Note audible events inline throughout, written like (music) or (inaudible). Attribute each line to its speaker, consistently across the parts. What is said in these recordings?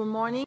Speaker 1: Good morning.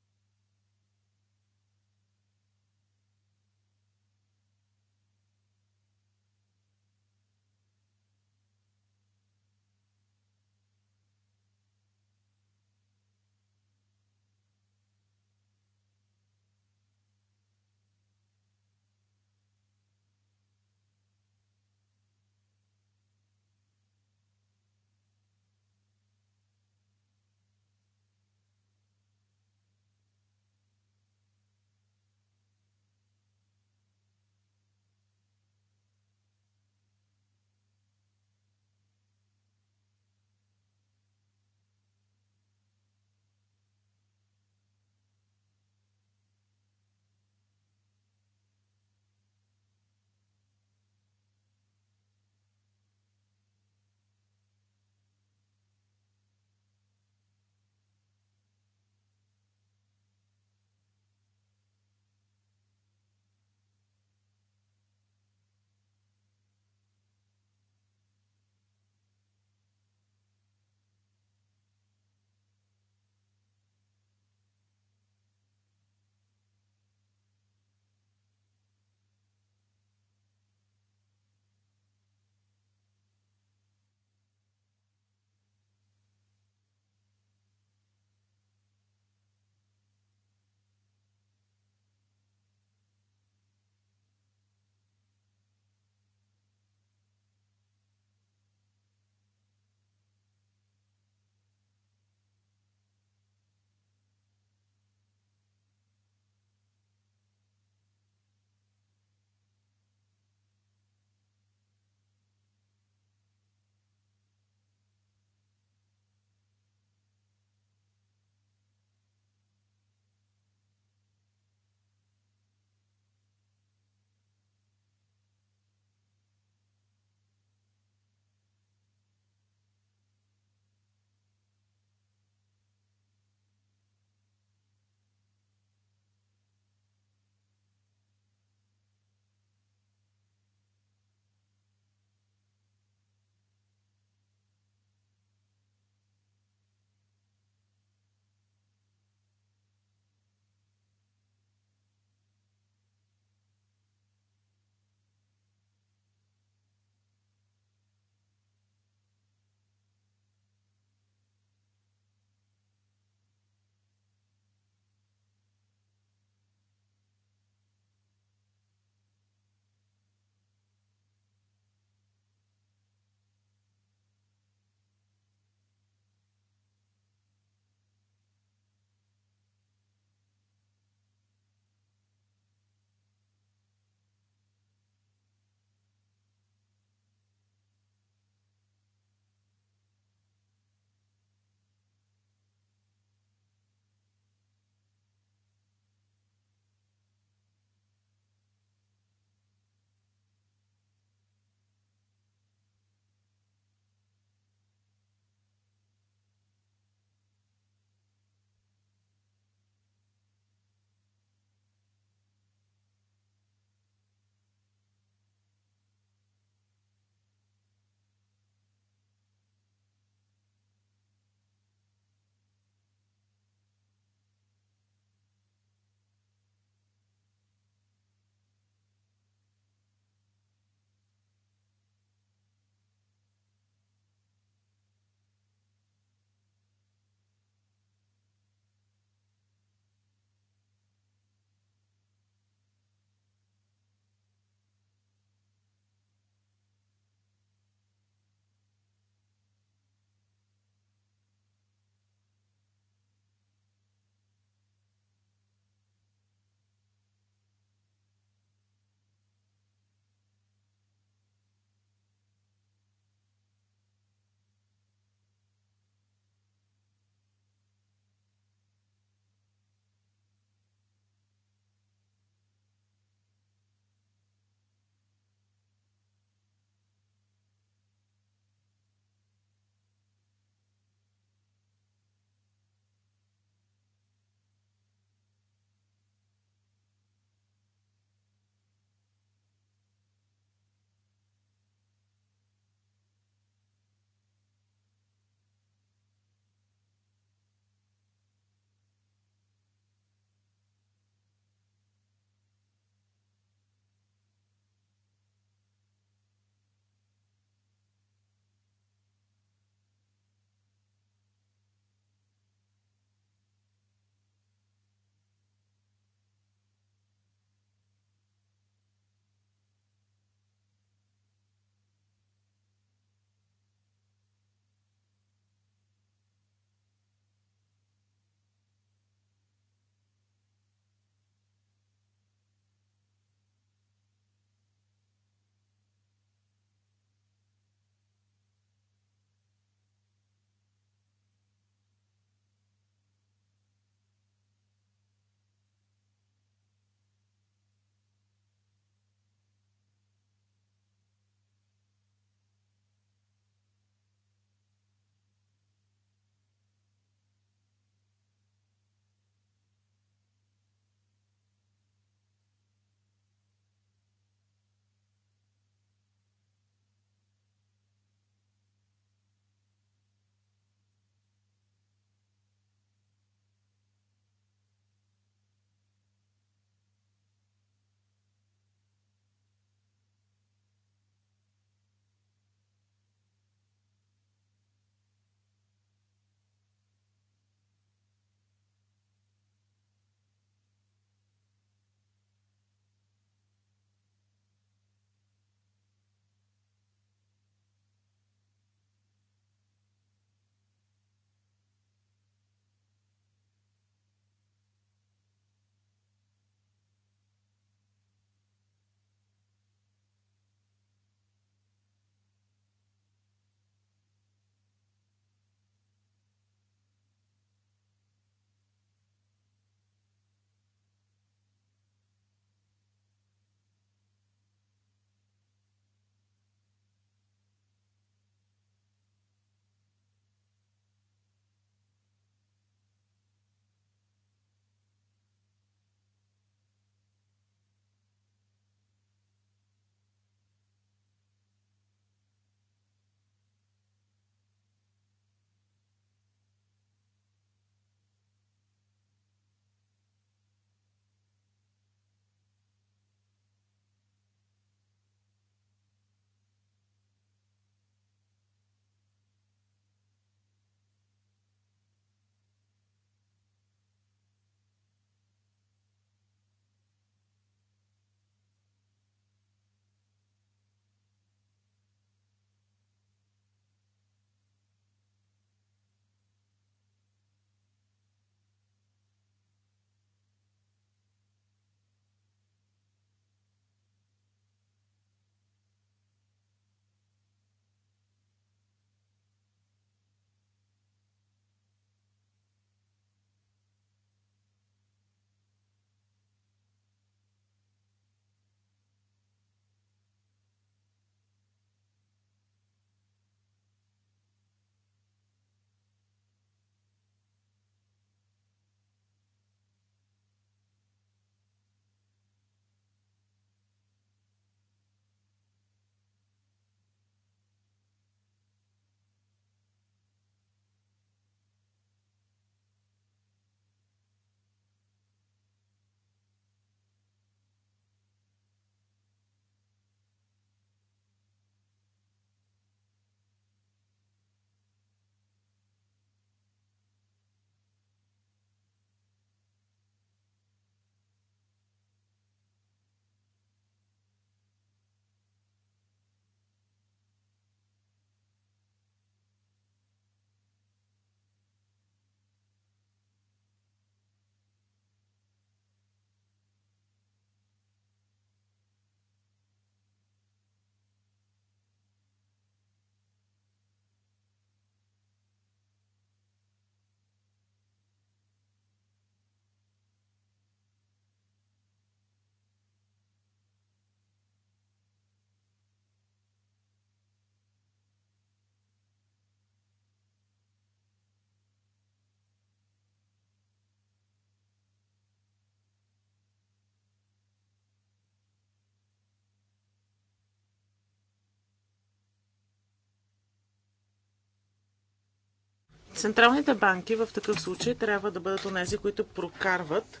Speaker 2: Централните банки в такъв случай трябва да бъдат онези, които прокарват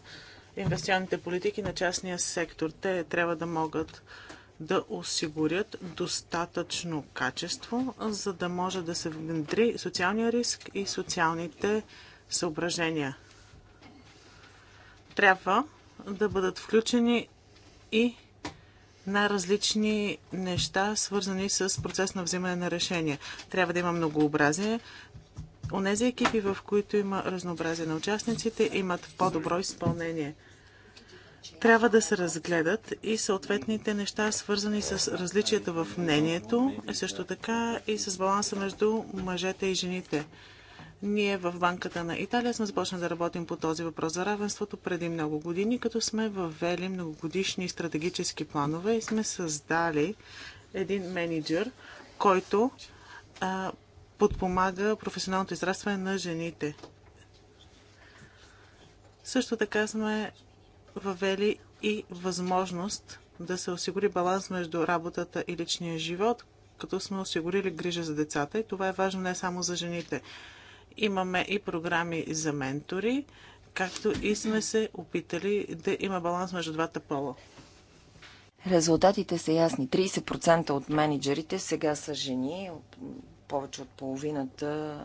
Speaker 2: инвестиционните политики на частния сектор. Те трябва да могат да осигурят достатъчно качество, за да може да се внедри социалния риск и социалните съображения. Трябва да бъдат включени и на различни неща, свързани с процес на взимане на решения. Трябва да има многообразие, онези екипи, в които има разнообразие на участниците, имат по-добро изпълнение. Трябва да се разгледат и съответните неща, свързани с различията в мнението, също така и с баланса между мъжете и жените. Ние в Банката на Италия сме започнали да работим по този въпрос за равенството преди много години, като сме въвели многогодишни стратегически планове и сме създали един менеджер, който а, подпомага професионалното израстване на жените. Също така сме въвели и възможност да се осигури баланс между работата и личния живот, като сме осигурили грижа за децата и това е важно не само за жените. Имаме и програми за ментори, както и сме се опитали да има баланс между двата пола.
Speaker 3: Резултатите са ясни. 30% от менеджерите сега са жени, повече от половината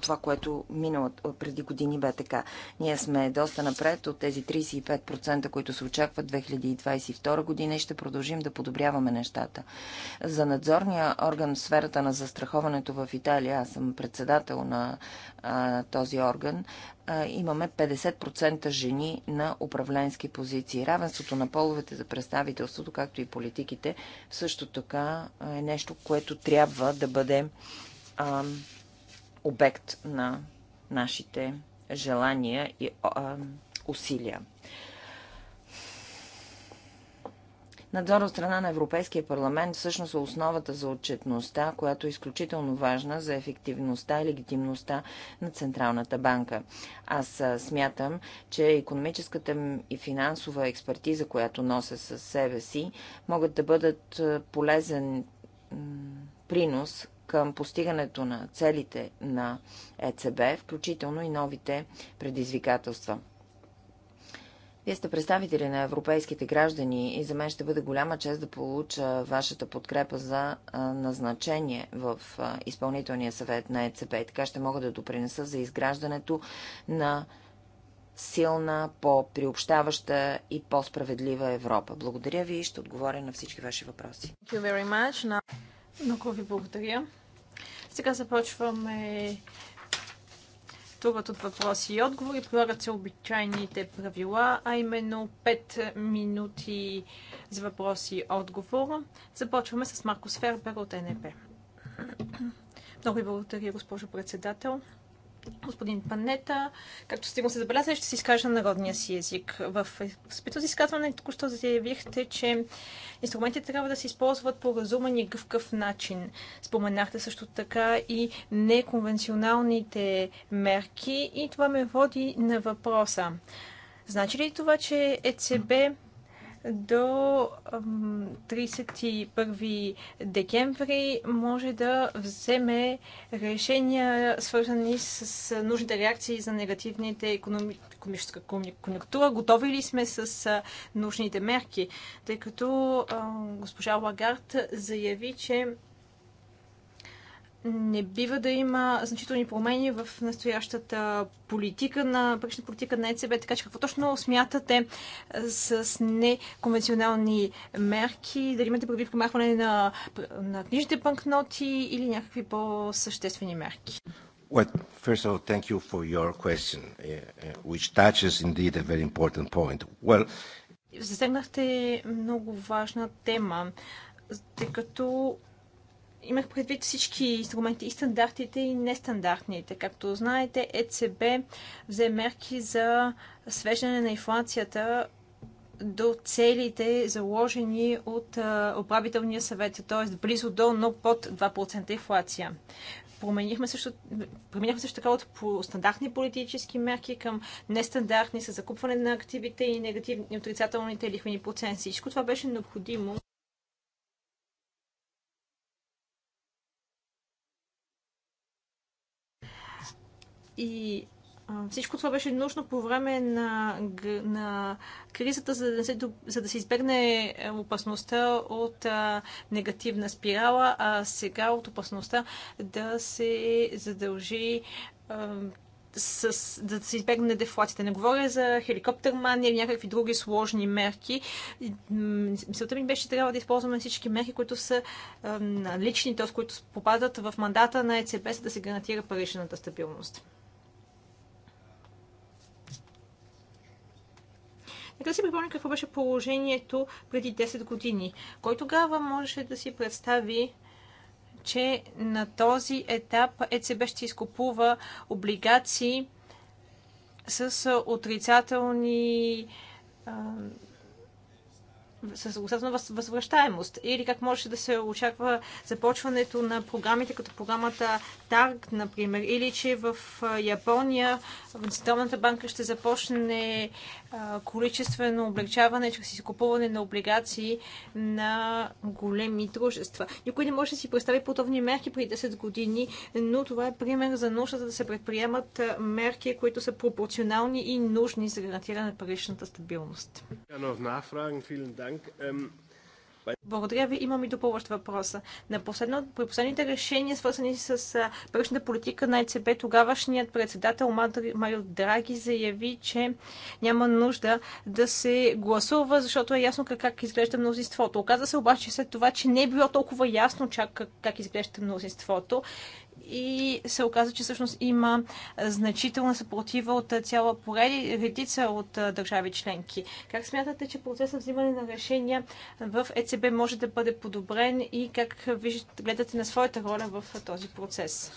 Speaker 3: това, което миналът, преди години бе така. Ние сме доста напред от тези 35%, които се очакват 2022 година и ще продължим да подобряваме нещата. За надзорния орган в сферата на застраховането в Италия, аз съм председател на а, този орган, имаме 50% жени на управленски позиции. Равенството на половете за представителството, както и политиките, също така е нещо, което трябва да бъде а, обект на нашите желания и а, усилия. Надзор от страна на Европейския парламент всъщност е основата за отчетността, която е изключително важна за ефективността и легитимността на Централната банка. Аз смятам, че економическата и финансова експертиза, която нося със себе си, могат да бъдат полезен принос към постигането на целите на ЕЦБ, включително и новите предизвикателства. Вие сте представители на европейските граждани и за мен ще бъде голяма чест да получа вашата подкрепа за назначение в изпълнителния съвет на ЕЦБ. Така ще мога да допринеса за изграждането на силна, по-приобщаваща и по-справедлива Европа. Благодаря ви и ще отговоря на всички ваши въпроси.
Speaker 4: Много ви благодаря. Сега започваме интересуват от въпроси и отговори. Прилагат се обичайните правила, а именно 5 минути за въпроси и отговор. Започваме с Маркос Фербер от НП. Много ви благодаря, госпожо председател господин Панета. Както сте го се забелязали, ще се изкажа на народния си език. В спито за изказване току-що заявихте, че инструментите трябва да се използват по разумен и гъвкав начин. Споменахте също така и неконвенционалните мерки и това ме води на въпроса. Значи ли това, че ЕЦБ до 31 декември може да вземе решения, свързани с нужните реакции за негативните економическа конъктура. Готови ли сме с нужните мерки? Тъй като госпожа Лагард заяви, че не бива да има значителни промени в настоящата политика на парична политика на ЕЦБ, така че какво точно смятате с неконвенционални мерки? Дали имате прави промахване на, на книжните банкноти или някакви по-съществени мерки?
Speaker 1: Well, first of all, thank you for your question, uh, uh, which touches indeed a very important point. Well,
Speaker 4: Засегнахте много важна тема, тъй като имах предвид всички инструменти, и стандартните, и нестандартните. Както знаете, ЕЦБ взе мерки за свеждане на инфлацията до целите, заложени от управителния съвет, т.е. близо до, но под 2% инфлация. Променихме също, променихме също така от по стандартни политически мерки към нестандартни, с закупване на активите и негативни отрицателните лихвени проценти. Всичко това беше необходимо И а, всичко това беше нужно по време на, на кризата, за да, се, за да се избегне е, опасността от а, негативна спирала, а сега от опасността да се задължи а, с, да се избегне дефлацията. Не говоря за хеликоптер мания или някакви други сложни мерки. Мисълта ми беше, трябва да използваме всички мерки, които са налични, т.е. които попадат в мандата на ЕЦБ, за да се гарантира паричната стабилност. Нека да си припомня какво беше положението преди 10 години. Кой тогава можеше да си представи че на този етап ЕЦБ ще изкупува облигации с отрицателни с остатъчна възвръщаемост? Или как може да се очаква започването на програмите, като програмата ТАРГ, например? Или че в Япония в Централната банка ще започне количествено облегчаване чрез изкупуване на облигации на големи дружества? Никой не може да си представи подобни мерки при 10 години, но това е пример за нуждата да се предприемат мерки, които са пропорционални и нужни за гарантиране на паричната стабилност. Ähm, Благодаря ви. Имам и допълващ въпрос. На последно, при последните решения, свързани с външната политика на ЕЦБ, тогавашният председател Марио Драги заяви, че няма нужда да се гласува, защото е ясно как, как изглежда мнозинството. Оказа се обаче след това, че не е било толкова ясно чак как, как изглежда мнозинството и се оказа, че всъщност има значителна съпротива от цяла редица от държави членки. Как смятате, че процесът взимане на решения в ЕЦБ може да бъде подобрен и как виждате, гледате на своята роля в този процес?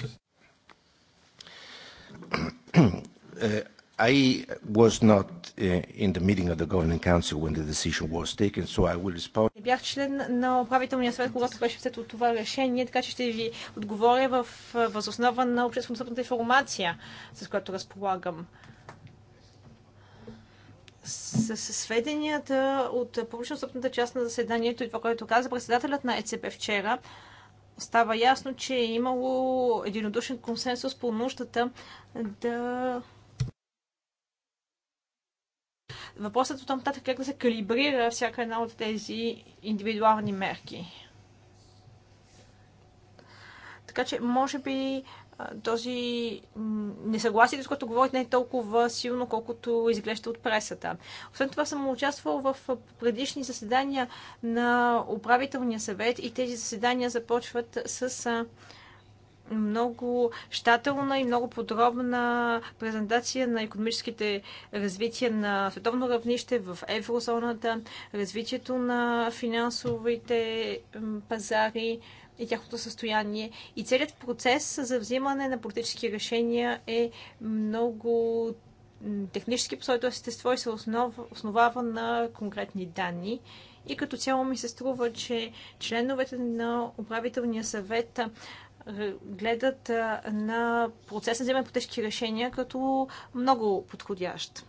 Speaker 1: Е, I was not eh, in the meeting of the Governing Council when the decision was taken, so I will respond. Не
Speaker 4: бях член на управителния съвет, когато беше взето това решение, така че ще ви отговоря в възоснова на обществено обществено-съпната информация, с която разполагам. С, сведенията от публично-съпната част на заседанието и това, което каза председателят на ЕЦП вчера, става ясно, че е имало единодушен консенсус по нуждата да Въпросът е от нататък как да се калибрира всяка една от тези индивидуални мерки. Така че, може би, този несъгласие, с което говорите, не е толкова силно, колкото изглежда от пресата. Освен това съм участвал в предишни заседания на управителния съвет и тези заседания започват с много щателна и много подробна презентация на економическите развития на световно равнище в еврозоната, развитието на финансовите пазари и тяхното състояние. И целият процес за взимане на политически решения е много технически по своето естество и се основ, основава на конкретни данни. И като цяло ми се струва, че членовете на управителния съвет е, гледат е, на процеса на вземане по тежки решения като много подходящ.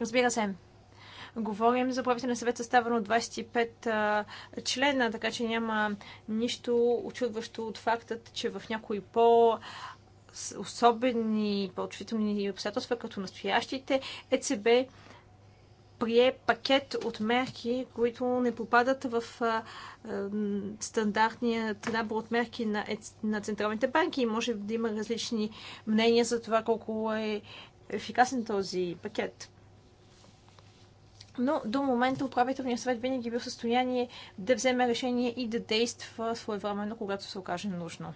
Speaker 4: Разбира се, говорим за правителен съвет съставен от 25 е, члена, така че няма нищо очудващо от фактът, че в някои по- особени, по-чувствителни обстоятелства, като настоящите, ЕЦБ прие пакет от мерки, които не попадат в а, а, стандартния набор от мерки на, е, на централните банки и може да има различни мнения за това колко е ефикасен този пакет. Но до момента управителният съвет винаги е бил в състояние да вземе решение и да действа своевременно, когато се окаже нужно.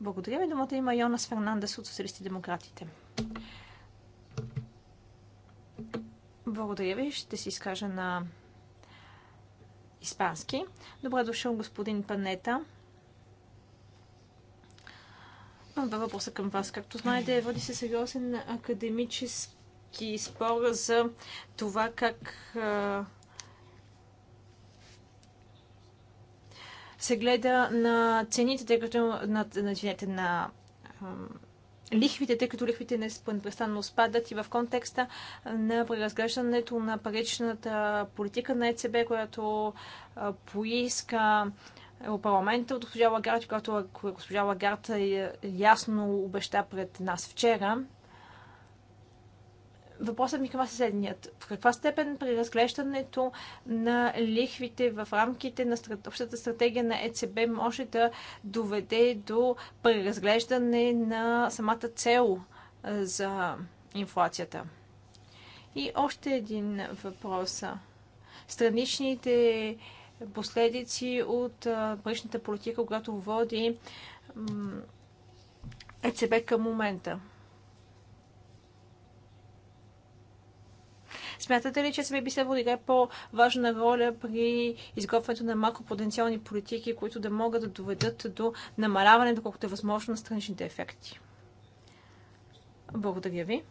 Speaker 4: Благодаря ви. Думата има Йонас Фернандес от Социалисти демократите. Благодаря ви. Ще си изкажа на испански. Добре дошъл, господин Панета. Имам два въпроса към вас. Както знаете, води се сериозен академически спор за това как се гледа на цените, тъй като на, на, на, на лихвите, тъй като лихвите непрестанно спадат и в контекста на преразглеждането на паричната политика на ЕЦБ, която поиска парламента от госпожа Лагард, която госпожа Лагард ясно обеща пред нас вчера. Въпросът ми към вас е следният. В каква степен при разглеждането на лихвите в рамките на общата стратегия на ЕЦБ може да доведе до преразглеждане на самата цел за инфлацията? И още един въпрос. Страничните последици от паричната политика, когато води ЕЦБ към момента. Смятате ли, че СМИ би следвало да играе по-важна роля при изготвянето на макропотенциални политики, които да могат да доведат до намаляване, доколкото е възможно, на страничните ефекти? Благодаря ви.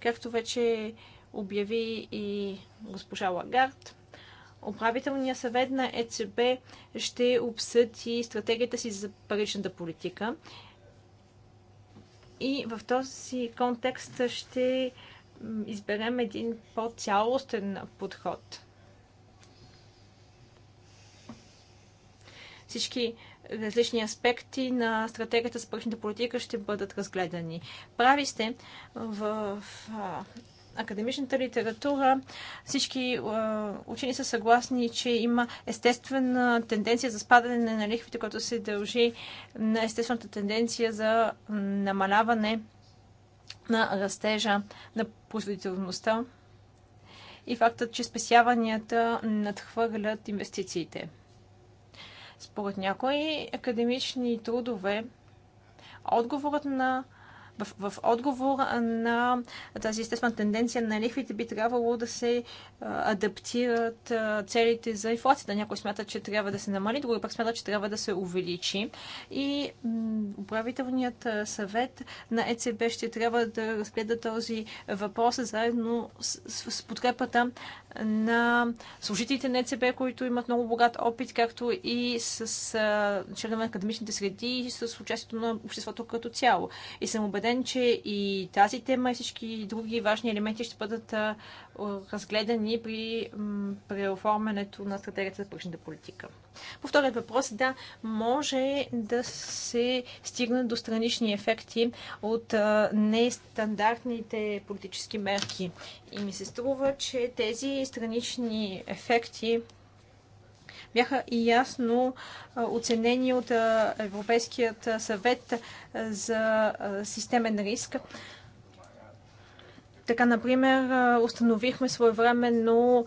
Speaker 4: Както вече обяви и госпожа Лагард, Управителният съвет на ЕЦБ ще обсъди стратегията си за паричната политика. И в този контекст ще изберем един по-цялостен подход. Всички различни аспекти на стратегията с паричната политика ще бъдат разгледани. Прави сте в академичната литература всички учени са съгласни, че има естествена тенденция за спадане на лихвите, което се дължи на естествената тенденция за намаляване на растежа на производителността и фактът, че спесяванията надхвърлят инвестициите. Според някои академични трудове, отговорът на в, в отговор на тази естествена тенденция на лихвите би трябвало да се адаптират целите за инфлацията. Някой смята, че трябва да се намали, други пък смята, че трябва да се увеличи. И управителният съвет на ЕЦБ ще трябва да разгледа този въпрос заедно с, с подкрепата на служителите на ЕЦБ, които имат много богат опит, както и с членове на академичните среди и с участието на обществото като цяло. И съм убеден, че и тази тема и всички други важни елементи ще бъдат а, е, разгледани при преоформянето на стратегията за пъчната политика. По вторият въпрос, да, може да се стигнат до странични ефекти от е, нестандартните политически мерки. И ми се струва, че тези странични ефекти бяха и ясно е, оценени от Европейският съвет за системен риск. Така, например, установихме своевременно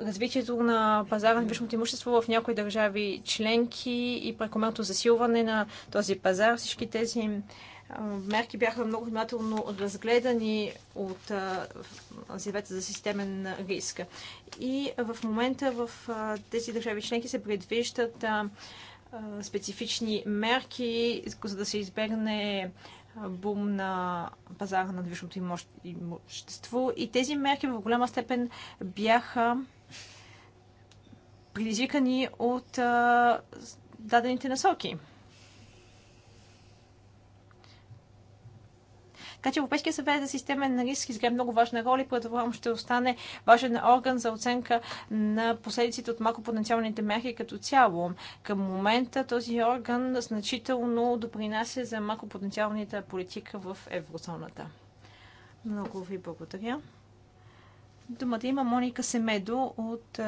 Speaker 4: развитието на пазара на вишното имущество в някои държави членки и прекомерното засилване на този пазар. Всички тези мерки бяха много внимателно разгледани от Азивета за системен риск. И в момента в тези държави членки се предвиждат специфични мерки, за да се избегне бум на пазара на движното имущество. И тези мерки в голяма степен бяха предизвикани от дадените насоки. Така че Европейския съвет за системен риск изгледа много важна роля и предполагам ще остане важен орган за оценка на последиците от макропотенциалните мерки като цяло. Към момента този орган значително допринася за макропотенциалната политика в еврозоната. Много ви благодаря. Думата има Моника Семедо от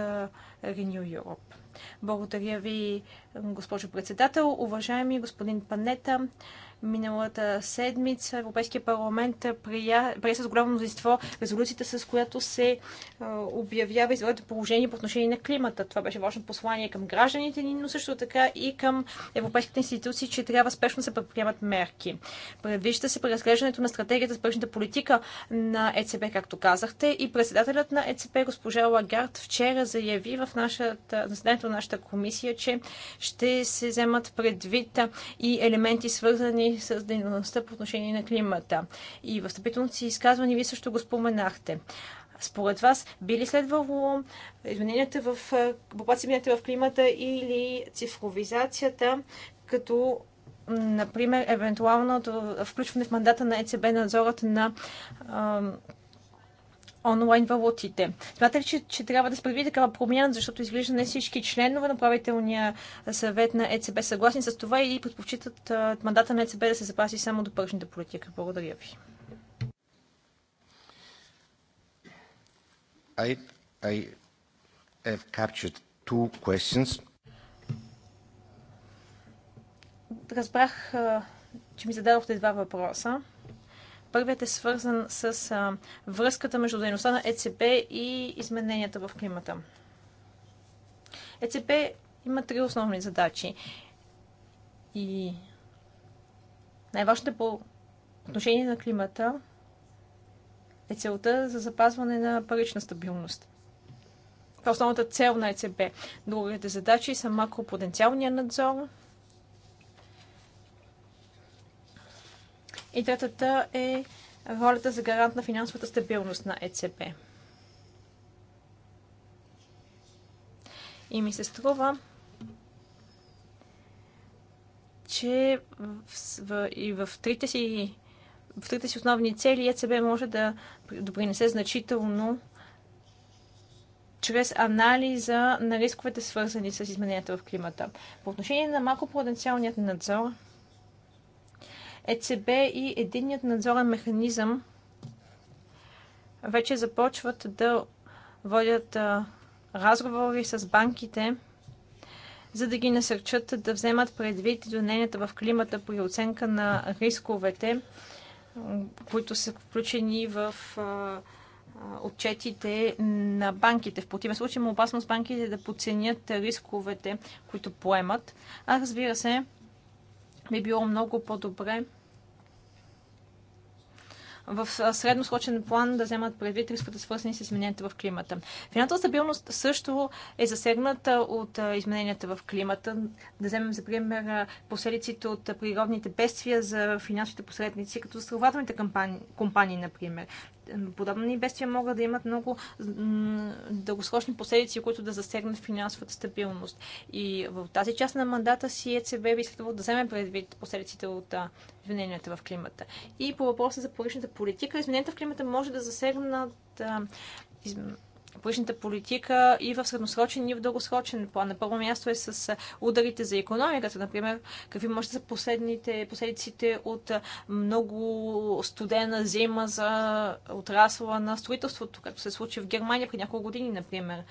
Speaker 4: Renew Europe. Благодаря ви, госпожо председател. Уважаеми господин Панета, Миналата седмица Европейския парламент прие с голямо мнозинство резолюцията, с която се е, обявява извънредно положение по отношение на климата. Това беше важно послание към гражданите ни, но също така и към европейските институции, че трябва спешно да се предприемат мерки. Предвижда се преразглеждането на стратегията за спешната политика на ЕЦБ, както казахте, и председателят на ЕЦБ, госпожа Лагард, вчера заяви в заседанието на нашата комисия, че ще се вземат предвид и елементи свързани с дейността по отношение на климата. И в стъпителното си изказване вие също го споменахте. Според вас, би ли следвало измененията в е, попациентите в климата или цифровизацията като например, евентуалното включване в мандата на ЕЦБ надзорът на онлайн валутите. Смятате ли, че, че трябва да се предвиди такава промяна, защото изглежда не всички членове на правителния съвет на ЕЦБ съгласни с това и предпочитат мандата на ЕЦБ да се запаси само до пържната политика? Благодаря ви.
Speaker 1: I, I have captured two questions.
Speaker 4: Разбрах, че ми зададохте два въпроса. Първият е свързан с а, връзката между дейността на ЕЦБ и измененията в климата. ЕЦБ има три основни задачи. И най-важната е по отношение на климата е целта за запазване на парична стабилност. Това е основната цел на ЕЦБ. Другите задачи са макропотенциалния надзор – И третата е ролята за гарант на финансовата стабилност на ЕЦБ. И ми се струва, че в, в, и в трите, си, в трите си основни цели ЕЦБ може да допринесе значително чрез анализа на рисковете, свързани с измененията в климата. По отношение на макропруденциалният надзор, ЕЦБ и единният надзорен механизъм вече започват да водят разговори с банките, за да ги насърчат да вземат предвид измененията в климата при оценка на рисковете, които са включени в отчетите на банките. В противен случай има опасност банките да подценят рисковете, които поемат. А разбира се, би било много по-добре в средносрочен план да вземат предвид рисковете, свързани с измененията в климата. Финансовата стабилност също е засегната от измененията в климата. Да вземем за пример последиците от природните бедствия за финансовите посредници, като страхователните компании например подобни бедствия могат да имат много дългосрочни последици, които да засегнат финансовата стабилност. И в тази част на мандата си ЕЦБ би следвало да вземе предвид последиците от измененията в климата. И по въпроса за паричната политика, измененията в климата може да засегнат публичната политика и в средносрочен и в дългосрочен план. На първо място е с е, ударите за економиката, например, какви може да са последните, последиците от е, много студена зима за отрасла на строителството, както се случи в Германия при няколко години, например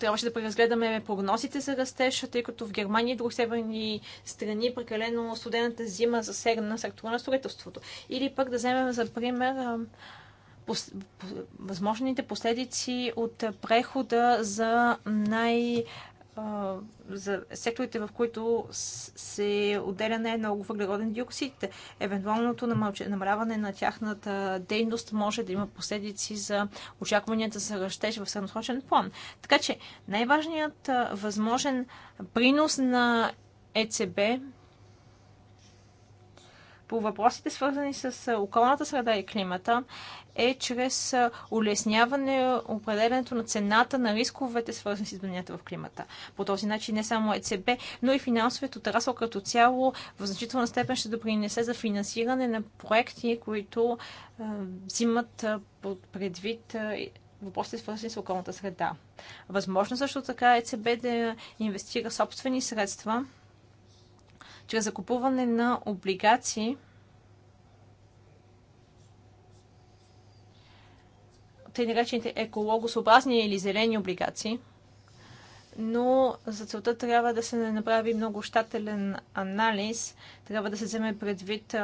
Speaker 4: трябваше да преразгледаме прогнозите за растеж, тъй като в Германия и други северни страни прекалено студената зима засегна сектора на строителството. Или пък да вземем за пример възможните последици от прехода за най- за секторите, в които се отделя не много въглероден диоксид. Евентуалното намаляване на тяхната дейност може да има последици за очакванията за растеж в средносрочен план. Така че най-важният възможен принос на ЕЦБ по въпросите свързани с околната среда и климата е чрез улесняване определенето на цената на рисковете, свързани с измененията в климата. По този начин не само ЕЦБ, но и финансовият отрасъл като цяло в значителна степен ще допринесе за финансиране на проекти, които е, взимат предвид въпросите свързани с околната среда. Възможно също така ЕЦБ да инвестира собствени средства чрез закупуване на облигации, тъй наречените екологосообразни или зелени облигации, но за целта трябва да се направи много щателен анализ, трябва да се вземе предвид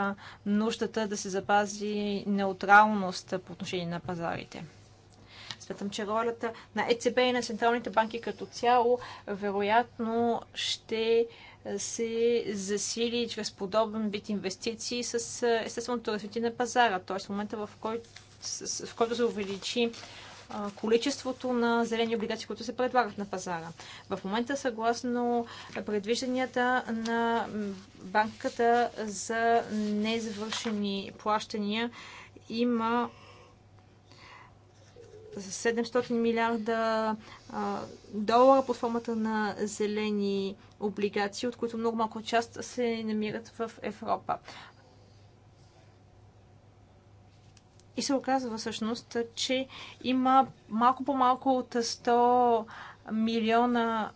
Speaker 4: нуждата да се запази неутралност по отношение на пазарите. Смятам, че ролята на ЕЦБ и на централните банки като цяло вероятно ще се засили чрез подобен вид инвестиции с естественото развитие на пазара, т.е. в момента в който, в който се увеличи количеството на зелени облигации, които се предлагат на пазара. В момента, съгласно предвижданията на банката за незавършени плащания, има 700 милиарда долара под формата на зелени облигации, от които много малко част се намират в Европа. И се оказва всъщност, че има малко по-малко от 100 милиона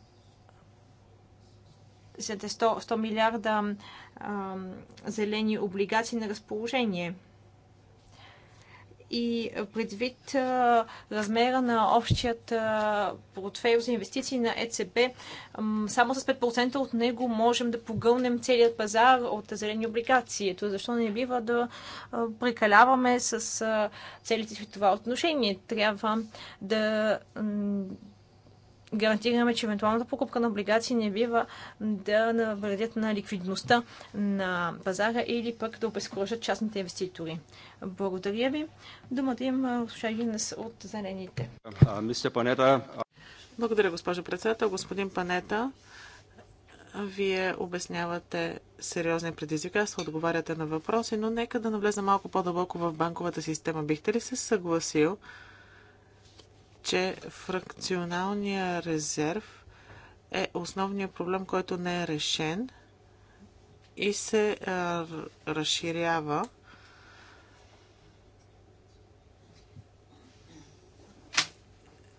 Speaker 4: 100, 100 милиарда а, зелени облигации на разположение – и предвид размера на общият портфейл за инвестиции на ЕЦБ, само с 5% от него можем да погълнем целият пазар от зелени облигации. Ето защо не бива да прекаляваме с целите си в това отношение. Трябва да гарантираме, че евентуалната покупка на облигации не бива да навредят на ликвидността на пазара или пък да обезкуражат частните инвеститори. Благодаря ви. Думата има Шагинес от Зелените.
Speaker 2: Благодаря, госпожо председател. Господин Панета, вие обяснявате сериозни предизвикателства, отговаряте на въпроси, но нека да навлезе малко по-дълбоко в банковата система. Бихте ли се съгласил, че фракционалния резерв е основният проблем, който не е решен и се а, разширява.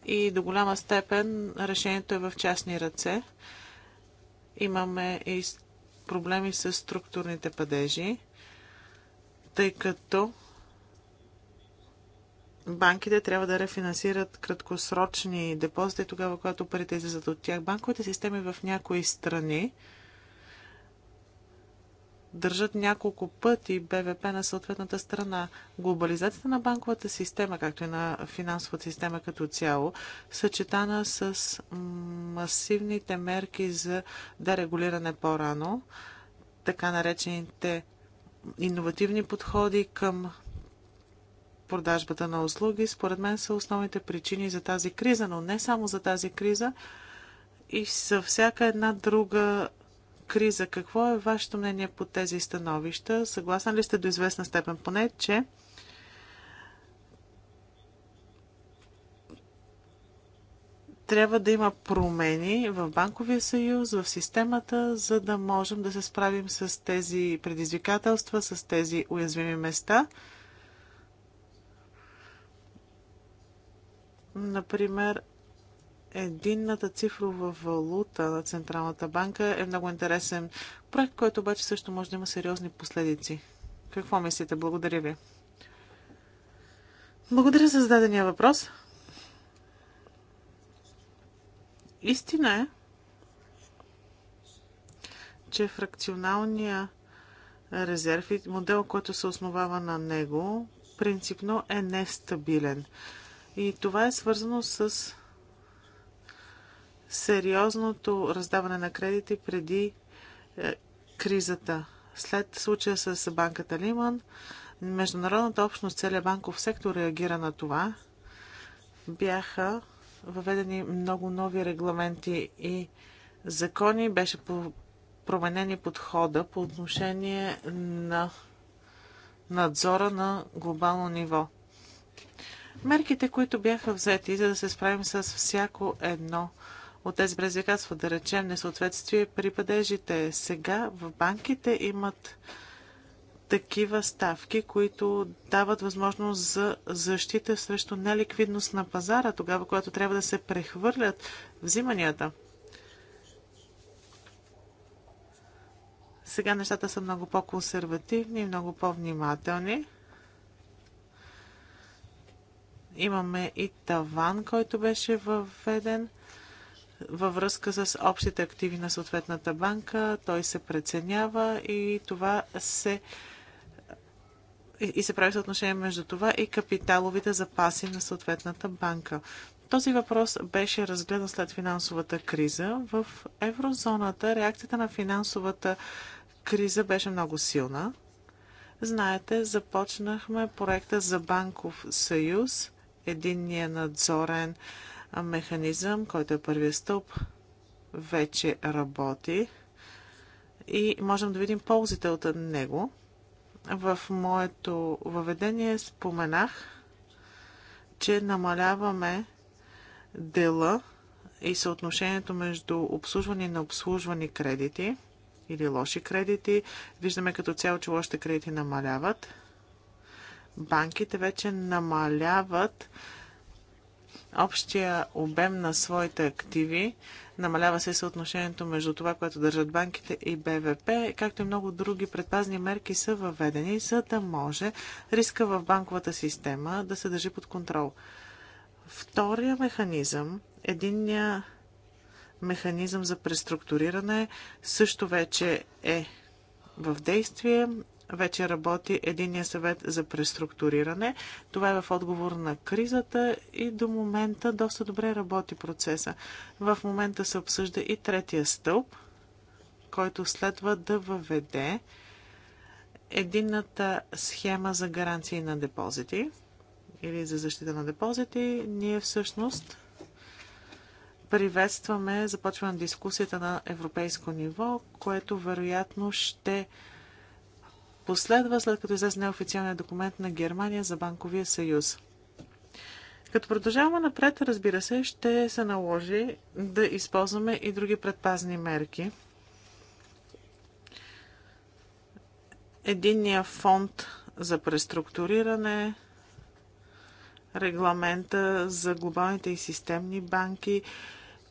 Speaker 2: И до голяма степен решението е в частни ръце. Имаме и проблеми с структурните падежи, тъй като банките трябва да рефинансират краткосрочни депозити тогава, когато парите излизат от тях. Банковите системи в някои страни държат няколко пъти БВП на съответната страна. Глобализацията на банковата система, както и на финансовата система като цяло, съчетана с масивните мерки за дерегулиране по-рано, така наречените иновативни подходи към продажбата на услуги, според мен са основните причини за тази криза, но не само за тази криза и за всяка една друга криза. Какво е вашето мнение по тези становища? Съгласна ли сте до известна степен поне, че трябва да има промени в банковия съюз, в системата, за да можем да се справим с тези предизвикателства, с тези уязвими места – Например, единната цифрова валута на Централната банка е много интересен проект, който обаче също може да има сериозни последици. Какво мислите? Благодаря ви. Благодаря за зададения въпрос. Истина е, че фракционалния резерв и модел, който се основава на него, принципно е нестабилен. И това е свързано с сериозното раздаване на кредити преди е, кризата. След случая с банката Лиман, международната общност, целият банков сектор реагира на това. Бяха въведени много нови регламенти и закони. Беше променени подхода по отношение на надзора на глобално ниво. Мерките, които бяха взети, за да се справим с всяко едно от тези предизвикателства, да речем несъответствие при падежите, сега в банките имат такива ставки, които дават възможност за защита срещу неликвидност на пазара, тогава, когато трябва да се прехвърлят взиманията. Сега нещата са много по-консервативни и много по-внимателни. Имаме и таван, който беше въведен във връзка с общите активи на съответната банка. Той се преценява и това се и се прави съотношение между това и капиталовите запаси на съответната банка. Този въпрос беше разгледан след финансовата криза. В еврозоната реакцията на финансовата криза беше много силна. Знаете, започнахме проекта за банков съюз единния надзорен механизъм, който е първият стълб, вече работи и можем да видим ползите от него. В моето въведение споменах, че намаляваме дела и съотношението между обслужвани и необслужвани кредити или лоши кредити. Виждаме като цяло, че лошите кредити намаляват банките вече намаляват общия обем на своите активи. Намалява се съотношението между това, което държат банките и БВП, както и много други предпазни мерки са въведени, за да може риска в банковата система да се държи под контрол. Втория механизъм, единния механизъм за преструктуриране, също вече е в действие вече работи единия съвет за преструктуриране. Това е в отговор на кризата и до момента доста добре работи процеса. В момента се обсъжда и третия стълб, който следва да въведе единната схема за гаранции на депозити или за защита на депозити. Ние всъщност приветстваме започване на дискусията на европейско ниво, което вероятно ще последва след като излезе неофициалният документ на Германия за банковия съюз. Като продължаваме напред, разбира се, ще се наложи да използваме и други предпазни мерки. Единния фонд за преструктуриране, регламента за глобалните и системни банки,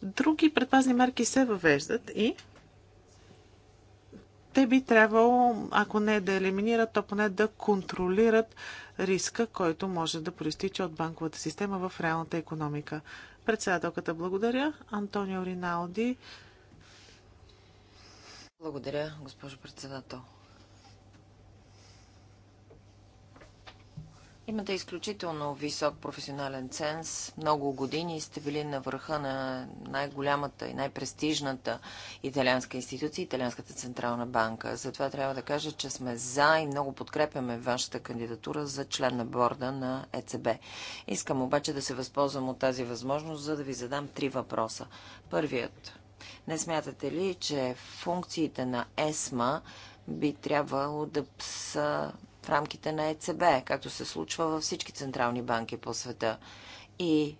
Speaker 2: други предпазни мерки се въвеждат и те би трябвало, ако не да елиминират, то поне да контролират риска, който може да проистича от банковата система в реалната економика. Председателката благодаря. Антонио Риналди.
Speaker 3: Благодаря, госпожо
Speaker 2: председател.
Speaker 3: Имате изключително висок професионален ценз. Много години сте били на върха на най-голямата и най-престижната италианска институция, Италианската централна банка. Затова трябва да кажа, че сме за и много подкрепяме вашата кандидатура за член на борда на ЕЦБ. Искам обаче да се възползвам от тази възможност, за да ви задам три въпроса. Първият. Не смятате ли, че функциите на ЕСМА би трябвало да са в рамките на ЕЦБ, както се случва във всички централни банки по света. И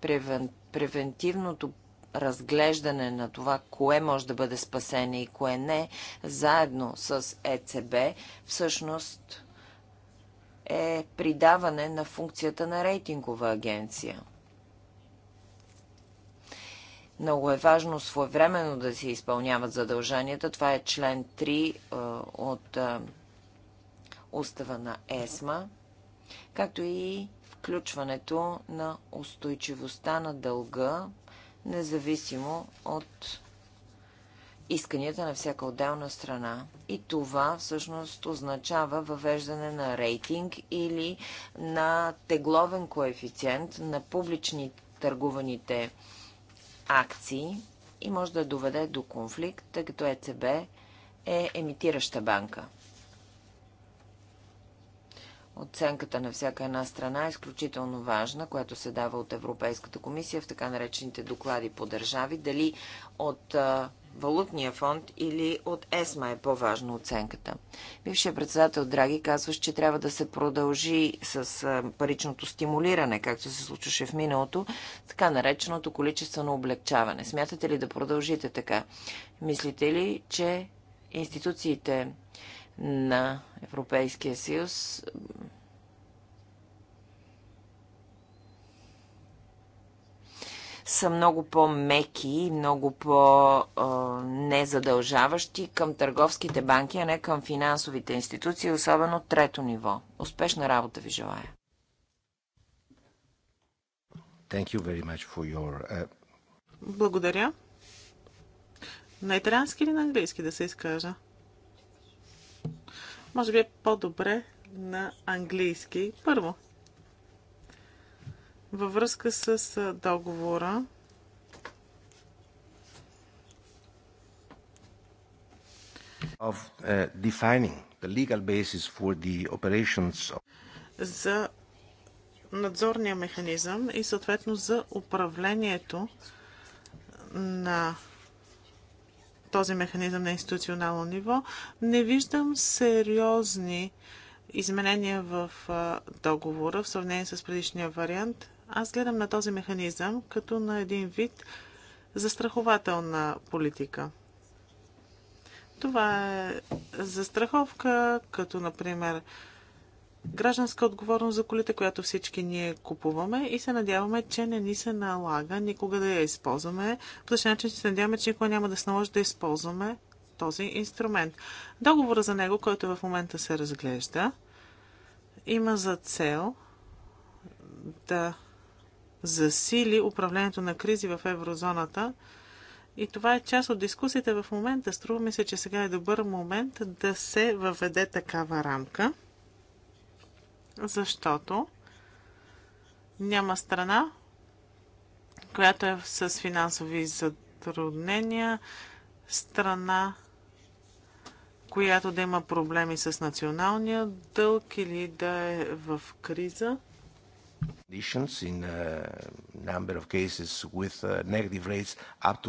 Speaker 3: превен, превентивното разглеждане на това, кое може да бъде спасение и кое не, заедно с ЕЦБ, всъщност е придаване на функцията на рейтингова агенция. Много е важно своевременно да се изпълняват задълженията. Това е член 3 е, от е, устава на ЕСМА, както и включването на устойчивостта на дълга, независимо от исканията на всяка отделна страна. И това всъщност означава въвеждане на рейтинг или на тегловен коефициент на публични търгуваните акции и може да доведе до конфликт, тъй като ЕЦБ е емитираща банка. Оценката на всяка една страна е изключително важна, която се дава от Европейската комисия в така наречените доклади по държави. Дали от валутния фонд или от ЕСМА е по-важна оценката. Бившия председател Драги казва, че трябва да се продължи с паричното стимулиране, както се случваше в миналото, така нареченото количествено облегчаване. Смятате ли да продължите така? Мислите ли, че институциите на Европейския съюз. са много по-меки и много по-незадължаващи към търговските банки, а не към финансовите институции, особено трето ниво. Успешна работа ви желая!
Speaker 1: Thank you very much for your... Uh,
Speaker 2: Благодаря. На италиански или на английски да се изкажа? Може би е по-добре на английски. Първо, във връзка с договора,
Speaker 1: of uh, defining the legal basis for the operations of...
Speaker 2: за надзорния механизъм и съответно за управлението на този механизъм на институционално ниво, не виждам сериозни изменения в договора в сравнение с предишния вариант. Аз гледам на този механизъм като на един вид застрахователна политика. Това е застраховка, като например гражданска отговорност за колите, която всички ние купуваме и се надяваме, че не ни се налага никога да я използваме. По този начин се надяваме, че никога няма да се наложи да използваме този инструмент. Договора за него, който в момента се разглежда, има за цел да засили управлението на кризи в еврозоната. И това е част от дискусията в момента. Струва ми се, че сега е добър момент да се въведе такава рамка защото няма страна, която е с финансови затруднения, страна, която да има проблеми с националния дълг или да е в криза.
Speaker 1: In uh, of cases with uh, rates up to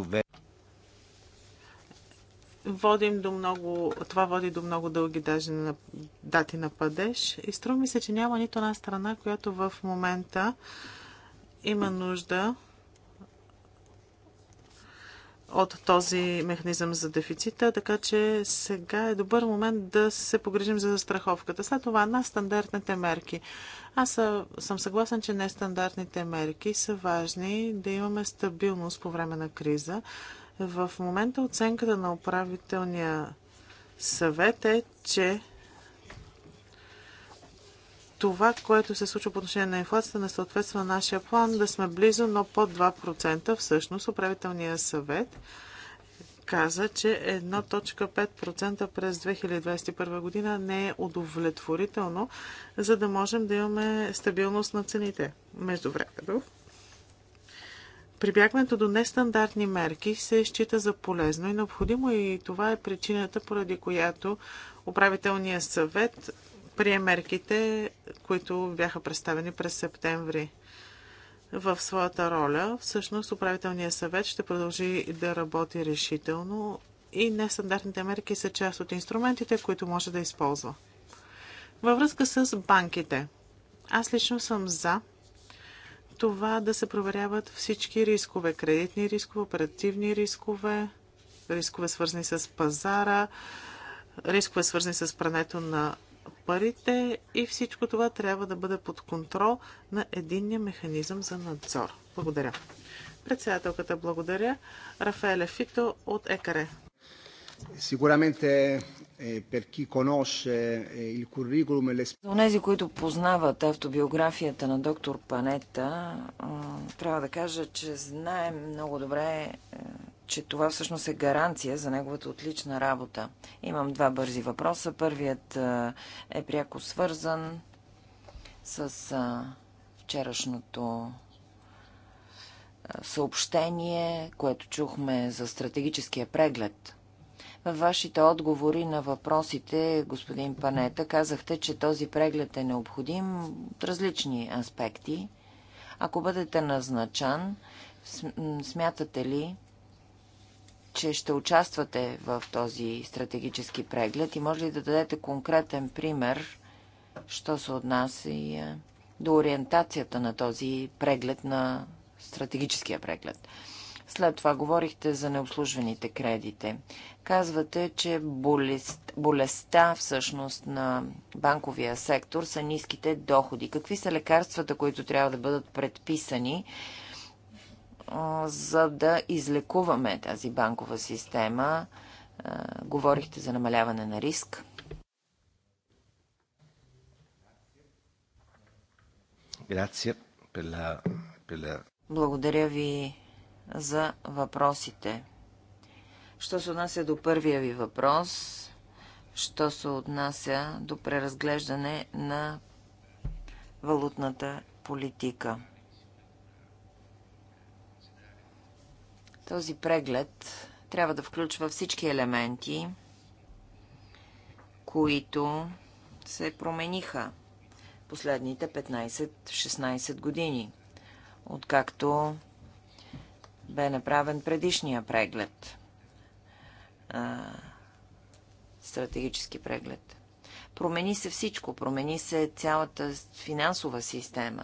Speaker 2: водим до много, това води до много дълги даже на, дати на падеж. И струва ми се, че няма нито една страна, която в момента има нужда от този механизъм за дефицита, така че сега е добър момент да се погрежим за застраховката. След това на стандартните мерки. Аз съм съгласен, че нестандартните мерки са важни да имаме стабилност по време на криза. В момента оценката на управителния съвет е, че това, което се случва по отношение на инфлацията, не съответства на нашия план да сме близо, но под 2%. Всъщност, управителният съвет каза, че 1.5% през 2021 година не е удовлетворително, за да можем да имаме стабилност на цените. Между времето, Прибягването до нестандартни мерки се счита за полезно и необходимо и това е причината, поради която управителният съвет прие мерките, които бяха представени през септември. В своята роля, всъщност, управителният съвет ще продължи да работи решително и нестандартните мерки са част от инструментите, които може да използва. Във връзка с банките, аз лично съм за това да се проверяват всички рискове, кредитни рискове, оперативни рискове, рискове свързани с пазара, рискове свързани с прането на парите и всичко това трябва да бъде под контрол на единния механизъм за надзор. Благодаря. Председателката благодаря. Рафаеле Фито от ЕКАРЕ.
Speaker 3: Сигураменте е, е, e за тези, които познават автобиографията на доктор Панета, трябва да кажа, че знаем много добре, е, че това всъщност е гаранция за неговата отлична работа. Имам два бързи въпроса. Първият е пряко свързан с вчерашното съобщение, което чухме за стратегическия преглед – вашите отговори на въпросите, господин Панета. Казахте, че този преглед е необходим от различни аспекти. Ако бъдете назначан, смятате ли, че ще участвате в този стратегически преглед и може ли да дадете конкретен пример, що се отнася и е, до ориентацията на този преглед на стратегическия преглед? След това говорихте за необслужваните кредите. Казвате, че болест, болестта всъщност на банковия сектор са ниските доходи. Какви са лекарствата, които трябва да бъдат предписани, за да излекуваме тази банкова система? Говорихте за намаляване на риск. Благодаря ви за въпросите. Що се отнася до първия ви въпрос, що се отнася до преразглеждане на валутната политика. Този преглед трябва да включва всички елементи, които се промениха последните 15-16 години, откакто бе направен предишния преглед. А, стратегически преглед. Промени се всичко. Промени се цялата финансова система.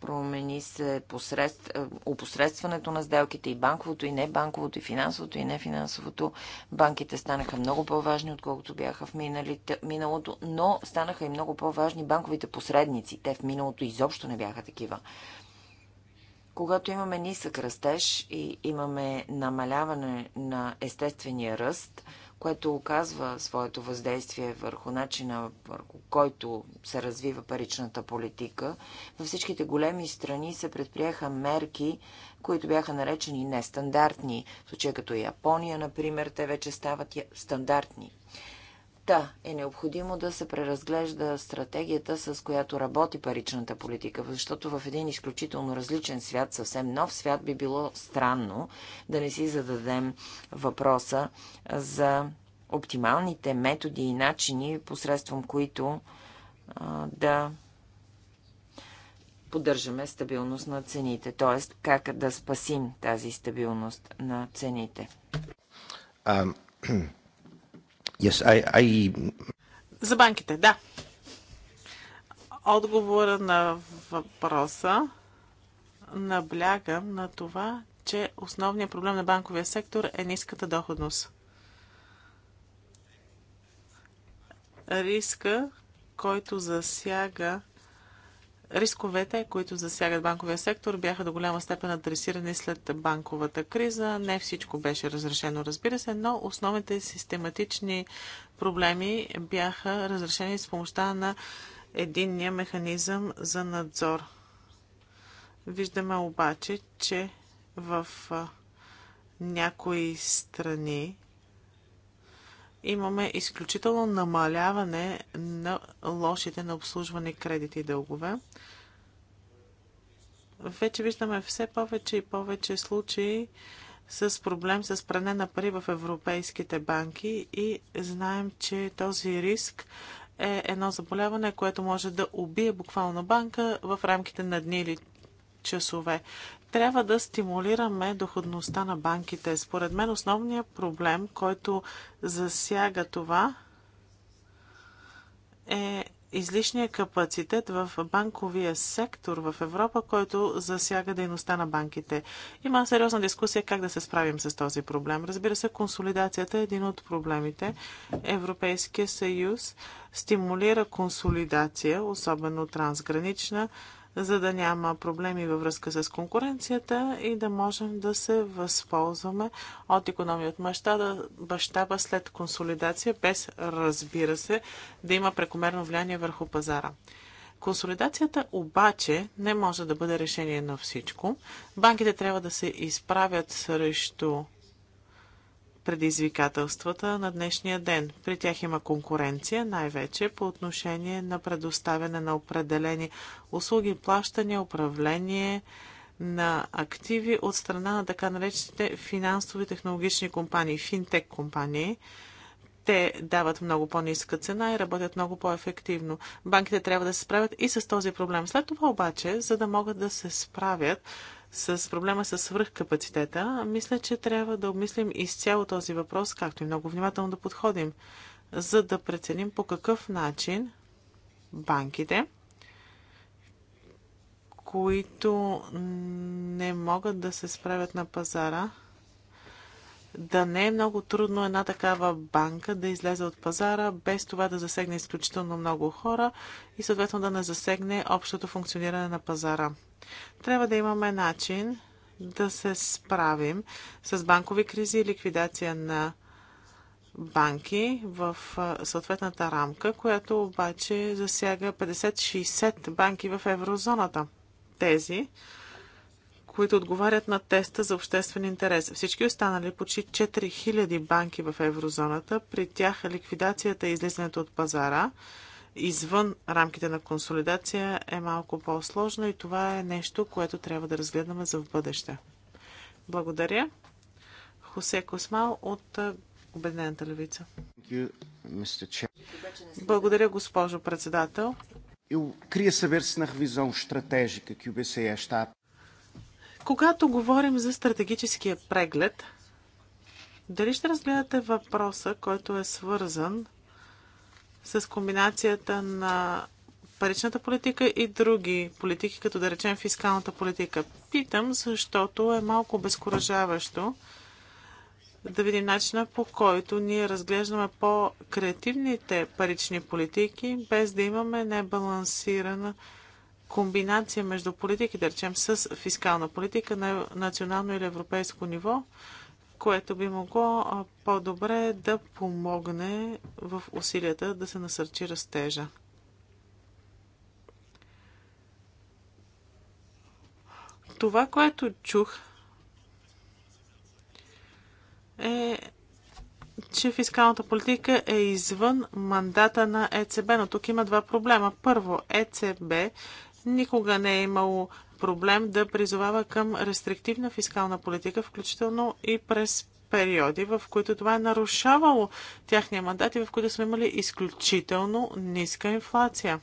Speaker 3: Промени се посред... опосредстването на сделките и банковото, и не банковото, и финансовото, и не финансовото. Банките станаха много по-важни, отколкото бяха в миналите... миналото, но станаха и много по-важни банковите посредници. Те в миналото изобщо не бяха такива. Когато имаме нисък растеж и имаме намаляване на естествения ръст, което оказва своето въздействие върху начина, върху който се развива паричната политика, във всичките големи страни се предприеха мерки, които бяха наречени нестандартни. В случая като Япония, например, те вече стават стандартни. Та е необходимо да се преразглежда стратегията, с която работи паричната политика, защото в един изключително различен свят, съвсем нов свят, би било странно да не си зададем въпроса за оптималните методи и начини, посредством които а, да поддържаме стабилност на цените, т.е. как да спасим тази стабилност на цените.
Speaker 1: А... (clears throat) Yes, I, I...
Speaker 2: За банките, да. Отговора на въпроса наблягам на това, че основният проблем на банковия сектор е ниската доходност. Риска, който засяга Рисковете, които засягат банковия сектор, бяха до голяма степен адресирани след банковата криза. Не всичко беше разрешено, разбира се, но основните систематични проблеми бяха разрешени с помощта на единния механизъм за надзор. Виждаме обаче, че в някои страни имаме изключително намаляване на лошите на обслужване кредити и дългове. Вече виждаме все повече и повече случаи с проблем с пране на пари в европейските банки и знаем, че този риск е едно заболяване, което може да убие буквално банка в рамките на дни или часове трябва да стимулираме доходността на банките. Според мен основният проблем, който засяга това, е излишния капацитет в банковия сектор в Европа, който засяга дейността на банките. Има сериозна дискусия как да се справим с този проблем. Разбира се, консолидацията е един от проблемите. Европейския съюз стимулира консолидация, особено трансгранична, за да няма проблеми във връзка с конкуренцията и да можем да се възползваме от економия от мащаба, след консолидация, без разбира се да има прекомерно влияние върху пазара. Консолидацията обаче не може да бъде решение на всичко. Банките трябва да се изправят срещу предизвикателствата на днешния ден. При тях има конкуренция, най-вече по отношение на предоставяне на определени услуги, плащане, управление на активи от страна на така наречените финансови технологични компании, финтек компании. Те дават много по-ниска цена и работят много по-ефективно. Банките трябва да се справят и с този проблем. След това обаче, за да могат да се справят с проблема с свръхкапацитета, мисля, че трябва да обмислим изцяло този въпрос, както и много внимателно да подходим, за да преценим по какъв начин банките, които не могат да се справят на пазара, да не е много трудно една такава банка да излезе от пазара, без това да засегне изключително много хора и съответно да не засегне общото функциониране на пазара. Трябва да имаме начин да се справим с банкови кризи и ликвидация на банки в съответната рамка, която обаче засяга 50-60 банки в еврозоната. Тези, които отговарят на теста за обществен интерес. Всички останали почти 4000 банки в еврозоната, при тях ликвидацията и излизането от пазара извън рамките на консолидация е малко по-сложно и това е нещо, което трябва да разгледаме за в бъдеще. Благодаря. Хосе Космал от Обединената левица. Благодаря, госпожо председател. E Когато говорим за стратегическия преглед, дали ще разгледате въпроса, който е свързан с комбинацията на паричната политика и други политики, като да речем фискалната политика. Питам, защото е малко обезкуражаващо да видим начина по който ние разглеждаме по-креативните парични политики, без да имаме небалансирана комбинация между политики, да речем с фискална политика на национално или европейско ниво, което би могло по-добре да помогне в усилията да се насърчи растежа. Това, което чух, е, че фискалната политика е извън мандата на ЕЦБ, но тук има два проблема. Първо, ЕЦБ никога не е имало проблем да призовава към рестриктивна фискална политика, включително и през периоди, в които това е нарушавало тяхния мандат и в които сме имали изключително ниска инфлация.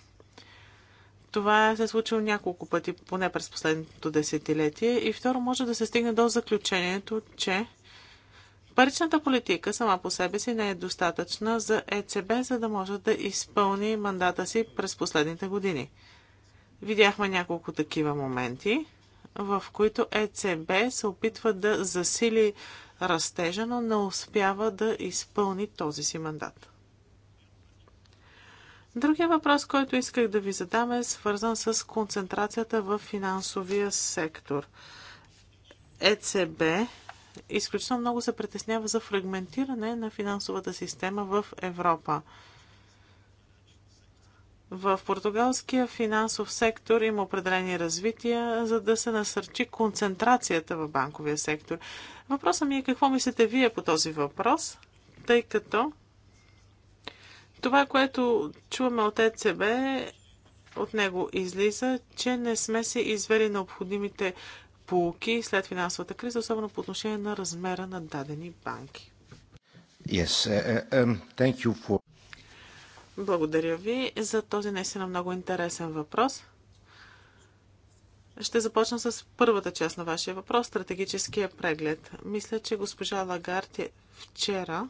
Speaker 2: Това се е случило няколко пъти, поне през последното десетилетие. И второ, може да се стигне до заключението, че паричната политика сама по себе си не е достатъчна за ЕЦБ, за да може да изпълни мандата си през последните години. Видяхме няколко такива моменти, в които ЕЦБ се опитва да засили растежа, но не успява да изпълни този си мандат. Другия въпрос, който исках да ви задам е свързан с концентрацията в финансовия сектор. ЕЦБ изключително много се притеснява за фрагментиране на финансовата система в Европа. В португалския финансов сектор има определени развития, за да се насърчи концентрацията в банковия сектор. Въпросът ми е какво мислите вие по този въпрос, тъй като това, което чуваме от ЕЦБ, от него излиза, че не сме се извели необходимите полуки след финансовата криза, особено по отношение на размера на дадени банки.
Speaker 1: Yes, uh, uh um, thank you for...
Speaker 2: Благодаря ви за този наистина много интересен въпрос. Ще започна с първата част на вашия въпрос стратегическия преглед. Мисля, че госпожа Лагард вчера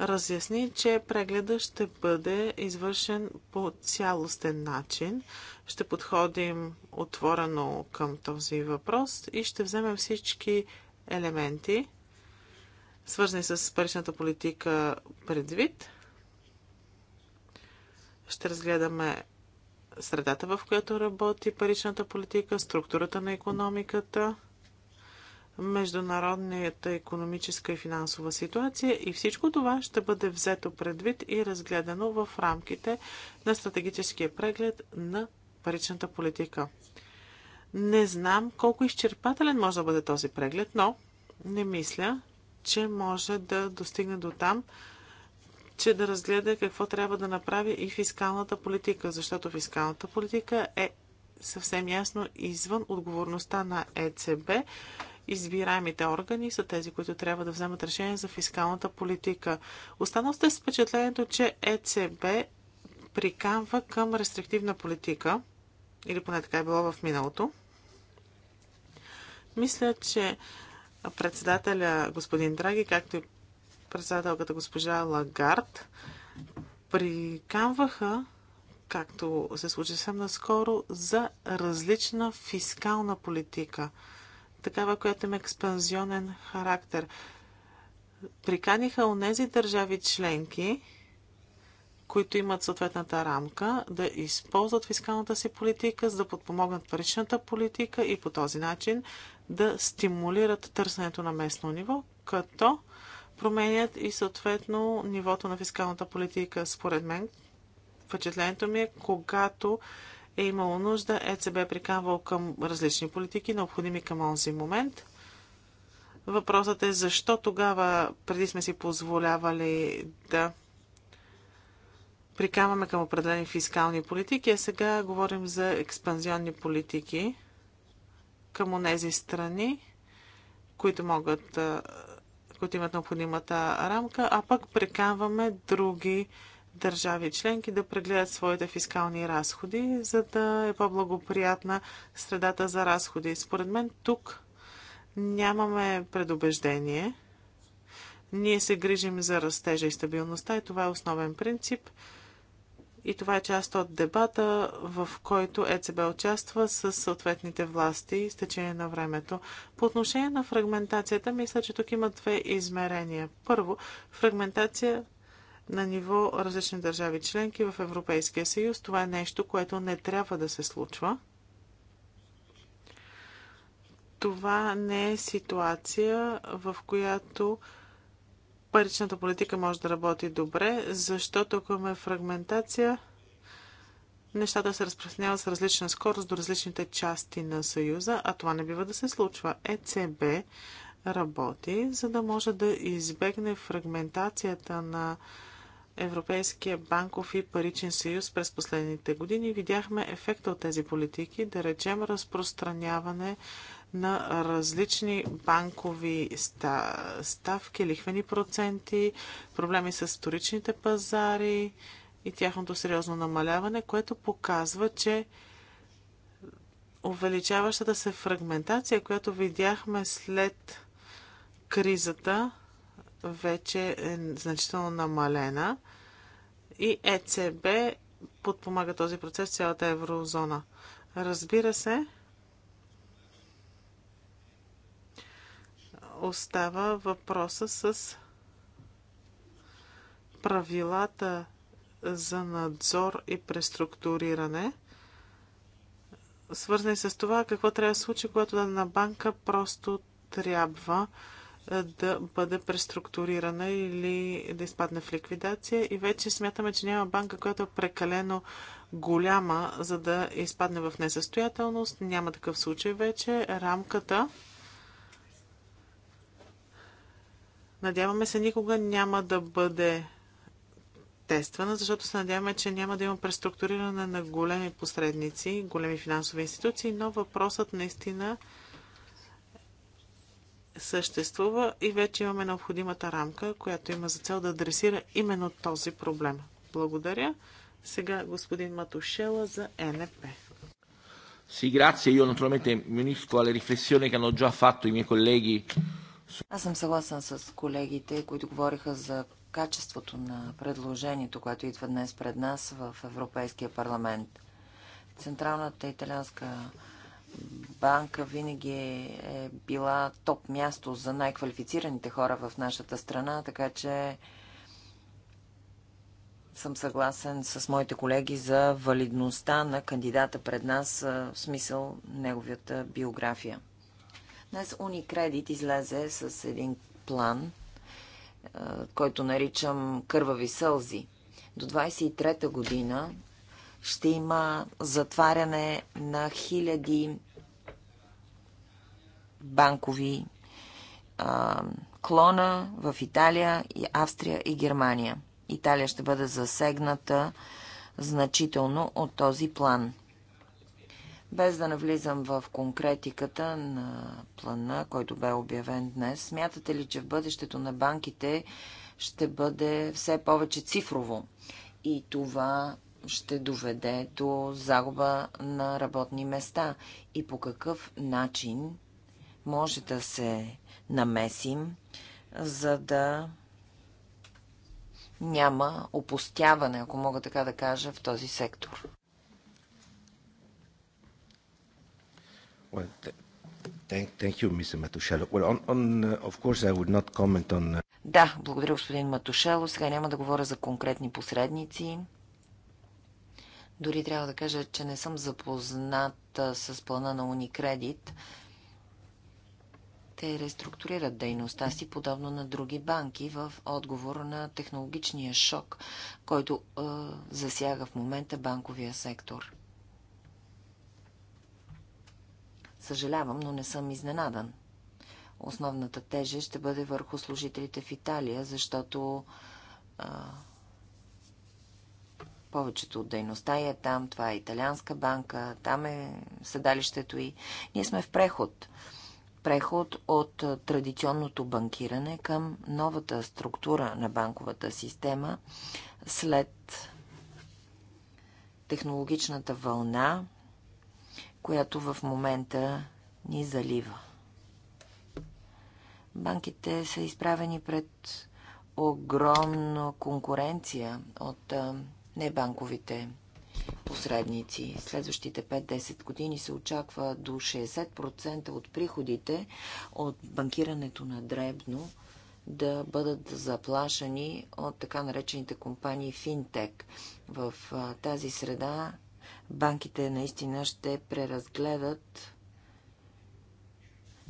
Speaker 2: разясни, че прегледа ще бъде извършен по цялостен начин. Ще подходим отворено към този въпрос и ще вземем всички елементи, свързани с паричната политика предвид ще разгледаме средата, в която работи паричната политика, структурата на економиката, международната економическа и финансова ситуация и всичко това ще бъде взето предвид и разгледано в рамките на стратегическия преглед на паричната политика. Не знам колко изчерпателен може да бъде този преглед, но не мисля, че може да достигне до там, че да разгледа какво трябва да направи и фискалната политика, защото фискалната политика е съвсем ясно извън отговорността на ЕЦБ. Избираемите органи са тези, които трябва да вземат решение за фискалната политика. Останал сте с впечатлението, че ЕЦБ приканва към рестриктивна политика, или поне така е било в миналото. Мисля, че председателя господин Драги, както и председателката госпожа Лагард приканваха, както се случи съм наскоро, за различна фискална политика. Такава, която има експанзионен характер. Приканиха у нези държави членки, които имат съответната рамка, да използват фискалната си политика, за да подпомогнат паричната политика и по този начин да стимулират търсенето на местно ниво, като променят и съответно нивото на фискалната политика. Според мен, впечатлението ми е, когато е имало нужда, ЕЦБ е приканвал към различни политики, необходими към онзи момент. Въпросът е защо тогава преди сме си позволявали да прикамваме към определени фискални политики, а сега говорим за експанзионни политики към онези страни, които могат да които имат необходимата рамка, а пък прекаваме други държави членки да прегледат своите фискални разходи, за да е по-благоприятна средата за разходи. Според мен тук нямаме предубеждение. Ние се грижим за растежа и стабилността и това е основен принцип – и това е част от дебата, в който ЕЦБ участва с съответните власти с течение на времето. По отношение на фрагментацията, мисля, че тук има две измерения. Първо, фрагментация на ниво различни държави членки в Европейския съюз. Това е нещо, което не трябва да се случва. Това не е ситуация, в която паричната политика може да работи добре, защото ако имаме фрагментация, нещата се разпространяват с различна скорост до различните части на Съюза, а това не бива да се случва. ЕЦБ работи, за да може да избегне фрагментацията на Европейския банков и паричен съюз през последните години. Видяхме ефекта от тези политики, да речем разпространяване на различни банкови ставки, лихвени проценти, проблеми с вторичните пазари и тяхното сериозно намаляване, което показва, че увеличаващата се фрагментация, която видяхме след кризата, вече е значително намалена и ЕЦБ подпомага този процес в цялата еврозона. Разбира се, остава въпроса с правилата за надзор и преструктуриране, свързани с това какво трябва да случи, когато дадена банка просто трябва е, да бъде преструктурирана или да изпадне в ликвидация. И вече смятаме, че няма банка, която е прекалено голяма, за да изпадне в несъстоятелност. Няма такъв случай вече. Рамката Надяваме се никога няма да бъде тествана, защото се надяваме, че няма да има преструктуриране на големи посредници, големи финансови институции, но въпросът наистина съществува и вече имаме необходимата рамка, която има за цел да адресира именно този проблем. Благодаря. Сега господин Матушела за е НП.
Speaker 1: Sì, grazie. Io naturalmente mi unisco alle riflessioni che hanno già fatto i miei colleghi
Speaker 2: аз съм съгласен с
Speaker 3: колегите, които говориха за качеството на предложението, което идва днес пред нас в Европейския парламент. Централната италианска банка винаги е, е била топ място за най-квалифицираните хора в нашата страна, така че съм съгласен с моите колеги за валидността на кандидата пред нас, в смисъл неговата биография. Днес Уникредит излезе с един план, който наричам кървави сълзи. До 23-та година ще има затваряне на хиляди банкови а, клона в Италия, и Австрия и Германия. Италия ще бъде засегната значително от този план. Без да навлизам в конкретиката на плана, който бе обявен днес, смятате ли, че в бъдещето на банките ще бъде все повече цифрово? И това ще доведе до загуба на работни места. И по какъв начин може да се намесим, за да няма опустяване, ако мога така да кажа, в този сектор.
Speaker 1: Well, th- thank, thank you, Mr. Matushello. Well, on, on, uh, of course, I would not comment on...
Speaker 3: Uh, да, благодаря, господин Матушело. Сега няма да говоря за конкретни посредници. Дори трябва да кажа, че не съм запозната с плана на Уникредит. Те реструктурират дейността си, подобно на други банки, в отговор на технологичния шок, който е, засяга в момента банковия сектор. Съжалявам, но не съм изненадан. Основната теже ще бъде върху служителите в Италия, защото а, повечето от дейността е там. Това е италианска банка, там е седалището и ние сме в преход. Преход от традиционното банкиране към новата структура на банковата система след технологичната вълна, която в момента ни залива. Банките са изправени пред огромна конкуренция от небанковите посредници. Следващите 5-10 години се очаква до 60% от приходите от банкирането на дребно да бъдат заплашани от така наречените компании финтек. В тази среда банките наистина ще преразгледат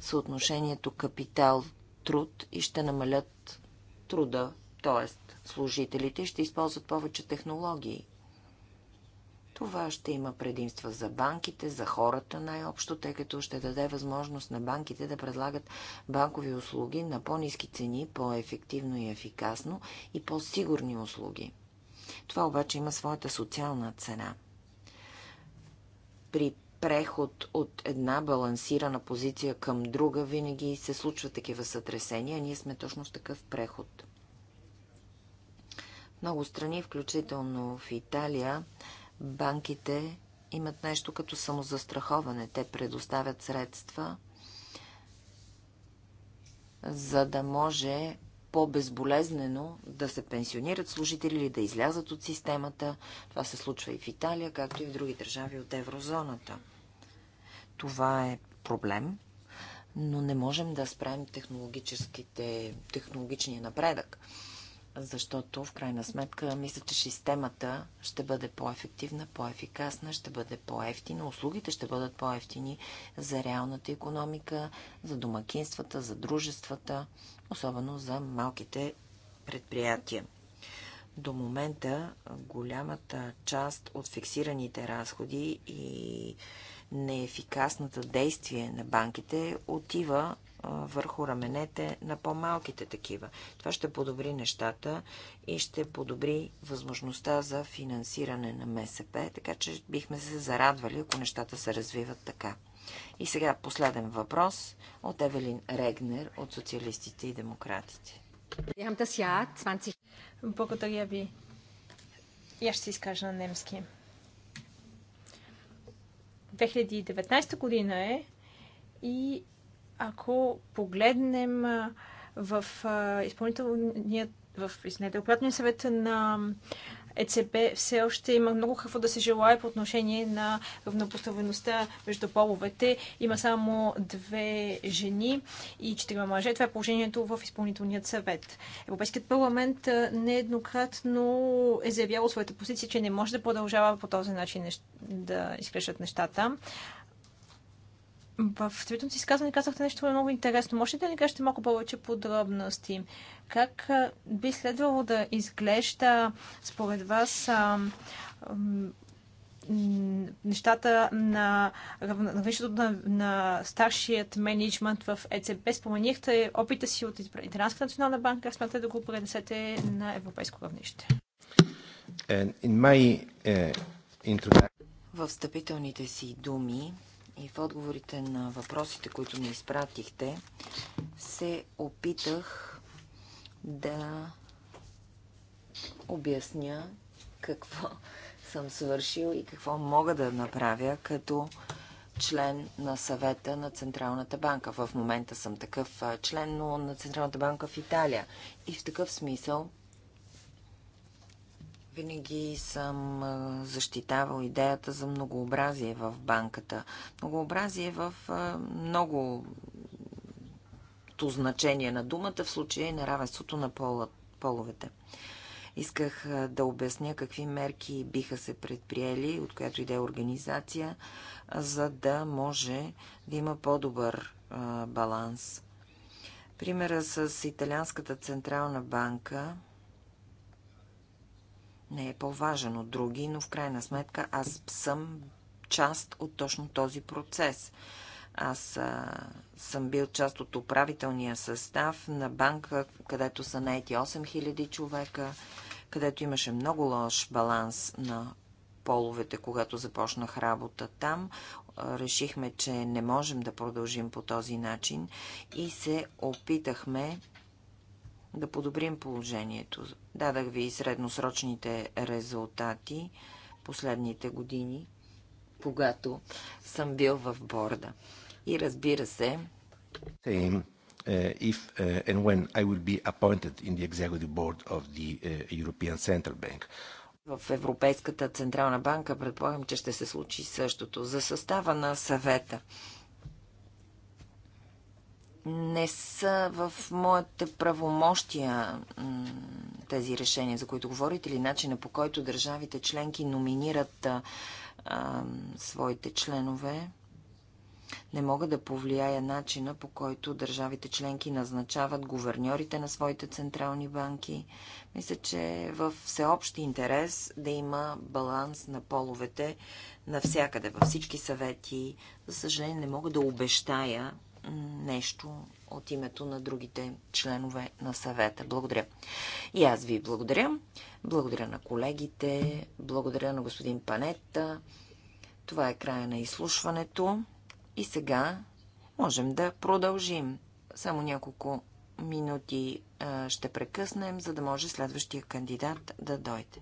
Speaker 3: съотношението капитал-труд и ще намалят труда, т.е. служителите ще използват повече технологии. Това ще има предимства за банките, за хората най-общо, тъй като ще даде възможност на банките да предлагат банкови услуги на по-низки цени, по-ефективно и ефикасно и по-сигурни услуги. Това обаче има своята социална цена при преход от една балансирана позиция към друга винаги се случват такива сътресения. Ние сме точно в такъв преход. В много страни, включително в Италия, банките имат нещо като самозастраховане. Те предоставят средства, за да може по-безболезнено да се пенсионират служители или да излязат от системата. Това се случва и в Италия, както и в други държави от еврозоната. Това е проблем, но не можем да спрем технологичния напредък, защото в крайна сметка мисля, че системата ще бъде по-ефективна, по-ефикасна, ще бъде по-ефтина, услугите ще бъдат по-ефтини за реалната економика, за домакинствата, за дружествата особено за малките предприятия. До момента голямата част от фиксираните разходи и неефикасното действие на банките отива върху раменете на по-малките такива. Това ще подобри нещата и ще подобри възможността за финансиране на МСП, така че бихме се зарадвали, ако нещата се развиват така. И сега последен въпрос от Евелин Регнер от Социалистите и Демократите.
Speaker 4: Благодаря ви. Я ще се изкажа на немски. 2019 година е и ако погледнем в изпълнителният в Изпълнителния съвет на ЕЦБ все още има много какво да се желая по отношение на равнопоставеността между половете. Има само две жени и четирима мъже. Това е положението в изпълнителният съвет. Европейският парламент нееднократно е заявявал своята позиция, че не може да продължава по този начин да изкрешат нещата. В цветното си изказване казахте нещо много интересно. Може ли да ни кажете малко повече подробности? Как би следвало да изглежда според вас нещата на равнището на, на старшият менеджмент в ЕЦБ. Споменихте опита си от Италианската национална банка.
Speaker 3: Смятате да го пренесете на европейско равнище?
Speaker 1: My, uh,
Speaker 3: в встъпителните си думи и в отговорите на въпросите, които ми изпратихте, се опитах да обясня какво съм свършил и какво мога да направя като член на съвета на Централната банка. В момента съм такъв член, но на Централната банка в Италия. И в такъв смисъл винаги съм защитавал идеята за многообразие в банката. Многообразие в много значение на думата в случая и на равенството на половете. Исках да обясня какви мерки биха се предприели, от която и да е организация, за да може да има по-добър баланс. Примера с Италианската централна банка не е по-важен от други, но в крайна сметка аз съм част от точно този процес. Аз а, съм бил част от управителния състав на банка, където са наети 8000 човека, където имаше много лош баланс на половете, когато започнах работа там. Решихме, че не можем да продължим по този начин и се опитахме да подобрим положението. Дадах ви и средносрочните резултати последните години, когато съм бил в борда. И разбира се,
Speaker 1: uh, if uh, and when I will be appointed in the executive board of the uh, European Central Bank.
Speaker 3: В Европейската Централна банка предполагам, че ще се случи същото. За състава на съвета не са в моите правомощия тези решения, за които говорите, или начина по който държавите членки номинират а, а, своите членове. Не мога да повлияя начина по който държавите членки назначават гуверньорите на своите централни банки. Мисля, че е в всеобщи интерес да има баланс на половете навсякъде, във всички съвети. За съжаление, не мога да обещая нещо от името на другите членове на съвета. Благодаря. И аз ви благодаря. Благодаря на колегите. Благодаря на господин Панетта. Това е края на изслушването. И сега можем да продължим. Само няколко минути ще прекъснем, за да може следващия кандидат да дойде.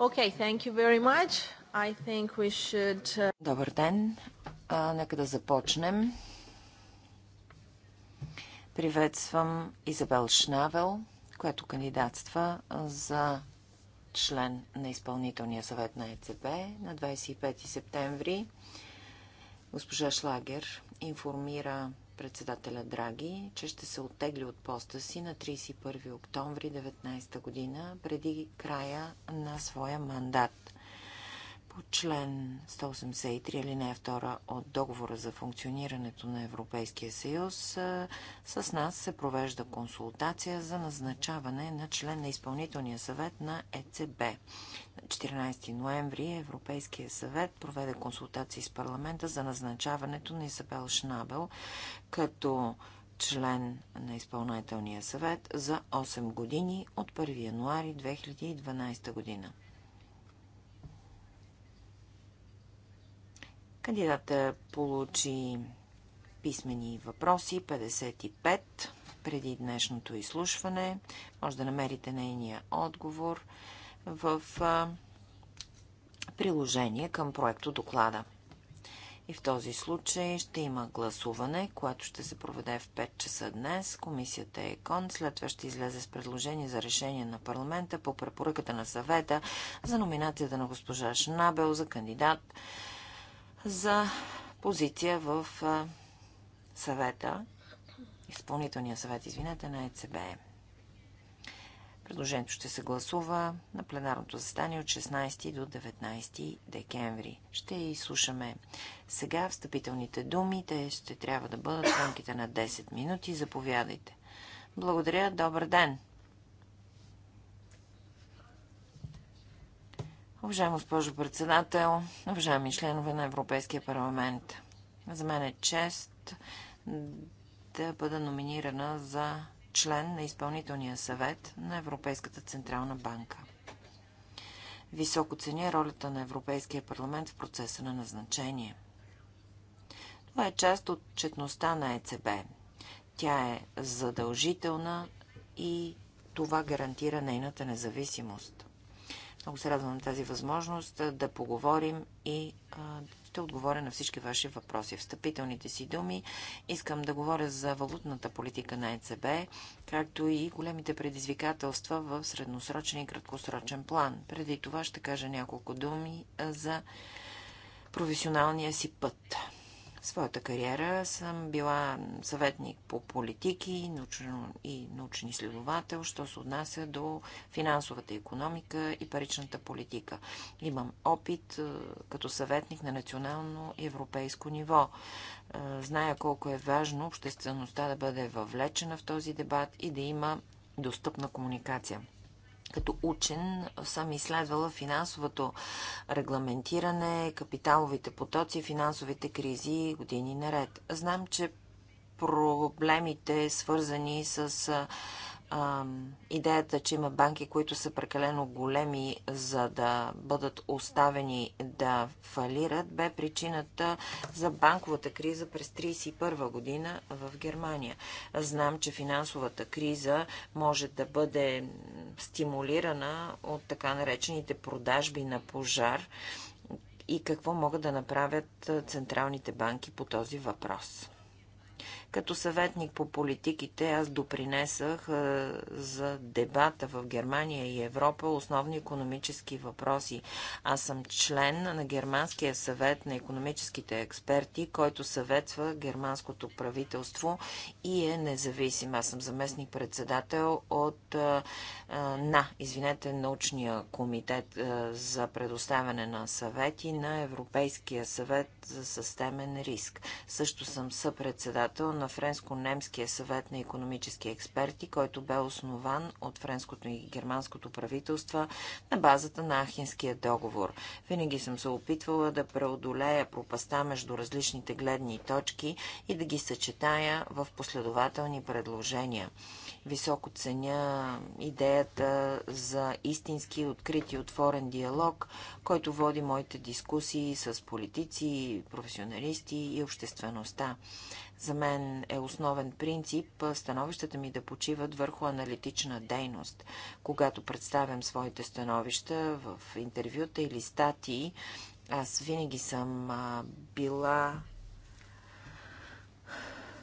Speaker 4: Okay, thank you very much. I think we should... Uh,
Speaker 3: Добър ден. А, нека да започнем. Приветствам Изабел Шнавел, която кандидатства за член на изпълнителния съвет на ЕЦБ на 25 септември. Госпожа Шлагер информира председателя Драги, че ще се оттегли от поста си на 31 октомври 2019 година, преди края на своя мандат. По член 183 алинея 2 от договора за функционирането на Европейския съюз с нас се провежда консултация за назначаване на член на изпълнителния съвет на ЕЦБ. 14 ноември Европейския съвет проведе консултации с парламента за назначаването на Изабел Шнабел като член на изпълнителния съвет за 8 години от 1 януари 2012 година. Кандидата получи писмени въпроси 55 преди днешното изслушване. Може да намерите нейния отговор в приложение към проекто доклада. И в този случай ще има гласуване, което ще се проведе в 5 часа днес. Комисията кон. след това ще излезе с предложение за решение на парламента по препоръката на съвета за номинацията на госпожа Шнабел за кандидат за позиция в съвета, изпълнителния съвет, извинете, на ЕЦБМ. Предложението ще се гласува на пленарното заседание от 16 до 19 декември. Ще изслушаме сега встъпителните думи. Те ще трябва да бъдат в рамките на 10 минути. Заповядайте. Благодаря. Добър ден! Уважаема госпожо председател, уважаеми членове на Европейския парламент, за мен е чест да бъда номинирана за член на изпълнителния съвет на Европейската централна банка. Високо ценя ролята на Европейския парламент в процеса на назначение. Това е част от четността на ЕЦБ. Тя е задължителна и това гарантира нейната независимост. Много се радвам на тази възможност да поговорим и ще отговоря на всички ваши въпроси. Встъпителните си думи искам да говоря за валутната политика на ЕЦБ, както и големите предизвикателства в средносрочен и краткосрочен план. Преди това ще кажа няколко думи за професионалния си път своята кариера съм била съветник по политики научно и научен изследовател, що се отнася до финансовата економика и паричната политика. Имам опит е, като съветник на национално и европейско ниво. Е, зная колко е важно обществеността да бъде въвлечена в този дебат и да има достъпна комуникация като учен съм изследвала финансовото регламентиране, капиталовите потоци, финансовите кризи години наред. Знам, че проблемите, свързани с а, идеята, че има банки, които са прекалено големи, за да бъдат оставени да фалират, бе причината за банковата криза през 1931 година в Германия. Знам, че финансовата криза може да бъде стимулирана от така наречените продажби на пожар и какво могат да направят централните банки по този въпрос. Като съветник по политиките аз допринесах за дебата в Германия и Европа основни економически въпроси. Аз съм член на Германския съвет на економическите експерти, който съветва германското правителство и е независим. Аз съм заместник председател от на, извинете, научния комитет за предоставяне на съвети на Европейския съвет за състемен риск. Също съм съпредседател на Френско-немския съвет на економически експерти, който бе основан от френското и германското правителство на базата на Ахинския договор. Винаги съм се опитвала да преодолея пропаста между различните гледни точки и да ги съчетая в последователни предложения. Високо ценя идеята за истински открит и отворен диалог, който води моите дискусии с политици, професионалисти и обществеността. За мен е основен принцип становищата ми да почиват върху аналитична дейност. Когато представям своите становища в интервюта или статии, аз винаги съм била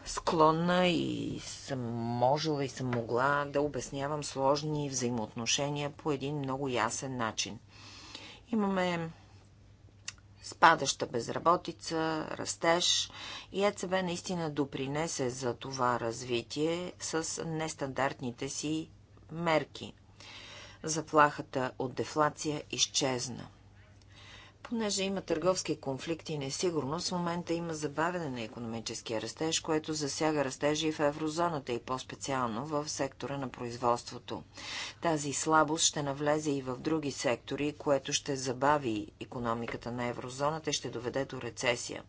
Speaker 3: склонна и съм можела и съм могла да обяснявам сложни взаимоотношения по един много ясен начин. Имаме спадаща безработица, растеж и ЕЦБ наистина допринесе за това развитие с нестандартните си мерки. Заплахата от дефлация изчезна. Понеже има търговски конфликти и несигурност, в момента има забавяне на економическия растеж, което засяга растежи в еврозоната и по-специално в сектора на производството. Тази слабост ще навлезе и в други сектори, което ще забави економиката на еврозоната и ще доведе до рецесия.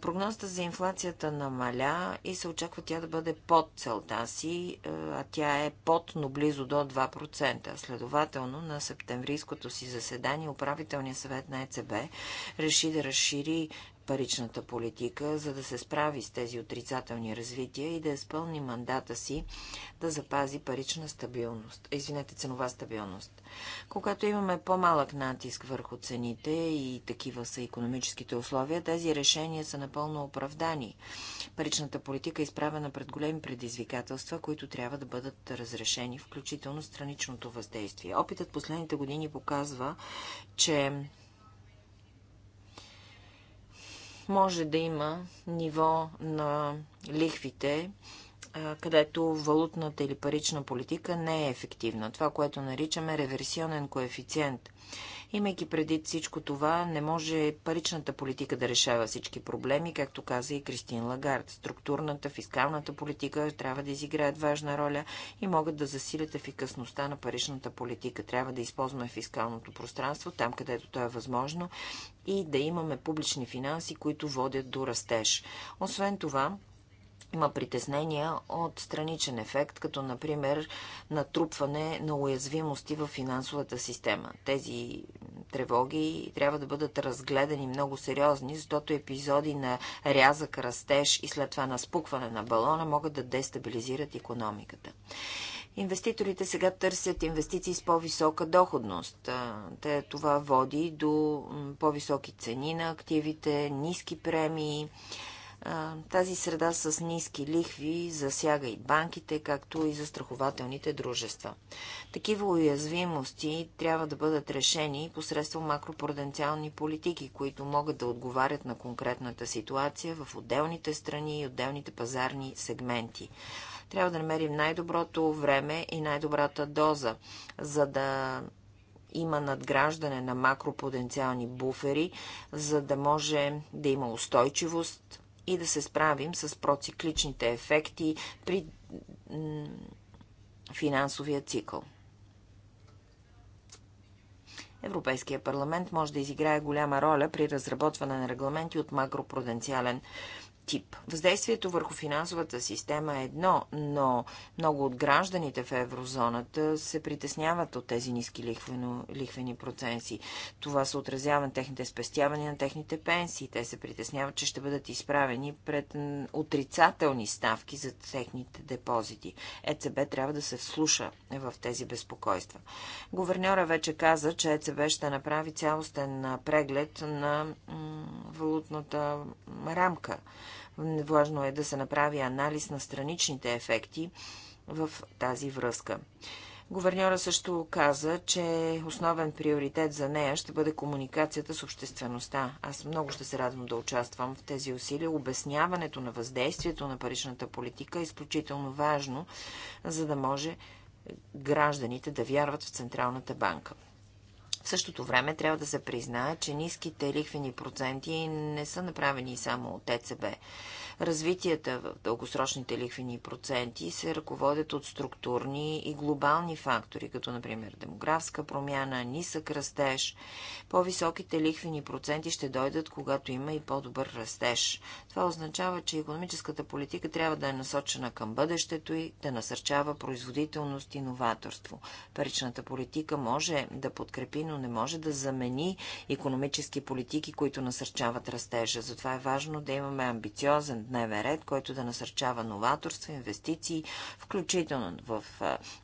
Speaker 3: Прогнозата за инфлацията намаля и се очаква тя да бъде под целта си, а тя е под, но близо до 2%. Следователно, на септемврийското си заседание управителният съвет на ЕЦБ реши да разшири паричната политика, за да се справи с тези отрицателни развития и да изпълни мандата си да запази парична стабилност, извинете, ценова стабилност. Когато имаме по-малък натиск върху цените и такива са економическите условия, тези решения са напълно оправдани. Паричната политика е изправена пред големи предизвикателства, които трябва да бъдат разрешени, включително страничното въздействие. Опитът последните години показва, че може да има ниво на лихвите, където валутната или парична политика не е ефективна. Това, което наричаме реверсионен коефициент. Имайки преди всичко това, не може паричната политика да решава всички проблеми, както каза и Кристин Лагард. Структурната, фискалната политика трябва да изиграят важна роля и могат да засилят ефикасността на паричната политика. Трябва да използваме фискалното пространство там, където то е възможно и да имаме публични финанси, които водят до растеж. Освен това, има притеснения от страничен ефект, като например натрупване на уязвимости в финансовата система. Тези тревоги трябва да бъдат разгледани много сериозни, защото епизоди на рязък растеж и след това на спукване на балона могат да дестабилизират економиката. Инвеститорите сега търсят инвестиции с по-висока доходност. Те това води до по-високи цени на активите, ниски премии, тази среда с ниски лихви засяга и банките, както и застрахователните дружества. Такива уязвимости трябва да бъдат решени посредством макропруденциални политики, които могат да отговарят на конкретната ситуация в отделните страни и отделните пазарни сегменти трябва да намерим най-доброто време и най-добрата доза, за да има надграждане на макропотенциални буфери, за да може да има устойчивост и да се справим с процикличните ефекти при финансовия цикъл. Европейския парламент може да изиграе голяма роля при разработване на регламенти от макропруденциален тип. Въздействието върху финансовата система е едно, но много от гражданите в еврозоната се притесняват от тези ниски лихвено, лихвени проценти. Това се отразява на техните спестявания, на техните пенсии. Те се притесняват, че ще бъдат изправени пред отрицателни ставки за техните депозити. ЕЦБ трябва да се вслуша в тези безпокойства. Говерньора вече каза, че ЕЦБ ще направи цялостен преглед на валутната рамка. Важно е да се направи анализ на страничните ефекти в тази връзка. Говерньора също каза, че основен приоритет за нея ще бъде комуникацията с обществеността. Аз много ще се радвам да участвам в тези усилия. Обясняването на въздействието на паричната политика е изключително важно, за да може гражданите да вярват в Централната банка. В същото време трябва да се признае, че ниските лихвени проценти не са направени само от ЕЦБ. Развитията в дългосрочните лихвени проценти се ръководят от структурни и глобални фактори, като например демографска промяна, нисък растеж. По-високите лихвени проценти ще дойдат, когато има и по-добър растеж. Това означава, че економическата политика трябва да е насочена към бъдещето и да насърчава производителност и новаторство. Паричната политика може да подкрепи, но не може да замени економически политики, които насърчават растежа. Затова е важно да имаме амбициозен, дневен ред, който да насърчава новаторство, инвестиции, включително в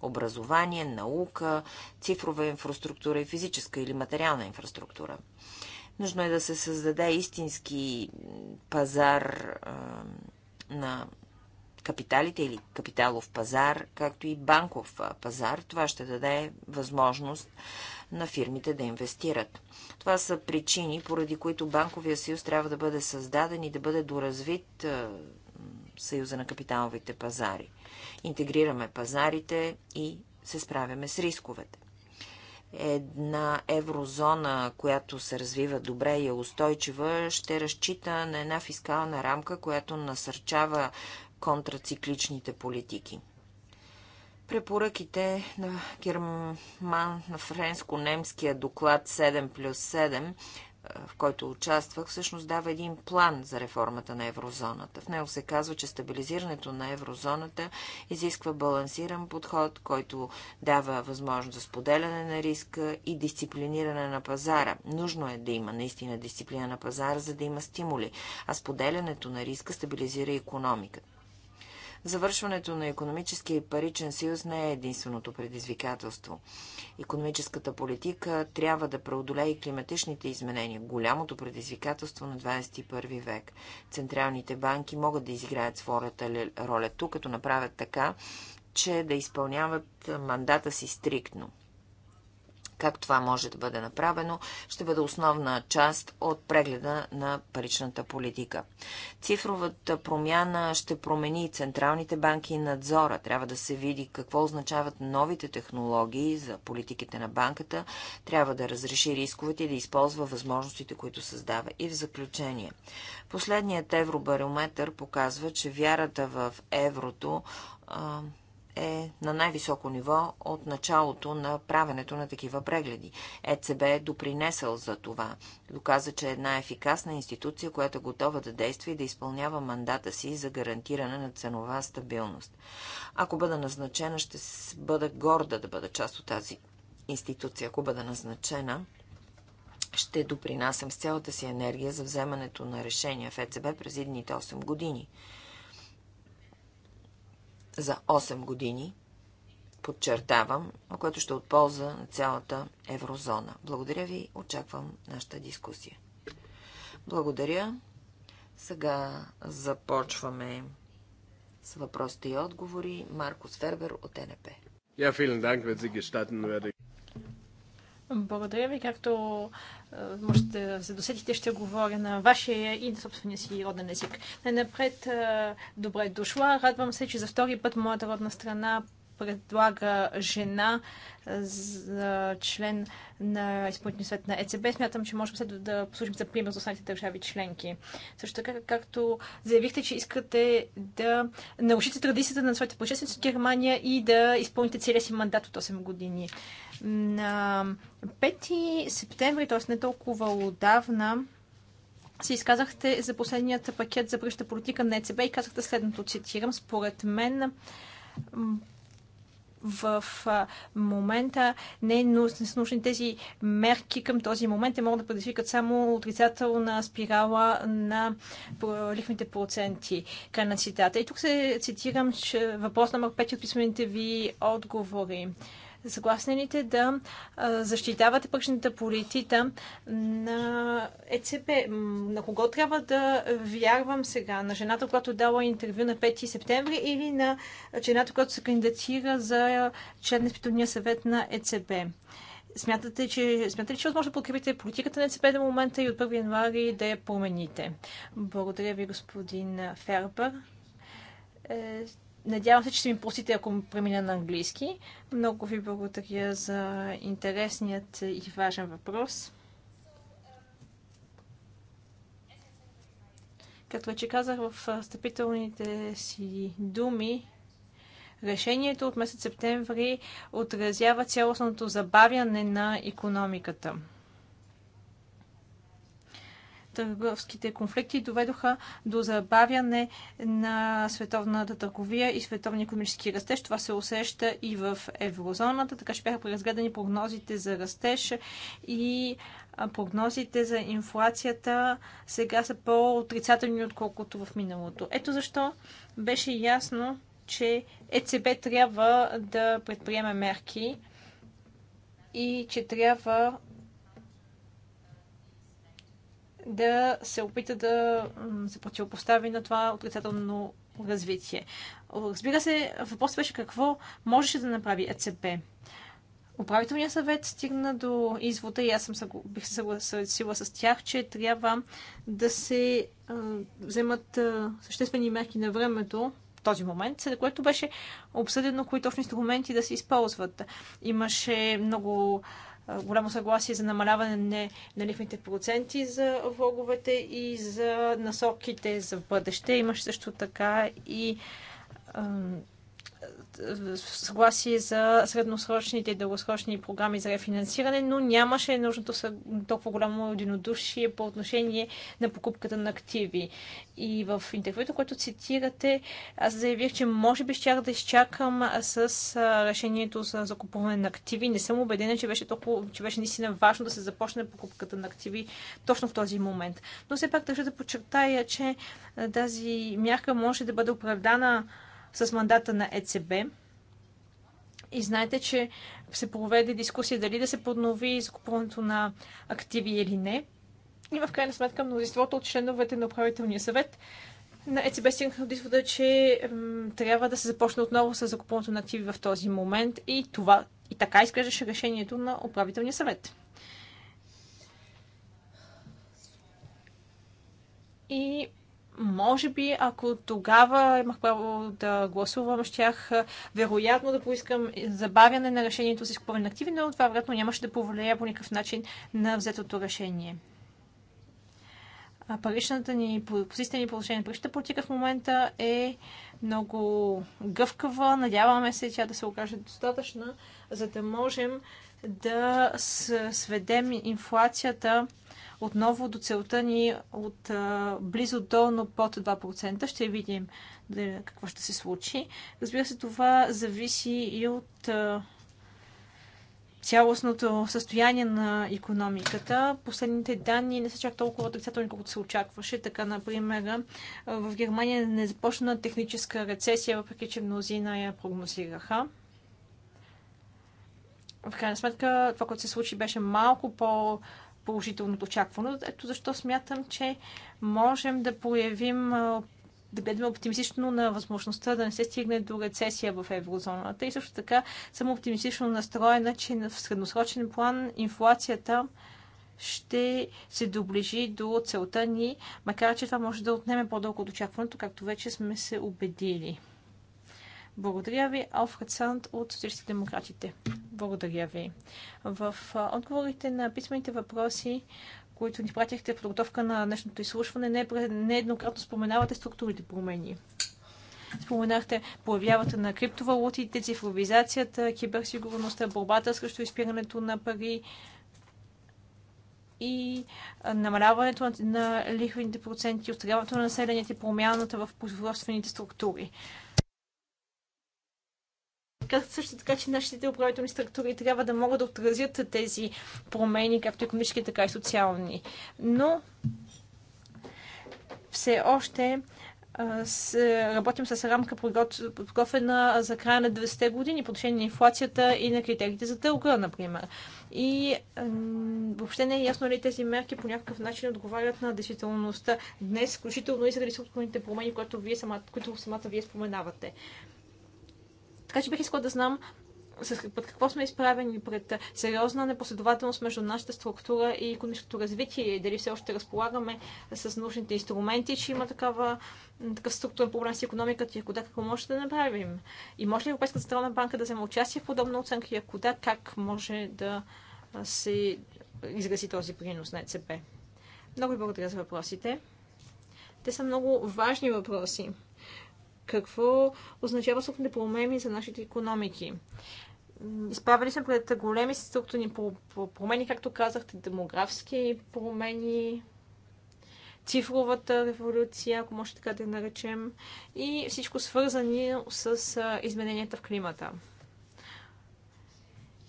Speaker 3: образование, наука, цифрова инфраструктура и физическа или материална инфраструктура. Нужно е да се създаде истински пазар на капиталите или капиталов пазар, както и банков пазар. Това ще даде възможност на фирмите да инвестират. Това са причини, поради които банковия съюз трябва да бъде създаден и да бъде доразвит съюза на капиталовите пазари. Интегрираме пазарите и се справяме с рисковете една еврозона, която се развива добре и е устойчива, ще разчита на една фискална рамка, която насърчава контрацикличните политики. Препоръките на герман, на френско-немския доклад 7 плюс 7 в който участвах, всъщност дава един план за реформата на еврозоната. В него се казва, че стабилизирането на еврозоната изисква балансиран подход, който дава възможност за споделяне на риска и дисциплиниране на пазара. Нужно е да има наистина дисциплина на пазара, за да има стимули, а споделянето на риска стабилизира економиката. Завършването на економическия и паричен съюз не е единственото предизвикателство. Економическата политика трябва да преодолее и климатичните изменения, голямото предизвикателство на 21 век. Централните банки могат да изиграят своята роля тук, като направят така, че да изпълняват мандата си стриктно. Как това може да бъде направено, ще бъде основна част от прегледа на паричната политика. Цифровата промяна ще промени централните банки и надзора. Трябва да се види какво означават новите технологии за политиките на банката. Трябва да разреши рисковете и да използва възможностите, които създава. И в заключение. Последният евробарометр показва, че вярата в еврото е на най-високо ниво от началото на правенето на такива прегледи. ЕЦБ е допринесъл за това. Доказа, че е една ефикасна институция, която е готова да действа и да изпълнява мандата си за гарантиране на ценова стабилност. Ако бъда назначена, ще бъда горда да бъда част от тази институция. Ако бъда назначена, ще допринасям с цялата си енергия за вземането на решения в ЕЦБ през едните 8 години за 8 години, подчертавам, което ще е отполза на цялата еврозона. Благодаря ви, очаквам нашата дискусия. Благодаря. Сега започваме с въпросите и отговори. Маркус Фербер от НП. Ja, vielen Dank, wenn Sie gestatten werde.
Speaker 4: Благодаря ви, както можете да се досетите, ще говоря на вашия и на собствения си роден език. Най-напред, добре дошла. Радвам се, че за втори път моята родна страна предлага жена за член на изпълнителния свет на ЕЦБ. Смятам, че можем след да послужим за пример за останалите държави членки. Също така, както заявихте, че искате да нарушите традицията на своите предшественици в Германия и да изпълните целия си мандат от 8 години. На 5 септември, т.е. не толкова отдавна, се изказахте за последният пакет за бъдеща политика на ЕЦБ и казахте следното, цитирам, според мен в момента. Не, но нужни тези мерки към този момент. Те могат да предизвикат само отрицателна спирала на лихвените проценти. Край на цитата. И тук се цитирам въпрос номер 5 от писмените ви отговори. Съгласни ли те да защитавате пъчната политика на ЕЦП? На кого трябва да вярвам сега? На жената, която дала интервю на 5 септември или на жената, която се кандидатира за член на изпитания съвет на ЕЦП. Смятате, че, смятате ли, че е възможно да подкрепите политиката на ЕЦП до момента и от 1 януари да я промените? Благодаря ви, господин Фербър. Е, Надявам се, че ще ми простите, ако премина на английски. Много ви благодаря за интересният и важен въпрос. Като вече казах в стъпителните си думи, решението от месец септември отразява цялостното забавяне на економиката – търговските конфликти доведоха до забавяне на световната търговия и световния економически растеж. Това се усеща и в еврозоната, така че бяха преразгледани прогнозите за растеж и прогнозите за инфлацията сега са по-отрицателни, отколкото в миналото. Ето защо беше ясно, че ЕЦБ трябва да предприеме мерки и че трябва да се опита да се противопостави на това отрицателно развитие. Разбира се, въпросът беше какво можеше да направи ЕЦП? Управителният съвет стигна до извода и аз съм, бих се съгласила с тях, че трябва да се а, вземат а, съществени мерки на времето, в този момент, след което беше обсъдено кои точно инструменти да се използват. Имаше много голямо съгласие за намаляване на лихвите проценти за влоговете и за насоките за бъдеще. Имаше също така и съгласие за средносрочните и дългосрочни програми за рефинансиране, но нямаше нужното толкова голямо единодушие по отношение на покупката на активи. И в интервюто, което цитирате, аз заявих, че може би щях да изчакам с решението за закупуване на активи. Не съм убедена, че беше, толкова, че беше наистина важно да се започне покупката на активи точно в този момент. Но все пак държа да подчертая, че тази мярка може да бъде оправдана с мандата на ЕЦБ. И знаете, че се проведе дискусия дали да се поднови закупването на активи или не. И в крайна сметка мнозинството от членовете на управителния съвет на ЕЦБ стигнаха до извода, че трябва да се започне отново с закупването на активи в този момент и това и така изглеждаше решението на управителния съвет. И може би, ако тогава имах право да гласувам, щях вероятно да поискам забавяне на решението за изкупване на активи, но това вероятно нямаше да повлияе по никакъв начин на взетото решение. Паричната ни, позиция ни положение на паричната политика в момента е много гъвкава. Надяваме се тя да се окаже достатъчна, за да можем да сведем инфлацията отново до целта ни от а, близо до, но под 2%. Ще видим да, какво ще се случи. Разбира се, това зависи и от а, цялостното състояние на економиката. Последните данни не са чак толкова отрицателни, колкото се очакваше. Така, например, в Германия не започна техническа рецесия, въпреки че мнозина я прогнозираха. В крайна сметка, това, което се случи, беше малко по- Положителното очаквано. Ето защо смятам, че можем да появим, да гледаме оптимистично на възможността да не се стигне до рецесия в еврозоната. И също така съм оптимистично настроена, че в средносрочен план инфлацията ще се доближи до целта ни, макар че това може да отнеме по-дълго от очакването, както вече сме се убедили. Благодаря ви, Алфред Санд от Социалистите демократите. Благодаря ви. В отговорите на писмените въпроси, които ни пратихте в подготовка на днешното изслушване, не, нееднократно споменавате структурите промени. Споменахте появявата на криптовалутите, цифровизацията, киберсигурността, борбата срещу изпирането на пари и намаляването на, на лихвените проценти, устаряването на населението и промяната в производствените структури. Казах също така, че нашите управителни структури трябва да могат да отразят тези промени, както економически, така и социални. Но все още работим с рамка подготвена за края на 20 те години по отношение на инфлацията и на критериите за дълга, например. И въобще не е ясно ли тези мерки по някакъв начин отговарят на действителността днес, включително и заради структурните промени, които, вие самата, които самата вие споменавате. Така че бих искала да знам с под какво сме изправени пред сериозна непоследователност между нашата структура и економическото развитие, дали все още разполагаме с нужните инструменти, че има такава, такъв структурен проблем с економиката и ако да, какво може да направим? И може ли Европейската централна банка да вземе участие в подобна оценка и ако да, как може да се изрази този принос на ЕЦП? Много ви благодаря за въпросите. Те са много важни въпроси какво означава структурни промени за нашите економики. Изправили сме пред големи структурни промени, както казахте, демографски промени, цифровата революция, ако може така да я наречем, и всичко свързани с измененията в климата.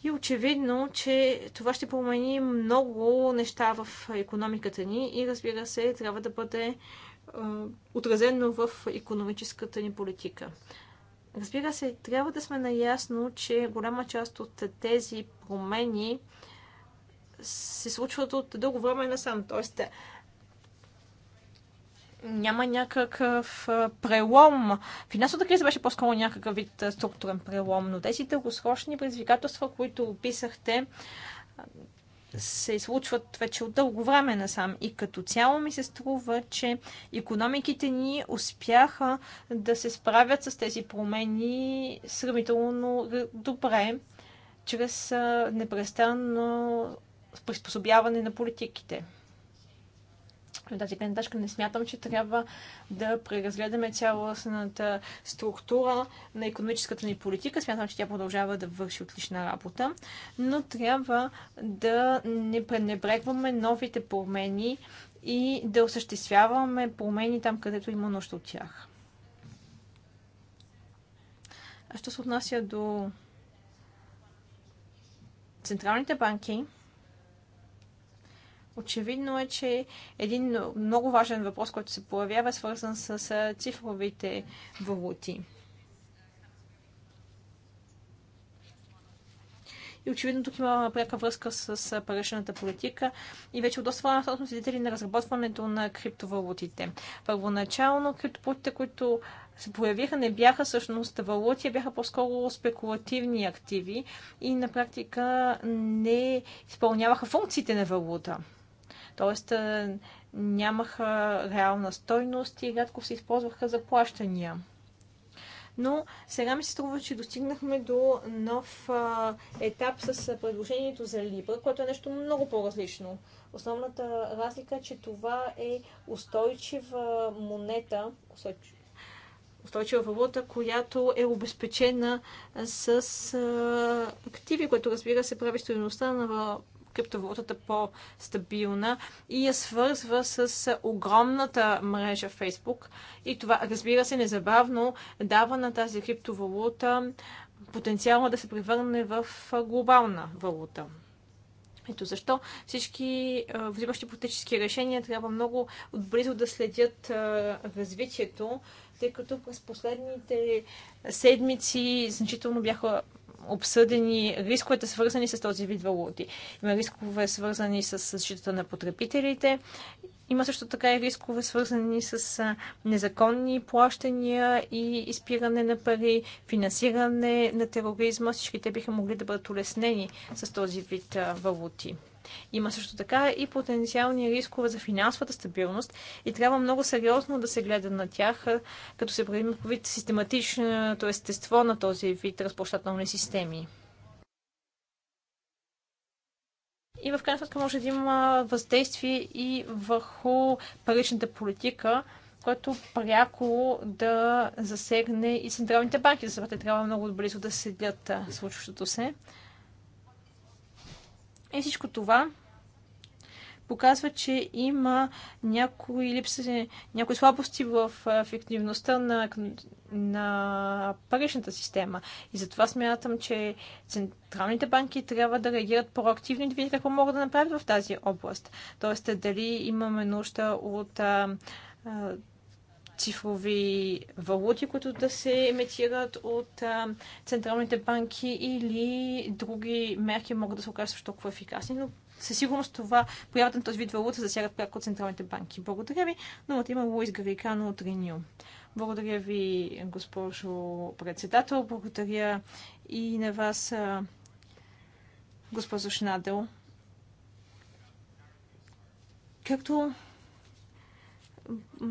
Speaker 4: И очевидно, че това ще промени много неща в економиката ни и разбира се, трябва да бъде отразено в економическата ни политика. Разбира се, трябва да сме наясно, че голяма част от тези промени се случват от дълго време насам. Тоест, няма някакъв прелом. Финансовата криза беше по-скоро някакъв вид структурен прелом, но тези дългосрочни предизвикателства, които описахте, се случват вече от дълго време насам. И като цяло ми се струва, че економиките ни успяха да се справят с тези промени сравнително добре, чрез непрестанно приспособяване на политиките. От тази гледна точка не смятам, че трябва да преразгледаме цялостната структура на економическата ни политика. Смятам, че тя продължава да върши отлична работа, но трябва да не пренебрегваме новите промени и да осъществяваме промени там, където има нужда от тях. А що се отнася до централните банки, Очевидно е, че един много важен въпрос, който се появява, е свързан с цифровите валути. И очевидно тук има пряка връзка с паричната политика. И вече от доста време свидетели на разработването на криптовалутите. Първоначално криптовалутите, които се появиха, не бяха всъщност валути, бяха по-скоро спекулативни активи и на практика не изпълняваха функциите на валута. Тоест нямаха реална стойност и рядко се използваха за плащания. Но сега ми се струва, че достигнахме до нов а, етап с предложението за Libra, което е нещо много по-различно. Основната разлика е, че това е устойчива монета, устойчива валута, която е обезпечена с а, активи, което разбира се прави стоеността на криптовалутата по-стабилна и я свързва с огромната мрежа Facebook. И това, разбира се, незабавно дава на тази криптовалута потенциално да се превърне в глобална валута. Ето защо всички взимащи политически решения трябва много отблизо да следят развитието, тъй като през последните седмици значително бяха обсъдени рисковете, свързани с този вид валути. Има рискове, свързани с защитата на потребителите. Има също така и рискове, свързани с незаконни плащания и изпиране на пари, финансиране на тероризма. Всички те биха могли да бъдат улеснени с този вид валути. Има също така и потенциални рискове за финансовата стабилност и трябва много сериозно да се гледа на тях, като се по вид систематичното естество на този вид разплащателни системи. И в крайна сметка може да има въздействие и върху паричната политика, което пряко да засегне и централните банки. Затова те трябва много близо да следят случващото се. Е, всичко това показва, че има някои, липси, някои слабости в ефективността на, на паричната система. И затова смятам, че централните банки трябва да реагират проактивно и да видят какво могат да направят в тази област. Тоест, дали имаме нужда от а, а, цифрови валути, които да се емитират от централните банки или други мерки могат да се окажат също толкова ефикасни, но със сигурност това, появата на този вид валута засягат пряко от централните банки. Благодаря ви. но има Луис Гарикано от Риню. Благодаря ви, госпожо председател. Благодаря и на вас, госпожо Шнадел. Както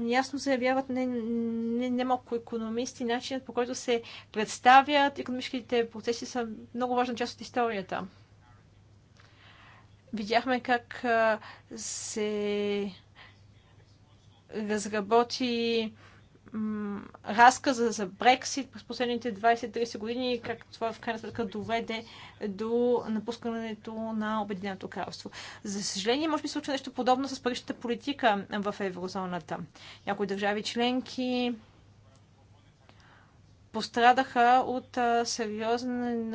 Speaker 4: ясно заявяват не, не, не економисти, начинът по който се представят економическите процеси са много важна част от историята. Видяхме как се разработи разказа за Брексит през последните 20-30 години, и как това в крайна сметка доведе до напускането на Обединеното кралство. За съжаление, може би случва нещо подобно с паричната политика в еврозоната. Някои държави членки пострадаха от сериозен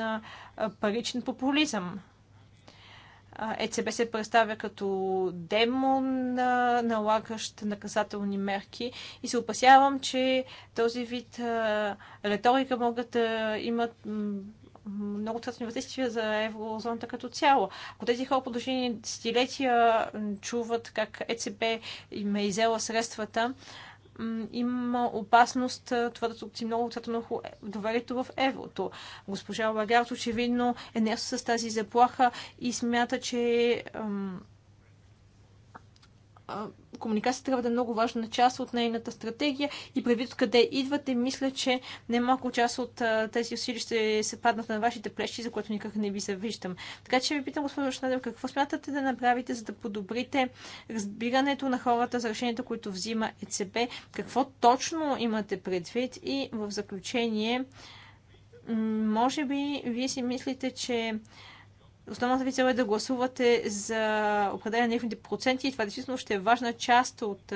Speaker 4: паричен популизъм. ЕЦБ се представя като демон, налагащ наказателни мерки и се опасявам, че този вид риторика могат да имат много отрицателни въздействия за еврозоната като цяло. Ако тези хора продължени десетилетия чуват как ЕЦБ им е изела средствата, има опасност това да топци много на доверието в еврото. Госпожа Лагард очевидно е нещо с тази заплаха и смята, че комуникацията трябва да е много важна част от нейната стратегия и предвид къде идвате, мисля, че немалко част от тези усилия ще се паднат на вашите плещи, за което никак не ви завиждам. Така че ви питам, госпожо Шнадев, какво смятате да направите, за да подобрите разбирането на хората за решенията, които взима ЕЦБ? Какво точно имате предвид? И в заключение, може би вие си мислите, че Основната ви цел е да гласувате за определен на лихвените проценти и това действително ще е важна част от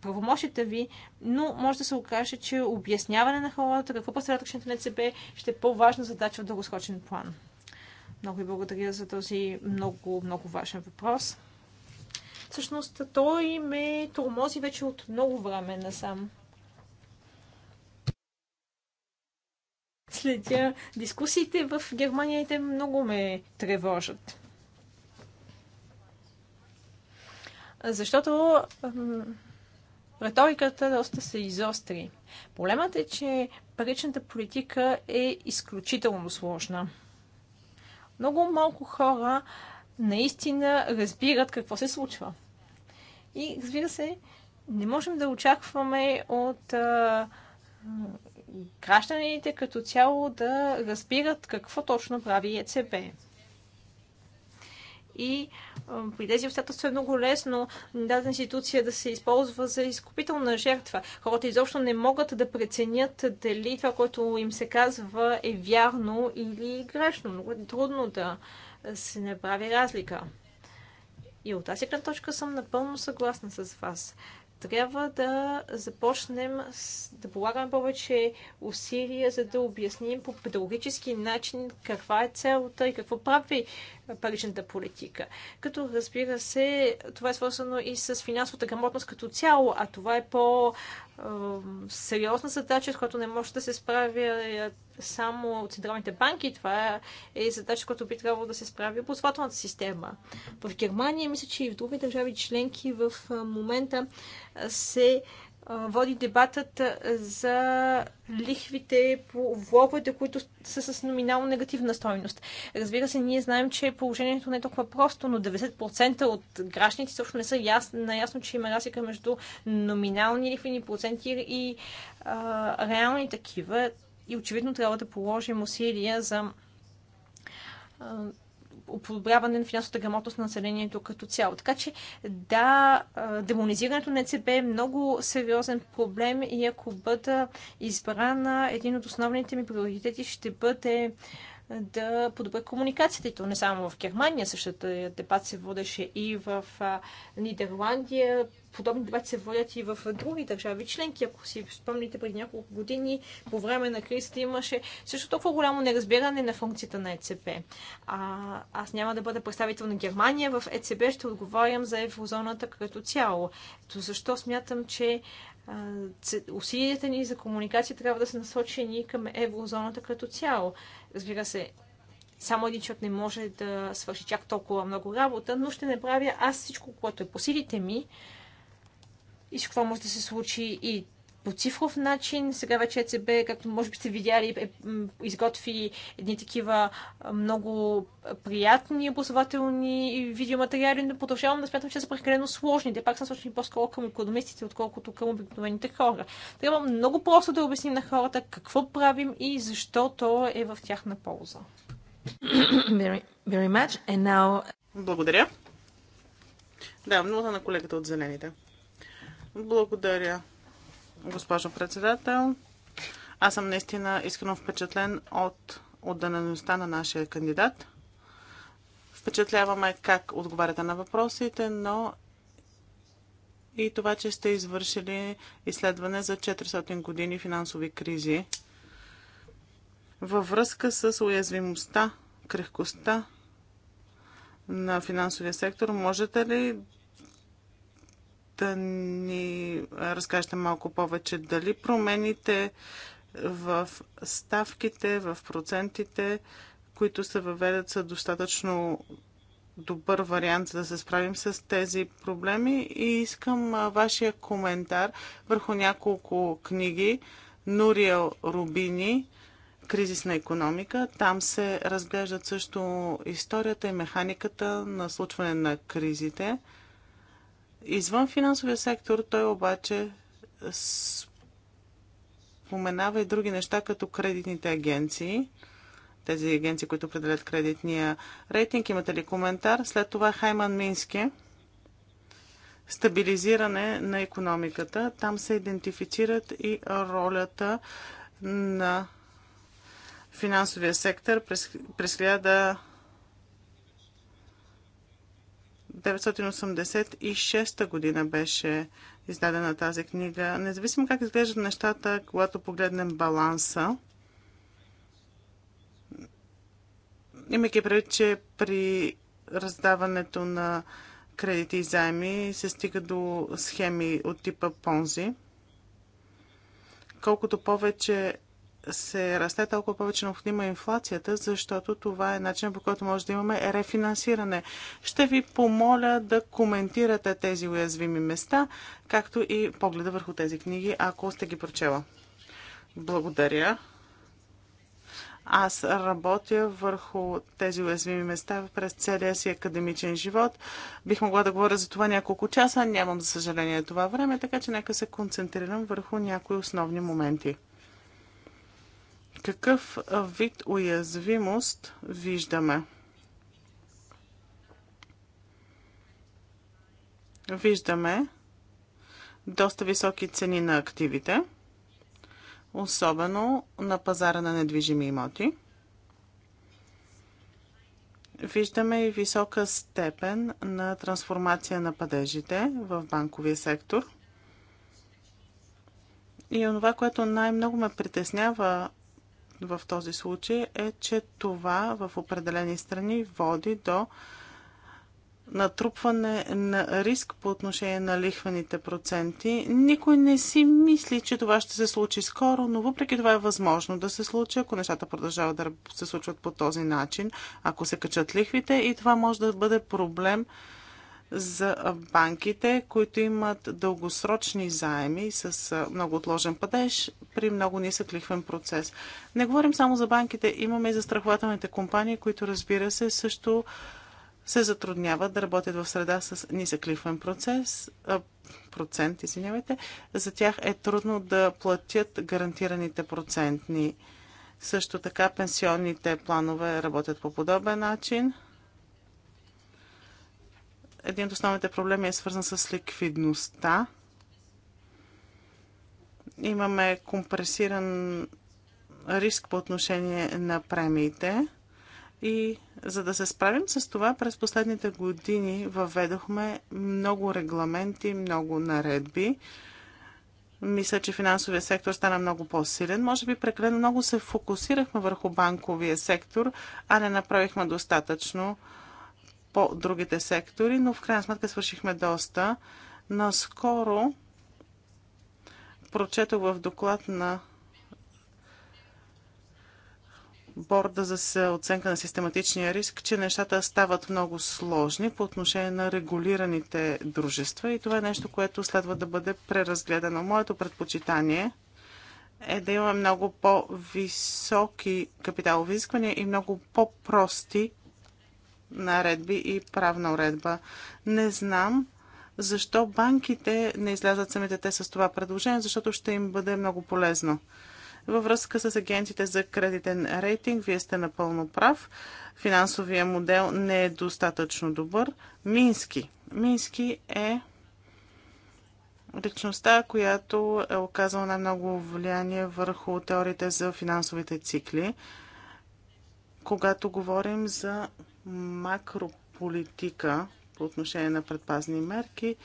Speaker 4: правомощите ви, но може да се окаже, че обясняване на хората какво представляват решението на ЦБ ще е по-важна задача в дългосрочен план. Много ви благодаря за този много, много важен въпрос. Всъщност той ме тормози вече от много време насам. следя дискусиите в Германия и те много ме тревожат. Защото риториката доста се изостри. Проблемът е, че паричната политика е изключително сложна. Много малко хора наистина разбират какво се случва. И разбира се, не можем да очакваме от а, гражданите като цяло да разбират какво точно прави ЕЦБ. И при тези обстоятелства е много лесно дадена институция да се използва за изкупителна жертва. Хората изобщо не могат да преценят дали това, което им се казва, е вярно или грешно. Много е трудно да се направи разлика. И от тази точка съм напълно съгласна с вас трябва да започнем с, да полагаме повече усилия, за да обясним по педагогически начин каква е целта и какво прави паричната политика. Като разбира се, това е свързано и с финансовата грамотност като цяло, а това е по сериозна задача, с която не може да се справя е, само централните банки. Това е задача, която би трябвало да се справи ползвателната система. В Германия, мисля, че и в други държави членки в момента се води дебатът за лихвите по влоговете, които са с номинално негативна стойност. Разбира се, ние знаем, че положението не е толкова просто, но 90% от гражданите също не са наясно, че има разлика между номинални лихвени проценти и а, реални такива. И очевидно трябва да положим усилия за подобряване на финансовата грамотност на населението като цяло. Така че да, демонизирането на ЕЦБ е много сериозен проблем и ако бъда избрана, един от основните ми приоритети ще бъде да подобря комуникацията. И то не само в Германия. Същата дебат се водеше и в Нидерландия. Подобни дебати се водят и в други държави членки. Ако си спомните, преди няколко години по време на кризата имаше също толкова голямо неразбиране на функцията на ЕЦП. А, аз няма да бъда представител на Германия. В ЕЦБ ще отговарям за еврозоната като цяло. Ето защо смятам, че усилията ни за комуникация трябва да са насочени към еврозоната като цяло. Разбира се, само един човек не може да свърши чак толкова много работа, но ще направя аз всичко, което е по силите ми и всичко това може да се случи и по цифров начин. Сега вече ЕЦБ, както може би сте видяли, е, изготви едни такива много приятни образователни видеоматериали, но продължавам да смятам, че са прекалено сложни. Те пак са сложни по-скоро към економистите, отколкото към обикновените хора. Трябва много просто да обясним на хората какво правим и защо то е в тяхна полза.
Speaker 2: Very,
Speaker 3: very much. And now...
Speaker 2: Благодаря. Да, много на колегата от Зелените. Благодаря госпожо председател. Аз съм наистина искрено впечатлен от отдалеността на нашия кандидат. Впечатляваме как отговаряте на въпросите, но и това, че сте извършили изследване за 400 години финансови кризи във връзка с уязвимостта, крехкостта на финансовия сектор. Можете ли да ни разкажете малко повече дали промените в ставките, в процентите, които се въведат са достатъчно добър вариант за да се справим с тези проблеми и искам вашия коментар върху няколко книги Нурия Рубини Кризисна економика. Там се разглеждат също историята и механиката на случване на кризите. Извън финансовия сектор той обаче споменава и други неща, като кредитните агенции. Тези агенции, които определят кредитния рейтинг. Имате ли коментар? След това Хайман Мински. Стабилизиране на економиката. Там се идентифицират и ролята на финансовия сектор през, през 1986 година беше издадена тази книга. Независимо как изглеждат нещата, когато погледнем баланса, имайки предвид, че при раздаването на кредити и заеми се стига до схеми от типа Понзи. Колкото повече се расте толкова повече необходима инфлацията, защото това е начинът по който може да имаме рефинансиране. Ще ви помоля да коментирате тези уязвими места, както и погледа върху тези книги, ако сте ги прочела. Благодаря. Аз работя върху тези уязвими места през целия си академичен живот. Бих могла да говоря за това няколко часа, нямам за съжаление това време, така че нека се концентрирам върху някои основни моменти. Какъв вид уязвимост виждаме? Виждаме доста високи цени на активите, особено на пазара на недвижими имоти. Виждаме и висока степен на трансформация на падежите в банковия сектор – и онова, което най-много ме притеснява в този случай е, че това в определени страни води до натрупване на риск по отношение на лихвените проценти. Никой не си мисли, че това ще се случи скоро, но въпреки това е възможно да се случи, ако нещата продължават да се случват по този начин, ако се качат лихвите и това може да бъде проблем за банките, които имат дългосрочни заеми с много отложен падеж при много нисък лихвен процес. Не говорим само за банките, имаме и застрахователните компании, които разбира се също се затрудняват да работят в среда с нисък лихвен процес, процент, извинявайте. За тях е трудно да платят гарантираните процентни. Също така пенсионните планове работят по подобен начин един от основните проблеми е свързан с ликвидността. Имаме компресиран риск по отношение на премиите. И за да се справим с това, през последните години въведохме много регламенти, много наредби. Мисля, че финансовия сектор стана много по-силен. Може би прекалено много се фокусирахме върху банковия сектор, а не направихме достатъчно по другите сектори, но в крайна сметка свършихме доста. Наскоро прочетох в доклад на борда за оценка на систематичния риск, че нещата стават много сложни по отношение на регулираните дружества и това е нещо, което следва да бъде преразгледано. Моето предпочитание е да имаме много по-високи капиталови изисквания и много по-прости наредби и правна уредба. Не знам защо банките не излязат самите те с това предложение, защото ще им бъде много полезно. Във връзка с агенците за кредитен рейтинг, вие сте напълно прав. Финансовия модел не е достатъчно добър. Мински. Мински е личността, която е оказала най-много влияние върху теориите за финансовите цикли, когато говорим за макрополитика по отношение на предпазни мерки,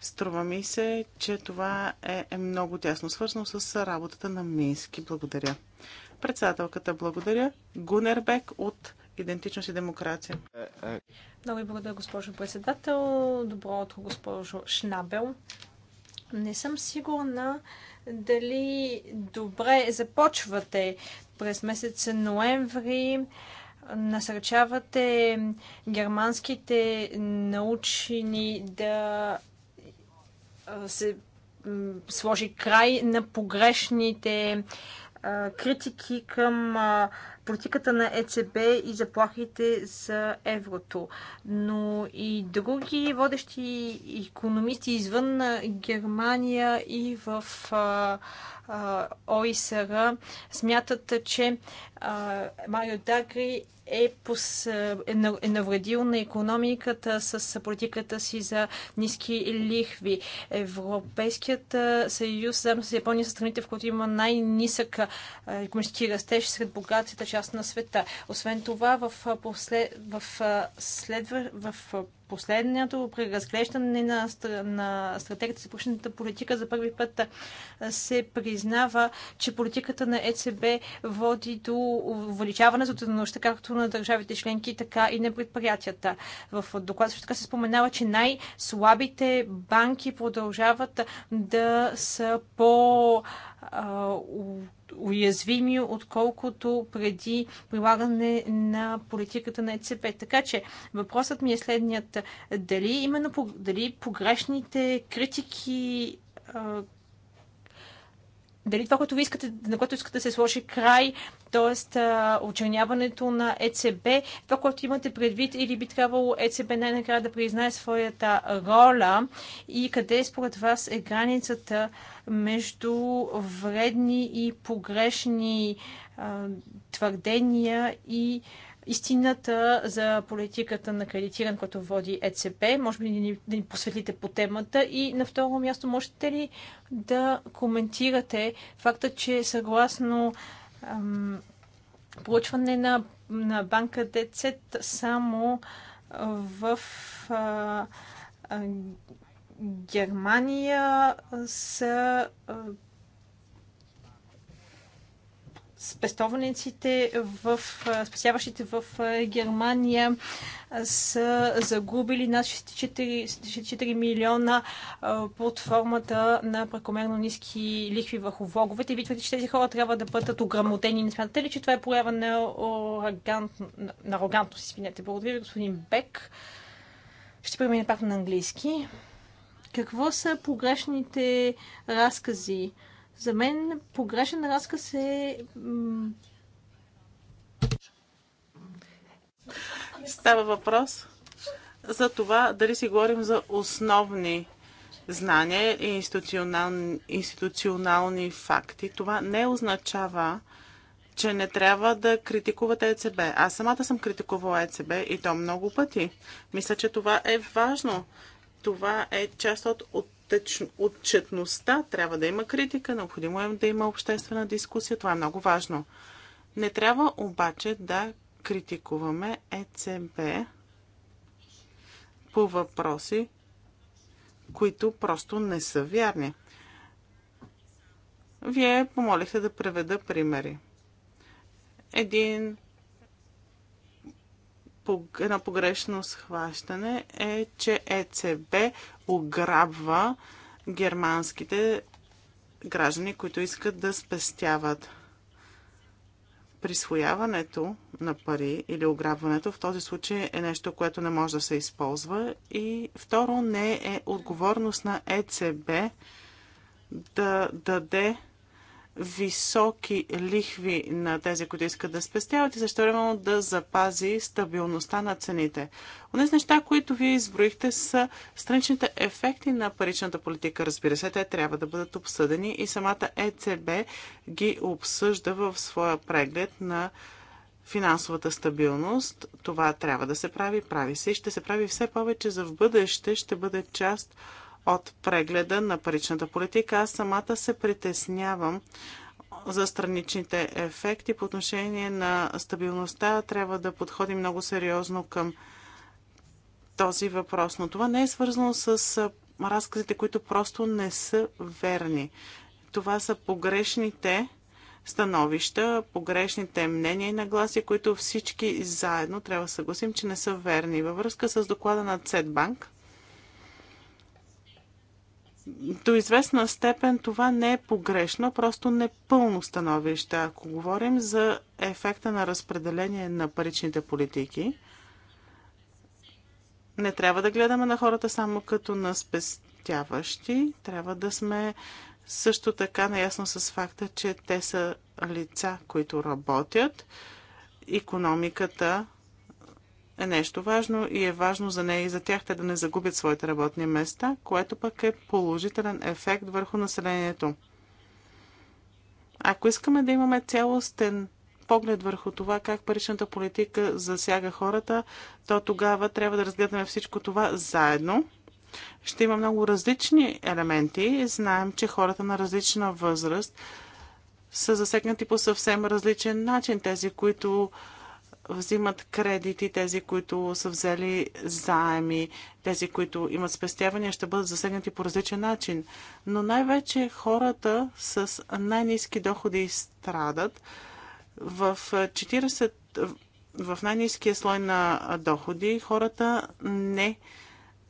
Speaker 2: струва ми се, че това е, е много тясно свързано с работата на Мински. Благодаря. Председателката благодаря. Гунербек от Идентичност и демокрация. Много ви благодаря,
Speaker 4: госпожо председател. Добро утро, госпожо Шнабел. Не съм сигурна дали добре започвате през месец ноември насърчавате германските научени да се сложи край на погрешните критики към политиката на ЕЦБ и заплахите за еврото. Но и други водещи економисти извън Германия и в ОИСР смятат, че Марио Дагри е, пос... е, е навредил на економиката с политиката си за ниски лихви. Европейският съюз, заедно с Япония, са страните, в които има най-нисък економически растеж сред богатата част на света. Освен това, в, послед... в, следва... в последното разглеждане на, на стратегията за публичната политика за първи път се признава, че политиката на ЕЦБ води до увеличаване за отдадеността както на държавите членки, така и на предприятията. В доклад също така се споменава, че най-слабите банки продължават да са по уязвими, отколкото преди прилагане на политиката на ЕЦП. Така че въпросът ми е следният. Дали именно дали погрешните критики дали това, което искате, на което искате да се сложи край, т.е. очерняването на ЕЦБ, това, което имате предвид, или би трябвало ЕЦБ най-накрая да признае своята роля и къде според вас е границата между вредни и погрешни а, твърдения и а, истината за политиката на кредитиран, който води ЕЦП. Може би да ни, да ни посветлите по темата. И на второ място, можете ли да коментирате факта, че съгласно ам, на, на банка Децет само в а, а, Германия са а, спестовниците в, спасяващите в Германия са загубили над 64, 64 милиона под формата на прекомерно ниски лихви върху влоговете. И че тези хора трябва да бъдат ограмотени. Не смятате ли, че това е проява на, арогант, на арогантност? Извинете. Благодаря ви, господин Бек. Ще премина пак на английски. Какво са погрешните разкази? За мен погрешен разказ е...
Speaker 2: Става въпрос за това дали си говорим за основни знания и институционални, институционални факти. Това не означава, че не трябва да критикувате ЕЦБ. Аз самата съм критикувала ЕЦБ и то много пъти. Мисля, че това е важно. Това е част от, от отчетността трябва да има критика, необходимо е да има обществена дискусия. Това е много важно. Не трябва обаче да критикуваме ЕЦБ по въпроси, които просто не са вярни. Вие помолихте да преведа примери. Един едно погрешно схващане е, че ЕЦБ ограбва германските граждани, които искат да спестяват. Присвояването на пари или ограбването в този случай е нещо, което не може да се използва. И второ, не е отговорност на ЕЦБ да даде високи лихви на тези, които искат да спестяват и също време да запази стабилността на цените. Одни неща, които вие изброихте са страничните ефекти на паричната политика. Разбира се, те трябва да бъдат обсъдени и самата ЕЦБ ги обсъжда в своя преглед на финансовата стабилност. Това трябва да се прави, прави се и ще се прави все повече за в бъдеще, ще бъде част от от прегледа на паричната политика. Аз самата се притеснявам за страничните ефекти. По отношение на стабилността трябва да подходим много сериозно към този въпрос. Но това не е свързано с разказите, които просто не са верни. Това са погрешните становища, погрешните мнения и нагласи, които всички заедно трябва да съгласим, че не са верни. Във връзка с доклада на Цетбанк, до известна степен това не е погрешно, просто непълно становище. Ако говорим за ефекта на разпределение на паричните политики, не трябва да гледаме на хората само като на спестяващи. Трябва да сме също така наясно с факта, че те са лица, които работят. Економиката е нещо важно и е важно за нея и за тях те да не загубят своите работни места, което пък е положителен ефект върху населението. Ако искаме да имаме цялостен поглед върху това как паричната политика засяга хората, то тогава трябва да разгледаме всичко това заедно. Ще има много различни елементи. Знаем, че хората на различна възраст са засегнати по съвсем различен начин. Тези, които взимат кредити, тези, които са взели заеми, тези, които имат спестявания, ще бъдат засегнати по различен начин. Но най-вече хората с най-низки доходи страдат. В 40, е, в най-низкия слой на доходи хората не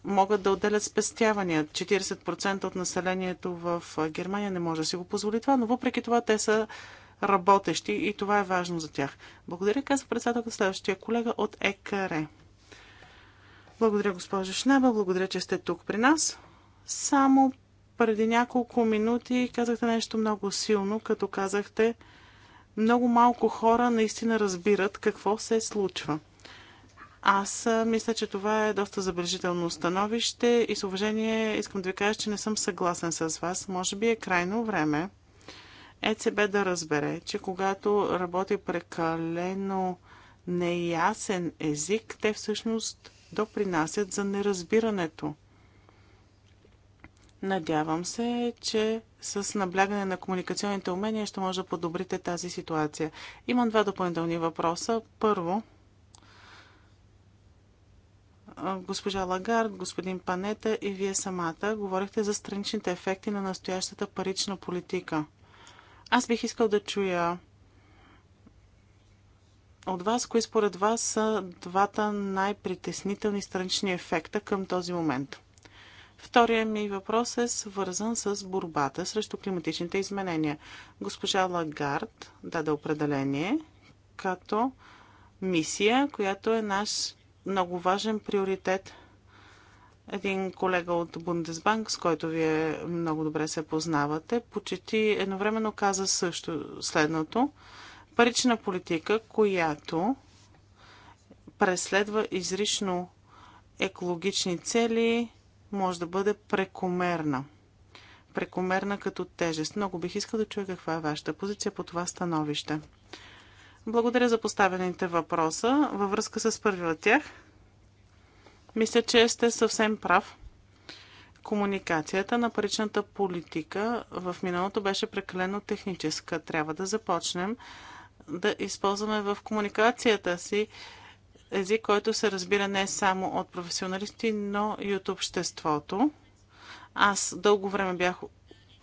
Speaker 2: могат да отделят спестявания. 40% от населението в Германия не може да си го позволи това, но въпреки това те са работещи и това е важно за тях. Благодаря, каза председателка следващия колега от ЕКР. Благодаря, госпожа Шнеба, благодаря, че сте тук при нас. Само преди няколко минути казахте нещо много силно, като казахте, много малко хора наистина разбират какво се случва. Аз мисля, че това е доста забележително становище и с уважение искам да ви кажа, че не съм съгласен с вас. Може би е крайно време ЕЦБ да разбере, че когато работи прекалено неясен език, те всъщност допринасят за неразбирането. Надявам се, че с наблягане на комуникационните умения ще може да подобрите тази ситуация. Имам два допълнителни въпроса. Първо, госпожа Лагард, господин Панета и вие самата говорихте за страничните ефекти на настоящата парична политика – аз бих искал да чуя от вас, кои според вас са двата най-притеснителни странични ефекта към този момент. Втория ми въпрос е свързан с борбата срещу климатичните изменения. Госпожа Лагард даде определение като мисия, която е наш много важен приоритет един колега от Бундесбанк, с който вие много добре се познавате, почти едновременно каза също следното. Парична политика, която преследва изрично екологични цели, може да бъде прекомерна. Прекомерна като тежест. Много бих искал да чуя каква е вашата позиция по това становище. Благодаря за поставените въпроса във връзка с първи от тях. Мисля, че сте съвсем прав. Комуникацията на паричната политика в миналото беше прекалено техническа. Трябва да започнем да използваме в комуникацията си език, който се разбира не само от професионалисти, но и от обществото. Аз дълго време бях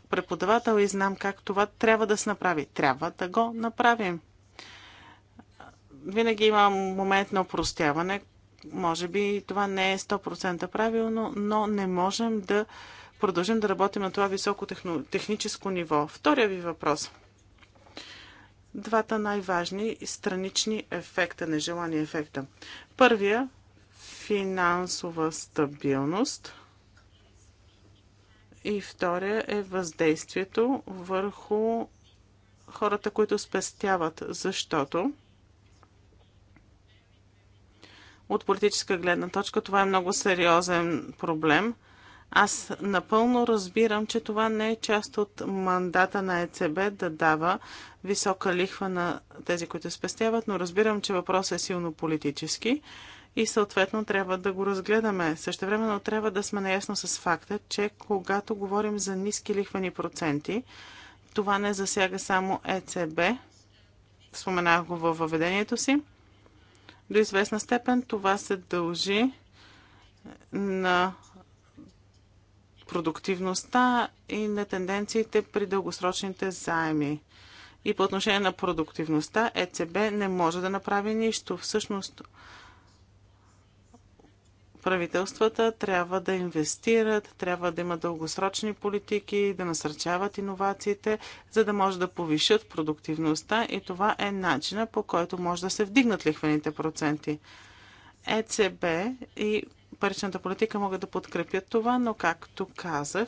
Speaker 2: преподавател и знам как това трябва да се направи. Трябва да го направим. Винаги има момент на упростяване, може би това не е 100% правилно, но не можем да продължим да работим на това високо техно, техническо ниво. Втория ви въпрос. Двата най-важни странични ефекта, нежелани ефекта. Първия финансова стабилност и втория е въздействието върху хората, които спестяват, защото от политическа гледна точка това е много сериозен проблем. Аз напълно разбирам, че това не е част от мандата на ЕЦБ да дава висока лихва на тези, които спестяват, но разбирам, че въпросът е силно политически и съответно трябва да го разгледаме. Същевременно трябва да сме наясно с факта, че когато говорим за ниски лихвани проценти, това не засяга само ЕЦБ, споменах го във въведението си, до известна степен това се дължи на продуктивността и на тенденциите при дългосрочните заеми. И по отношение на продуктивността, ЕЦБ не може да направи нищо. Всъщност, правителствата трябва да инвестират, трябва да имат дългосрочни политики, да насърчават иновациите, за да може да повишат продуктивността и това е начина по който може да се вдигнат лихвените проценти. ЕЦБ и паричната политика могат да подкрепят това, но както казах,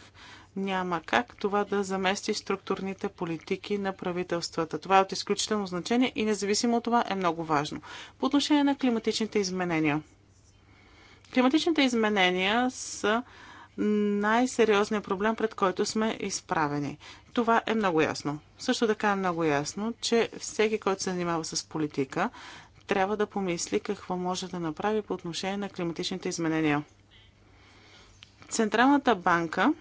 Speaker 2: няма как това да замести структурните политики на правителствата. Това е от изключително значение и независимо от това е много важно. По отношение на климатичните изменения – Климатичните изменения са най-сериозният проблем, пред който сме изправени. Това е много ясно. Също така е много ясно, че всеки, който се занимава с политика, трябва да помисли какво може да направи по отношение на климатичните изменения. Централната банка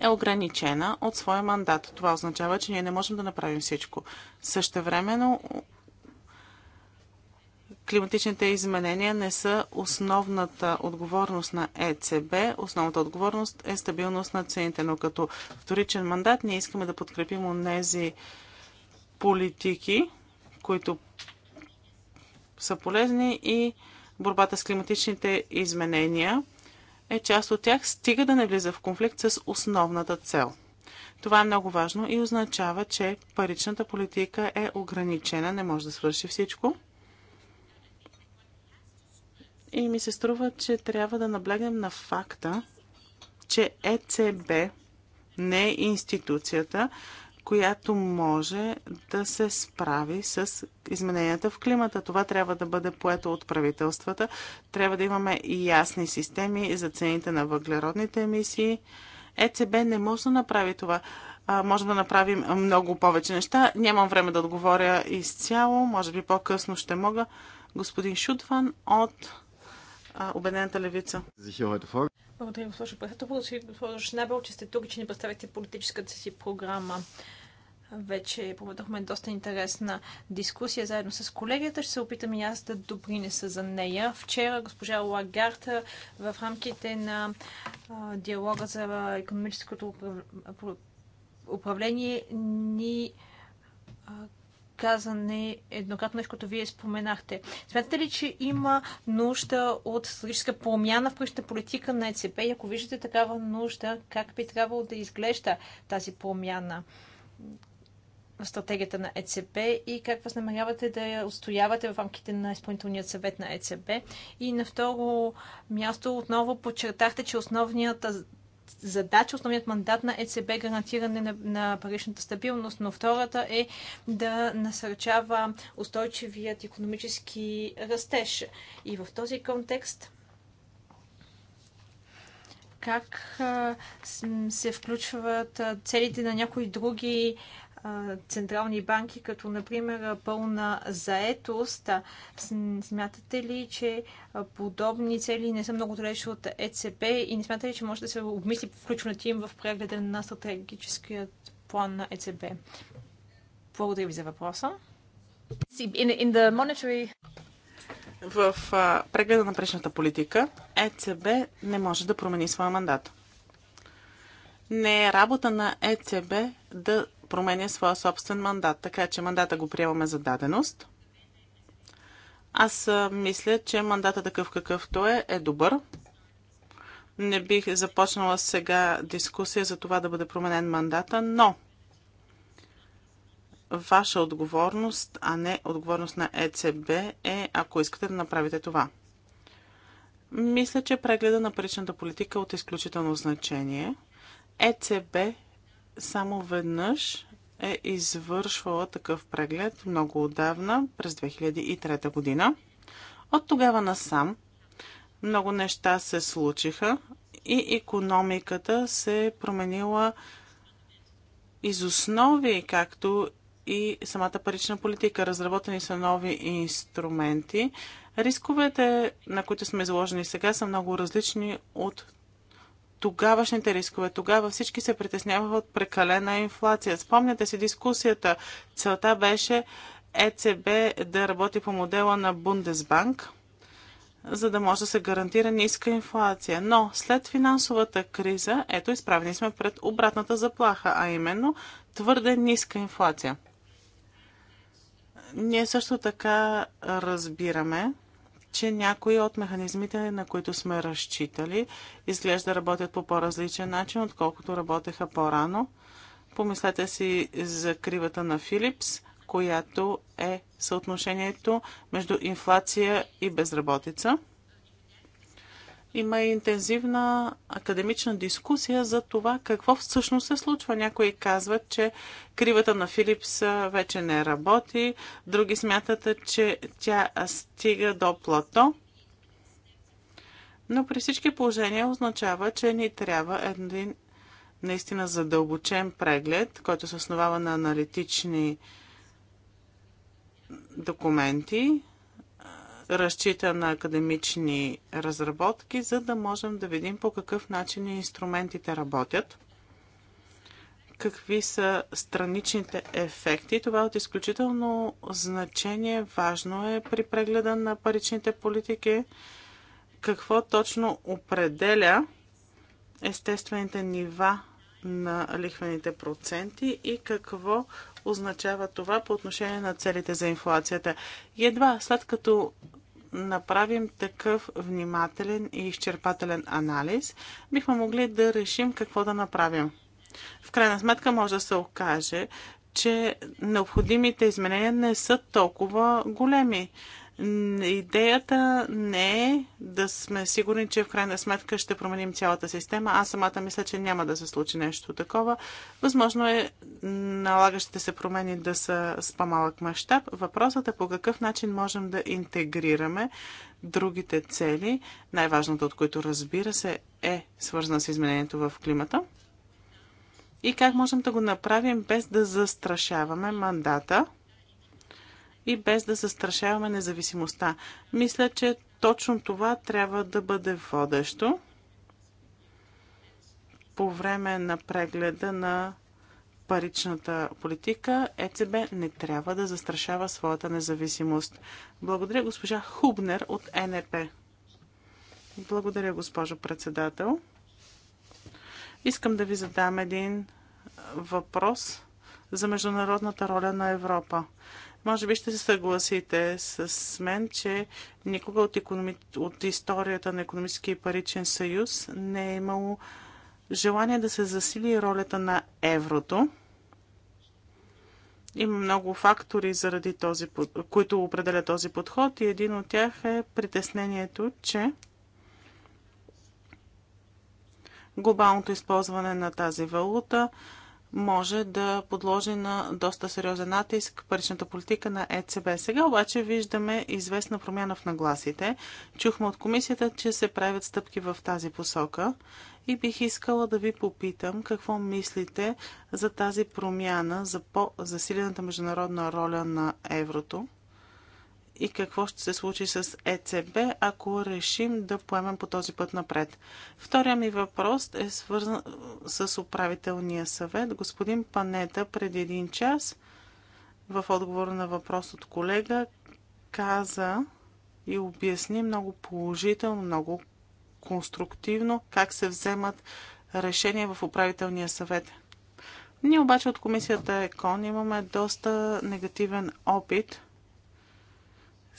Speaker 2: е ограничена от своя мандат. Това означава, че ние не можем да направим всичко. Същевременно климатичните изменения не са основната отговорност на ЕЦБ. Основната отговорност е стабилност на цените, но като вторичен мандат ние искаме да подкрепим онези политики, които са полезни и борбата с климатичните изменения е част от тях, стига да не влиза в конфликт с основната цел. Това е много важно и означава, че паричната политика е ограничена, не може да свърши всичко. И ми се струва, че трябва да наблегнем на факта, че ЕЦБ не е институцията, която може да се справи с измененията в климата. Това трябва да бъде поето от правителствата. Трябва да имаме и ясни системи за цените на въглеродните емисии. ЕЦБ не може да направи това. А, може да направим много повече неща. Нямам време да отговоря изцяло. Може би по-късно ще мога. Господин Шутван от обединената Обедената левица.
Speaker 4: Благодаря, госпожо председател. Благодаря, госпожо Шнабел, че сте тук и че ни представяте политическата си програма. Вече проведохме доста интересна дискусия заедно с колегията. Ще се опитам и аз да допринеса за нея. Вчера госпожа Лагарта в рамките на диалога за економическото управление ни изказане, еднократно нещо, което вие споменахте. Смятате ли, че има нужда от стратегическа промяна в бъдещата политика на ЕЦП и ако виждате такава нужда, как би трябвало да изглежда тази промяна? в стратегията на ЕЦП и как възнамерявате да я устоявате в рамките на изпълнителният съвет на ЕЦП. И на второ място отново подчертахте, че основният задача, основният мандат на ЕЦБ е гарантиране на, на паричната стабилност, но втората е да насърчава устойчивият економически растеж. И в този контекст как се включват целите на някои други централни банки, като например пълна заетост. Смятате ли, че подобни цели не са много далеч от ЕЦП и не смятате ли, че може да се обмисли включването им в прегледа на стратегическият план на ЕЦБ? Благодаря ви за въпроса. In, in monetary...
Speaker 2: В а, прегледа на прешната политика ЕЦБ не може да промени своя мандат. Не е работа на ЕЦБ да променя своя собствен мандат. Така че мандата го приемаме за даденост. Аз мисля, че мандата такъв какъвто е, е добър. Не бих започнала сега дискусия за това да бъде променен мандата, но ваша отговорност, а не отговорност на ЕЦБ е, ако искате да направите това. Мисля, че прегледа на паричната политика е от изключително значение. ЕЦБ само веднъж е извършвала такъв преглед много отдавна, през 2003 година. От тогава насам много неща се случиха и економиката се е променила из основи, както и самата парична политика. Разработени са нови инструменти. Рисковете, на които сме изложени сега, са много различни от тогавашните рискове. Тогава всички се притесняваха от прекалена инфлация. Спомняте си дискусията. Целта беше ЕЦБ да работи по модела на Бундесбанк, за да може да се гарантира ниска инфлация. Но след финансовата криза, ето изправени сме пред обратната заплаха, а именно твърде ниска инфлация. Ние също така разбираме, че някои от механизмите, на които сме разчитали, изглежда работят по по-различен начин, отколкото работеха по-рано. Помислете си за кривата на Филипс, която е съотношението между инфлация и безработица – има и интензивна академична дискусия за това какво всъщност се случва. Някои казват, че кривата на Филипс вече не работи, други смятат, че тя стига до плато. Но при всички положения означава, че ни трябва един наистина задълбочен преглед, който се основава на аналитични документи, разчита на академични разработки, за да можем да видим по какъв начин инструментите работят, какви са страничните ефекти. Това е от изключително значение, важно е при прегледа на паричните политики, какво точно определя естествените нива на лихвените проценти и какво означава това по отношение на целите за инфлацията. едва след като направим такъв внимателен и изчерпателен анализ, бихме могли да решим какво да направим. В крайна сметка може да се окаже, че необходимите изменения не са толкова големи. Идеята не е да сме сигурни, че в крайна сметка ще променим цялата система. Аз самата мисля, че няма да се случи нещо такова. Възможно е налагащите се промени да са с по-малък мащаб. Въпросът е по какъв начин можем да интегрираме другите цели, най-важното от които разбира се е свързано с изменението в климата. И как можем да го направим без да застрашаваме мандата – и без да застрашаваме независимостта. Мисля, че точно това трябва да бъде водещо по време на прегледа на паричната политика, ЕЦБ не трябва да застрашава своята независимост. Благодаря госпожа Хубнер от НЕП. Благодаря, госпожо председател. Искам да ви задам един въпрос за международната роля на Европа. Може би ще се съгласите с мен, че никога от, економи... от историята на економически и паричен съюз не е имало желание да се засили ролята на еврото. Има много фактори, заради този, които определя този подход и един от тях е притеснението, че глобалното използване на тази валута – може да подложи на доста сериозен натиск паричната политика на ЕЦБ. Сега обаче виждаме известна промяна в нагласите. Чухме от комисията, че се правят стъпки в тази посока и бих искала да ви попитам какво мислите за тази промяна за по-засилената международна роля на еврото и какво ще се случи с ЕЦБ, ако решим да поемем по този път напред. Втория ми въпрос е свързан с управителния съвет. Господин Панета преди един час в отговор на въпрос от колега каза и обясни много положително, много конструктивно как се вземат решения в управителния съвет. Ние обаче от комисията ЕКОН имаме доста негативен опит –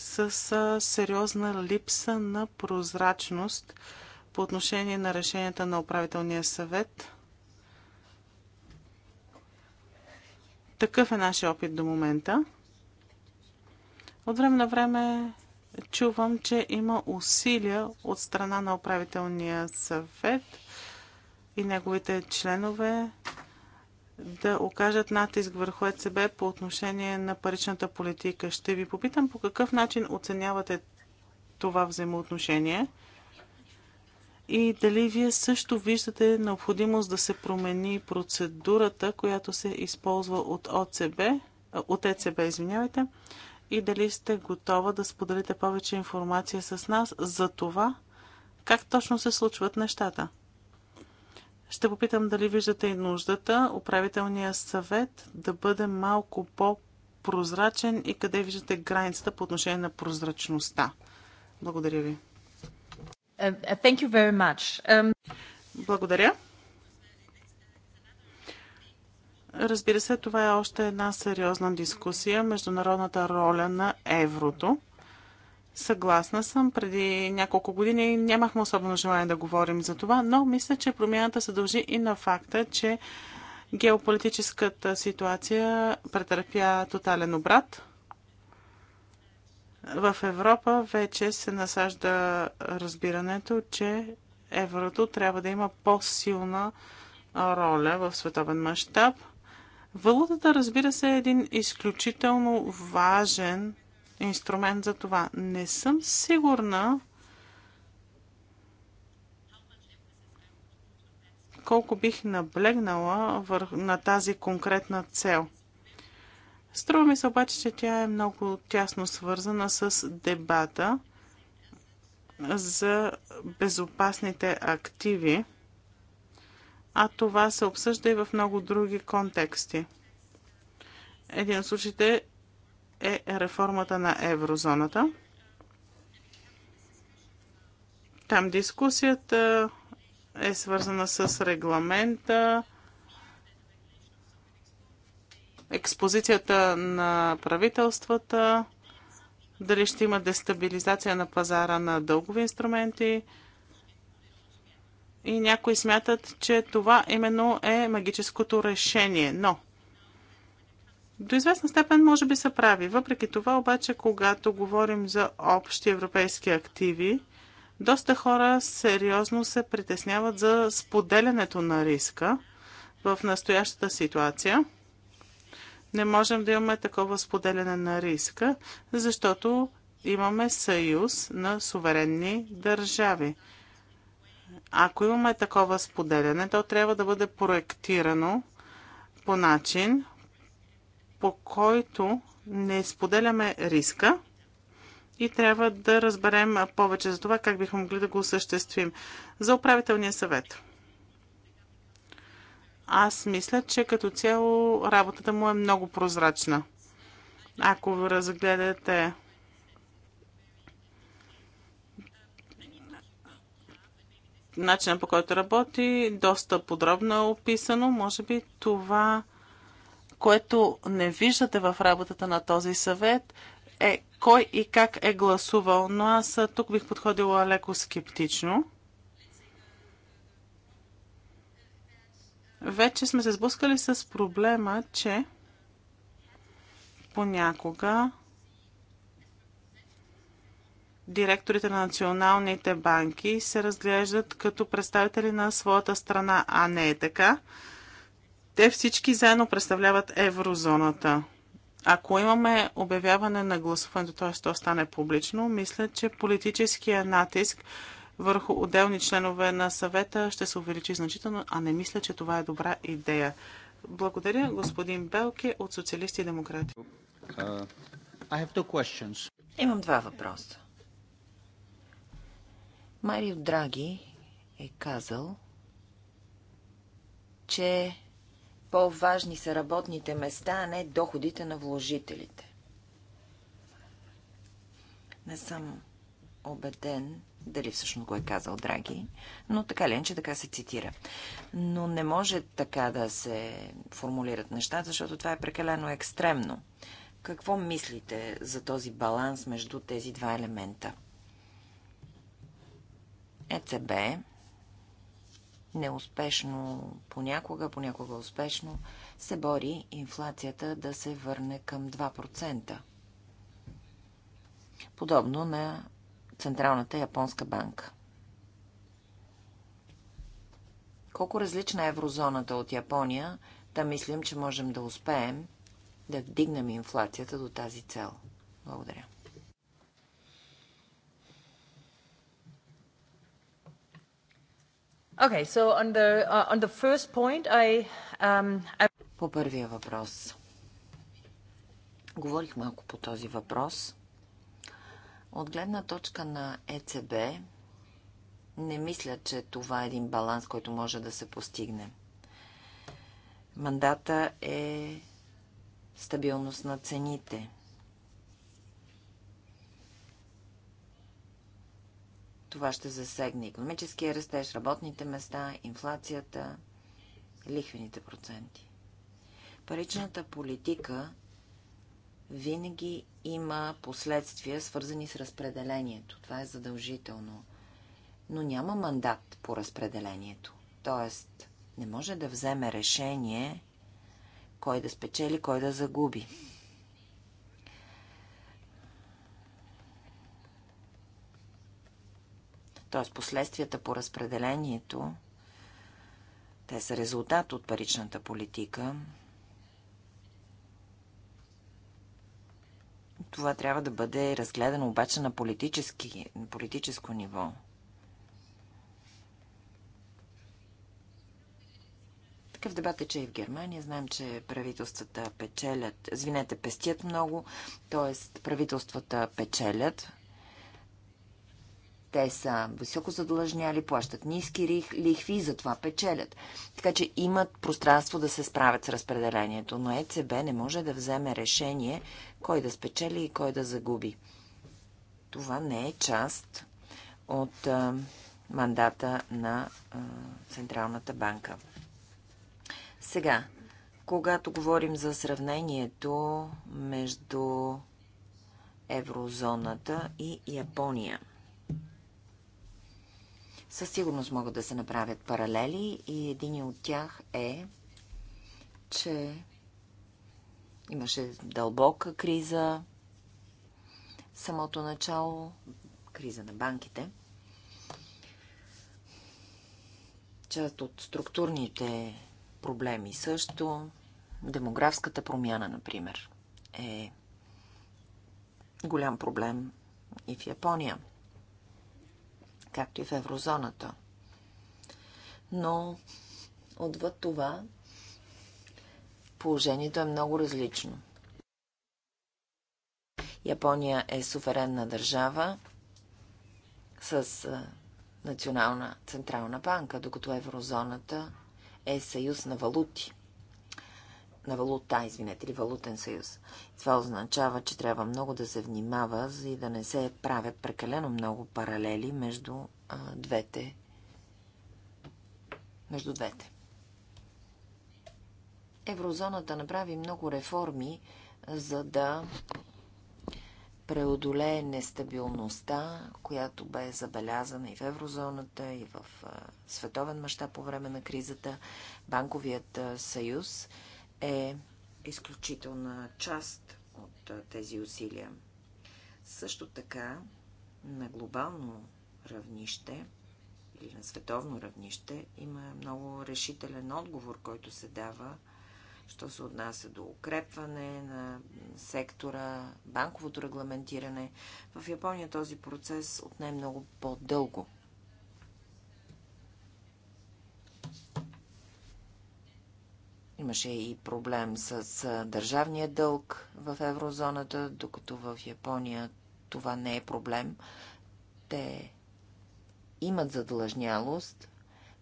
Speaker 2: с сериозна липса на прозрачност по отношение на решенията на управителния съвет. Такъв е нашия опит до момента. От време на време чувам, че има усилия от страна на управителния съвет и неговите членове да окажат натиск върху ЕЦБ по отношение на паричната политика. Ще ви попитам по какъв начин оценявате това взаимоотношение и дали вие също виждате необходимост да се промени процедурата, която се използва от ОЦБ, от ЕЦБ, извинявайте, и дали сте готова да споделите повече информация с нас за това, как точно се случват нещата. Ще попитам дали виждате и нуждата управителния съвет да бъде малко по-прозрачен и къде виждате границата по отношение на прозрачността. Благодаря ви. Uh, thank you very much. Um... Благодаря. Разбира се, това е още една сериозна дискусия международната роля на еврото. Съгласна съм. Преди няколко години нямахме особено желание да говорим за това, но мисля, че промяната се дължи и на факта, че геополитическата ситуация претърпя тотален обрат. В Европа вече се насажда разбирането, че еврото трябва да има по-силна роля в световен мащаб. Валутата, разбира се, е един изключително важен инструмент за това. Не съм сигурна колко бих наблегнала на тази конкретна цел. Струва ми се обаче, че тя е много тясно свързана с дебата за безопасните активи, а това се обсъжда и в много други контексти. Един от случаите е реформата на еврозоната. Там дискусията е свързана с регламента, експозицията на правителствата, дали ще има дестабилизация на пазара на дългови инструменти. И някои смятат, че това именно е магическото решение. Но до известна степен може би са прави. Въпреки това, обаче, когато говорим за общи европейски активи, доста хора сериозно се притесняват за споделянето на риска в настоящата ситуация. Не можем да имаме такова споделяне на риска, защото имаме съюз на суверенни държави. Ако имаме такова споделяне, то трябва да бъде проектирано по начин, по който не споделяме риска и трябва да разберем повече за това как бихме могли да го осъществим. За управителния съвет. Аз мисля, че като цяло работата му е много прозрачна. Ако разгледате начина по който работи, доста подробно е описано. Може би това което не виждате в работата на този съвет, е кой и как е гласувал. Но аз тук бих подходила леко скептично. Вече сме се сблъскали с проблема, че понякога директорите на националните банки се разглеждат като представители на своята страна, а не е така. Те всички заедно представляват еврозоната. Ако имаме обявяване на гласуването, т.е. то стане публично, мисля, че политическия натиск върху отделни членове на съвета ще се увеличи значително, а не мисля, че това е добра идея. Благодаря, господин Белки от Социалисти и Демократи. Uh, Имам
Speaker 3: два въпроса.
Speaker 2: Марио Драги е
Speaker 3: казал, че по-важни са работните места, а не доходите на вложителите. Не съм убеден, дали всъщност го е казал Драги, но така ли, че така се цитира. Но не може така да се формулират нещата, защото това е прекалено екстремно. Какво мислите за този баланс между тези два елемента? ЕЦБ неуспешно понякога, понякога успешно, се бори инфлацията да се върне към 2%. Подобно на Централната японска банка. Колко различна е еврозоната от Япония, да мислим, че можем да успеем да вдигнем инфлацията до тази цел. Благодаря. Okay, so on the, uh, on the first point, I, um, I... По първия въпрос. Говорих малко по този въпрос. От гледна точка на ЕЦБ, не мисля, че това е един баланс, който може да се постигне. Мандата е стабилност на цените – Това ще засегне економическия растеж, работните места, инфлацията, лихвените проценти. Паричната политика винаги има последствия, свързани с разпределението. Това е задължително. Но няма мандат по разпределението. Тоест, не може да вземе решение кой да спечели, кой да загуби. т.е. последствията по разпределението, те са резултат от паричната политика. Това трябва да бъде разгледано обаче на, политически, на политическо ниво. Такъв дебат е, че и в Германия. Знаем, че правителствата печелят, извинете, пестят много, т.е. правителствата печелят те са високо задлъжняли, плащат ниски лихви и затова печелят. Така че имат пространство да се справят с разпределението, но ЕЦБ не може да вземе решение кой да спечели и кой да загуби. Това не е част от а, мандата на а, Централната банка. Сега, когато говорим за сравнението между еврозоната и Япония – със сигурност могат да се направят паралели и един от тях е, че имаше дълбока криза самото начало, криза на банките. Част от структурните проблеми също, демографската промяна, например, е голям проблем и в Япония – както и в еврозоната. Но отвъд това положението е много различно. Япония е суверенна държава с Национална централна банка, докато еврозоната е съюз на валути – на валута, извинете, ли, валутен съюз. Това означава, че трябва много да се внимава, за и да не се правят прекалено много паралели между а, двете. Между двете. Еврозоната направи много реформи, за да преодолее нестабилността, която бе забелязана и в еврозоната, и в световен мащаб по време на кризата. Банковият съюз – е изключителна част от тези усилия. Също така, на глобално равнище или на световно равнище има много решителен отговор, който се дава, що се отнася до укрепване на сектора, банковото регламентиране. В Япония този процес отне много по-дълго – Имаше и проблем с държавния дълг в еврозоната, докато в Япония това не е проблем. Те имат задлъжнялост,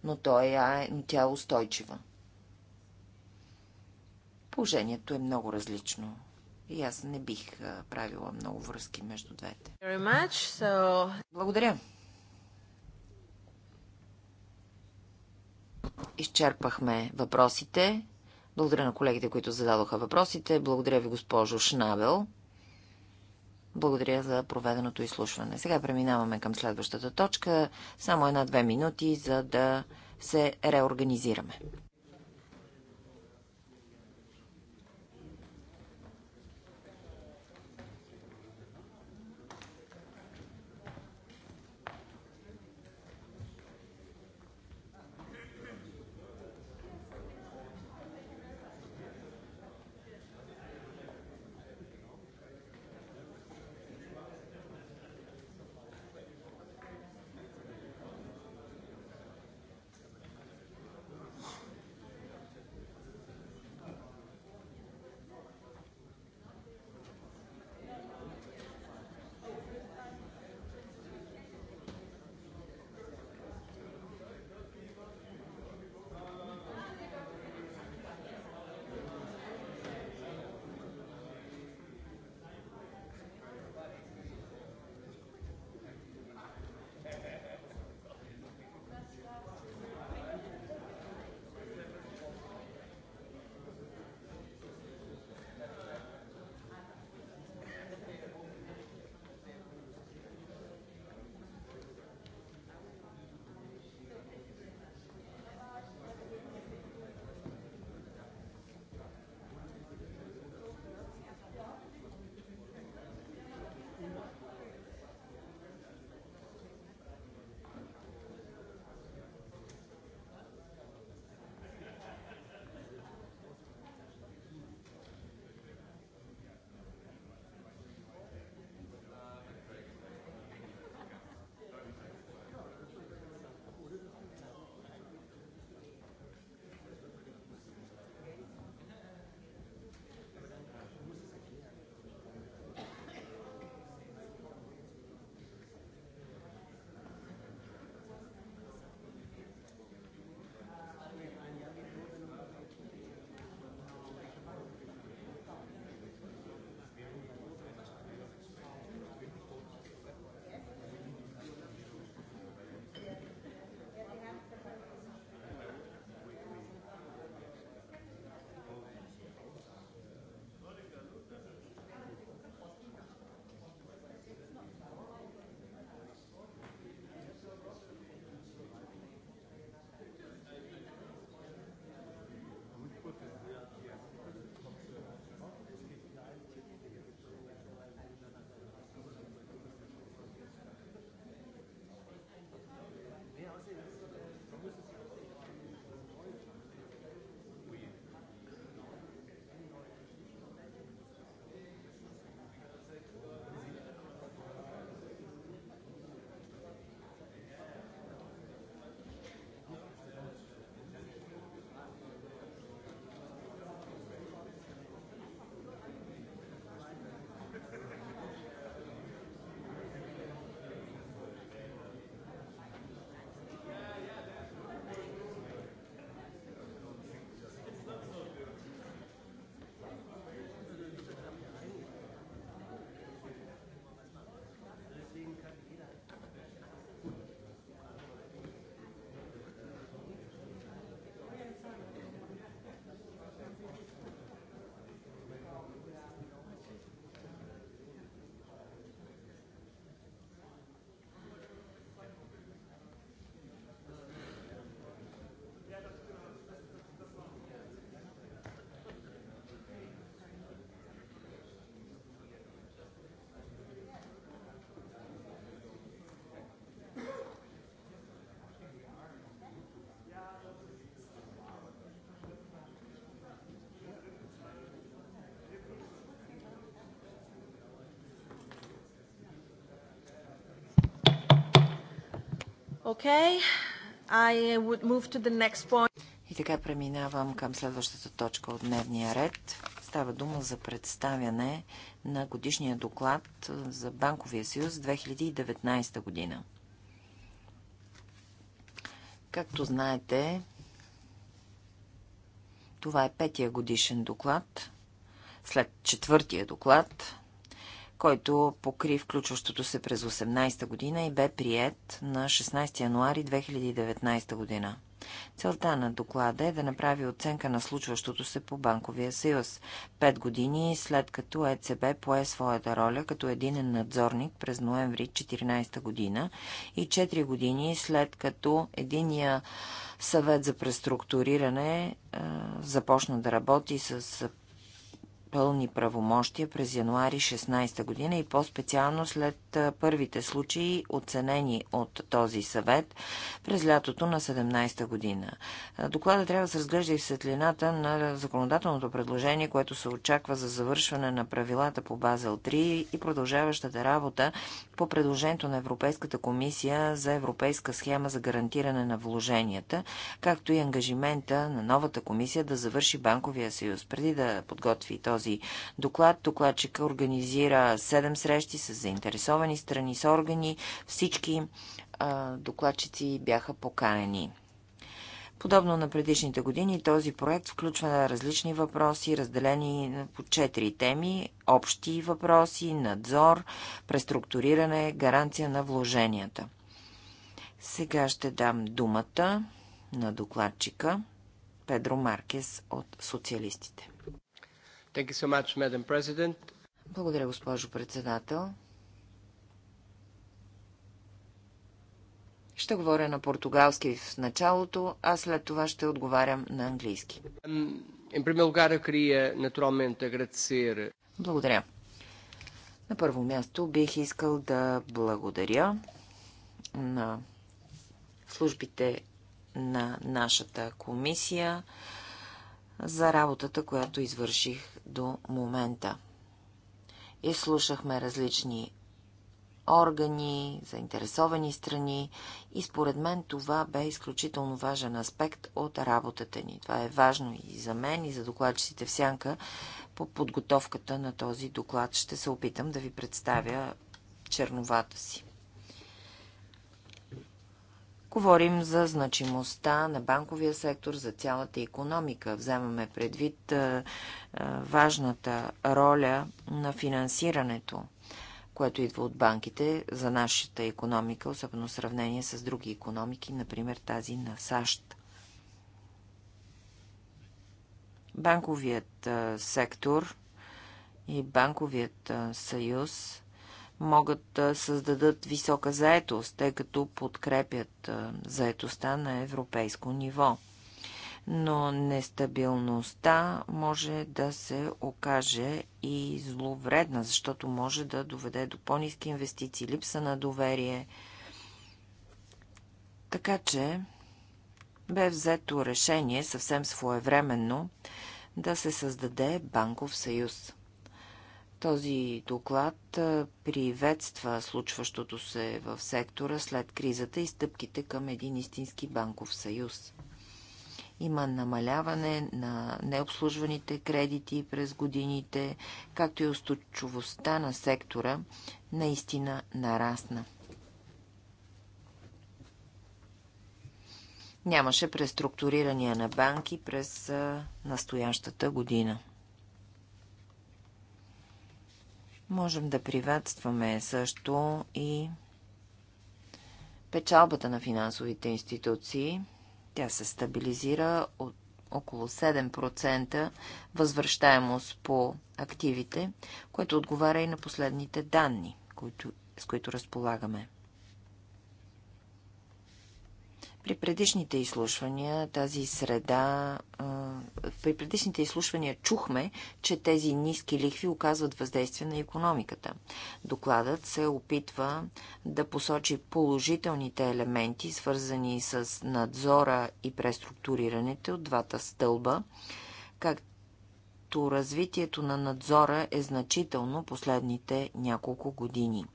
Speaker 3: но, е, тя е устойчива. Положението е много различно и аз не бих правила много връзки между двете. Благодаря. Изчерпахме въпросите. Благодаря на колегите, които зададоха въпросите. Благодаря ви, госпожо Шнабел. Благодаря за проведеното изслушване. Сега преминаваме към следващата точка. Само една-две минути, за да се реорганизираме.
Speaker 4: Okay. I would
Speaker 3: move to the next point. И така преминавам към следващата точка от дневния ред. Става дума за представяне на годишния доклад за Банковия съюз 2019 година. Както знаете, това е петия годишен доклад. След четвъртия доклад който покри включващото се през 18-та година и бе прият на 16 януари 2019 година. Целта на доклада е да направи оценка на случващото се по Банковия съюз, пет години след като ЕЦБ пое своята роля като единен надзорник през ноември 2014 година и 4 години след като единия съвет за преструктуриране е, започна да работи с пълни правомощия през януари 16 година и по-специално след първите случаи, оценени от този съвет през лятото на 17 година. Доклада трябва да се разглежда и в светлината на законодателното предложение, което се очаква за завършване на правилата по Базел 3 и продължаващата работа по предложението на Европейската комисия за европейска схема за гарантиране на вложенията, както и ангажимента на новата комисия да завърши Банковия съюз. Преди да подготви този доклад, докладчика организира 7 срещи с заинтересовани страни, с органи. Всички докладчици бяха поканени. Подобно на предишните години, този проект включва различни въпроси, разделени по четири теми – общи въпроси, надзор, преструктуриране, гаранция на вложенията. Сега ще дам думата на докладчика Педро Маркес от Социалистите. So much, Благодаря, госпожо председател. Ще говоря на португалски в началото, а след това ще отговарям на английски. Благодаря. На първо място бих искал да благодаря на службите на нашата комисия за работата, която извърших до момента. Изслушахме различни органи, заинтересовани страни и според мен това бе изключително важен аспект от работата ни. Това е важно и за мен, и за докладчиците в Сянка по подготовката на този доклад. Ще се опитам да ви представя черновата си. Говорим за значимостта на банковия сектор за цялата економика. Вземаме предвид важната роля на финансирането което идва от банките за нашата економика, особено в сравнение с други економики, например тази на САЩ. Банковият сектор и банковият съюз могат да създадат висока заетост, тъй като подкрепят заетостта на европейско ниво но нестабилността може да се окаже и зловредна, защото може да доведе до по-низки инвестиции, липса на доверие. Така че бе взето решение съвсем своевременно да се създаде банков съюз. Този доклад приветства случващото се в сектора след кризата и стъпките към един истински банков съюз. Има намаляване на необслужваните кредити през годините, както и устойчивостта на сектора наистина нарасна. Нямаше преструктурирания на банки през настоящата година. Можем да приветстваме също и печалбата на финансовите институции – тя се стабилизира от около 7% възвръщаемост по активите, което отговаря и на последните данни, които, с които разполагаме. При предишните изслушвания тази среда, при предишните изслушвания чухме, че тези ниски лихви оказват въздействие на економиката. Докладът се опитва да посочи положителните елементи, свързани с надзора и преструктурирането от двата стълба, както развитието на надзора е значително последните няколко години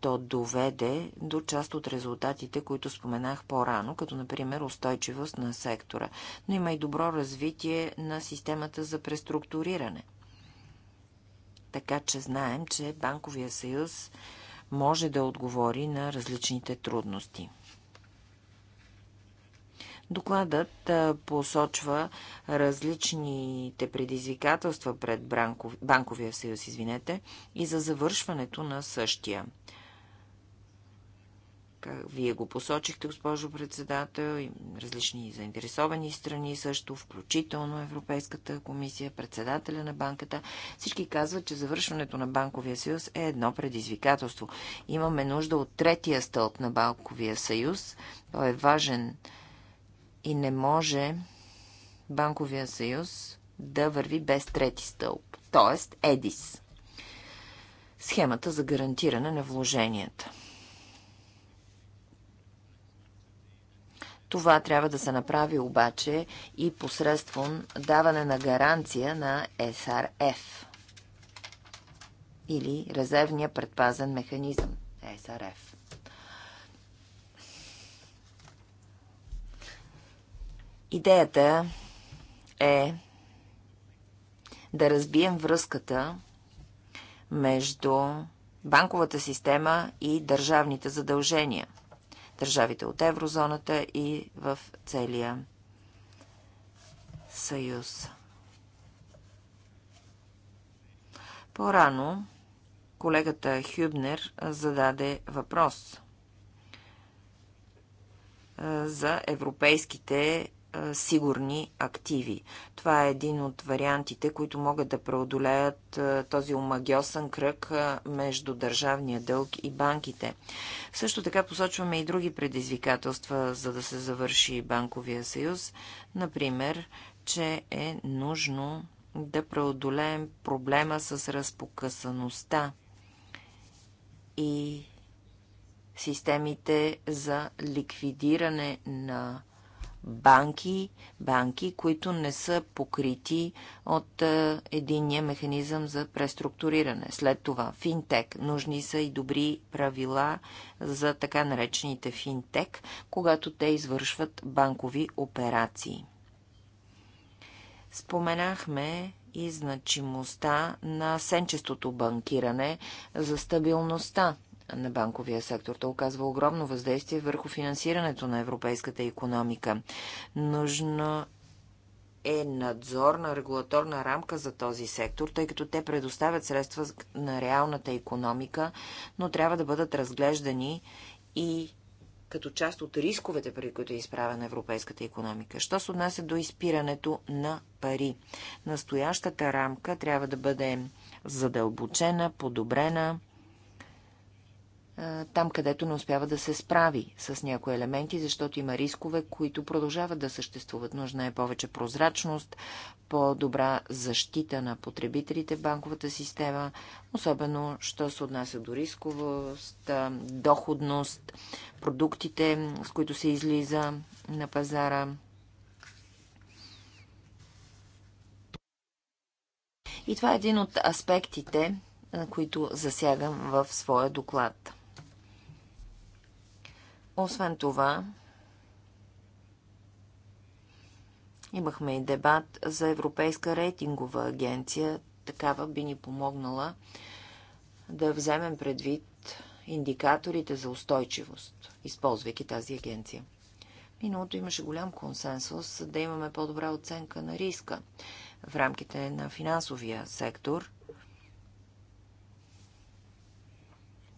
Speaker 3: то доведе до част от резултатите, които споменах по-рано, като например устойчивост на сектора. Но има и добро развитие на системата за преструктуриране. Така че знаем, че Банковия съюз може да отговори на различните трудности. Докладът посочва различните предизвикателства пред банковия съюз, извинете, и за завършването на същия. Вие го посочихте, госпожо председател, и различни заинтересовани страни също, включително Европейската комисия, председателя на банката. Всички казват, че завършването на банковия съюз е едно предизвикателство. Имаме нужда от третия стълб на банковия съюз. Той е важен и не може банковия съюз да върви без трети стълб, т.е. ЕДИС. Схемата за гарантиране на вложенията. Това трябва да се направи обаче и посредством даване на гаранция на СРФ или резервния предпазен механизъм СРФ. Идеята е да разбием връзката между банковата система и държавните задължения държавите от еврозоната и в целия съюз. По-рано колегата Хюбнер зададе въпрос за европейските сигурни активи. Това е един от вариантите, които могат да преодолеят този омагиосен кръг между държавния дълг и банките. Също така посочваме и други предизвикателства, за да се завърши банковия съюз. Например, че е нужно да преодолеем проблема с разпокъсаността и системите за ликвидиране на банки, банки, които не са покрити от единния механизъм за преструктуриране. След това финтек. Нужни са и добри правила за така наречените финтек, когато те извършват банкови операции. Споменахме и значимостта на сенчестото банкиране за стабилността на банковия сектор. Той оказва огромно въздействие върху финансирането на европейската економика. Нужно е надзорна регулаторна рамка за този сектор, тъй като те предоставят средства на реалната економика, но трябва да бъдат разглеждани и като част от рисковете, при които е изправена европейската економика. Що се отнася до изпирането на пари? Настоящата рамка трябва да бъде задълбочена, подобрена, там, където не успява да се справи с някои елементи, защото има рискове, които продължават да съществуват. Нужна е повече прозрачност, по-добра защита на потребителите в банковата система, особено, що се отнася до рисковост, доходност, продуктите, с които се излиза на пазара. И това е един от аспектите, които засягам в своя доклад. Освен това, имахме и дебат за Европейска рейтингова агенция. Такава би ни помогнала да вземем предвид индикаторите за устойчивост, използвайки тази агенция. Миналото имаше голям консенсус да имаме по-добра оценка на риска в рамките на финансовия сектор.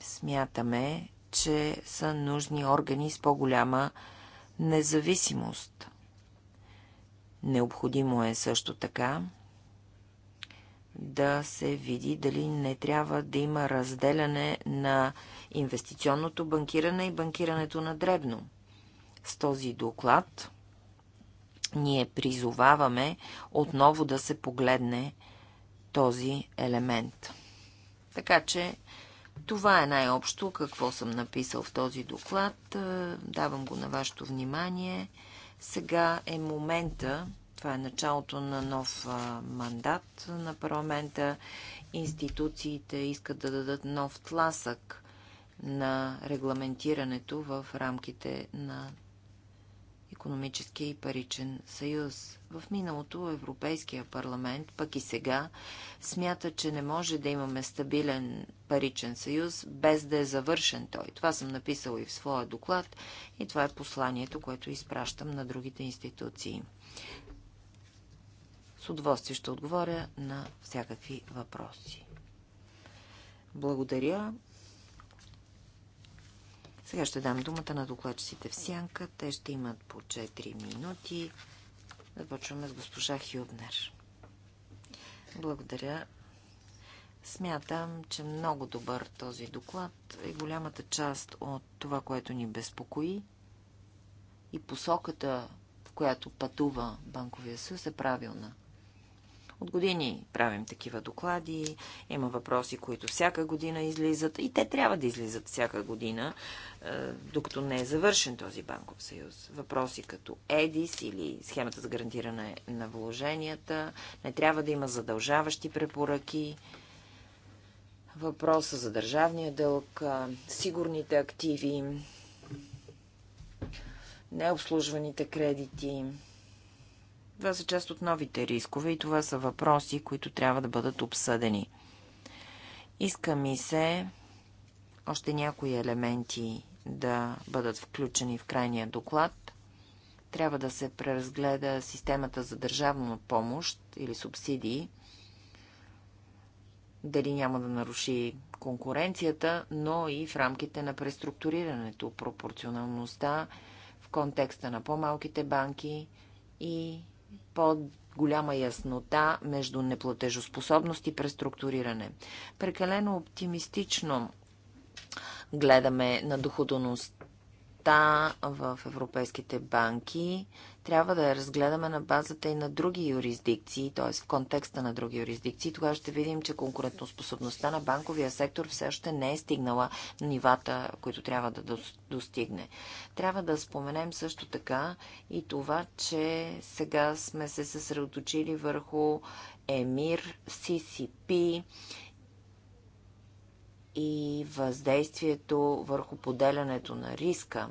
Speaker 3: Смятаме, че са нужни органи с по-голяма независимост. Необходимо е също така да се види дали не трябва да има разделяне на инвестиционното банкиране и банкирането на дребно. С този доклад ние призоваваме отново да се погледне този елемент. Така че това е най-общо какво съм написал в този доклад. Е, давам го на вашето внимание. Сега е момента, това е началото на нов е, мандат на парламента. Институциите искат да дадат нов тласък на регламентирането в рамките на економически и паричен съюз. В миналото Европейския парламент, пък и сега, смята, че не може да имаме стабилен паричен съюз, без да е завършен той. Това съм написал и в своя доклад и това е посланието, което изпращам на другите институции. С удоволствие ще отговоря на всякакви въпроси. Благодаря. Сега ще дам думата на докладчиците в сянка. Те ще имат по 4 минути. Започваме с госпожа Хюбнер. Благодаря. Смятам, че много добър този доклад е голямата част от това, което ни безпокои и посоката, в която пътува Банковия съюз е правилна. От години правим такива доклади, има въпроси, които всяка година излизат и те трябва да излизат всяка година, е, докато не е завършен този банков съюз. Въпроси като ЕДИС или схемата за гарантиране на вложенията, не трябва да има задължаващи препоръки, въпроса за държавния дълг, е, сигурните активи, необслужваните кредити. Това са част от новите рискове и това са въпроси, които трябва да бъдат обсъдени. Иска ми се още някои елементи да бъдат включени в крайния доклад. Трябва да се преразгледа системата за държавна помощ или субсидии. Дали няма да наруши конкуренцията, но и в рамките на преструктурирането, пропорционалността в контекста на по-малките банки и по-голяма яснота между неплатежоспособност и преструктуриране. Прекалено оптимистично гледаме на доходоността в европейските банки трябва да я разгледаме на базата и на други юрисдикции, т.е. в контекста на други юрисдикции. Тогава ще видим, че конкурентоспособността на банковия сектор все още не е стигнала нивата, които трябва да достигне. Трябва да споменем също така и това, че сега сме се съсредоточили върху ЕМИР, CCP и въздействието върху поделянето на риска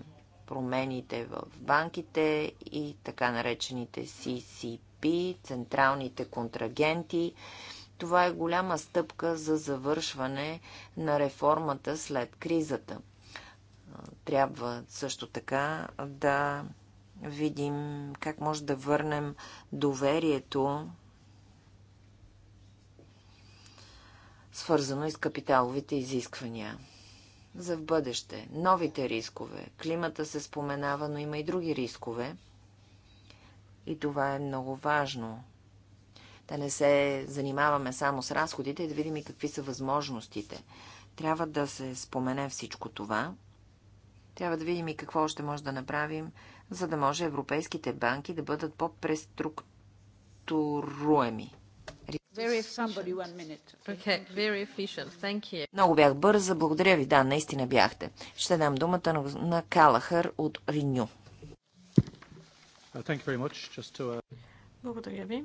Speaker 3: промените в банките и така наречените CCP, централните контрагенти. Това е голяма стъпка за завършване на реформата след кризата. Трябва също така да видим как може да върнем доверието, свързано и с капиталовите изисквания за в бъдеще. Новите рискове. Климата се споменава, но има и други рискове. И това е много важно. Да не се занимаваме само с разходите и да видим и какви са възможностите. Трябва да се спомене всичко това. Трябва да видим и какво още може да направим, за да може европейските банки да бъдат по-преструктуруеми. Много бях бърза. Благодаря ви. Да, наистина бяхте. Ще дам думата на, Калахър от Риню. Uh,
Speaker 2: uh,
Speaker 4: благодаря ви.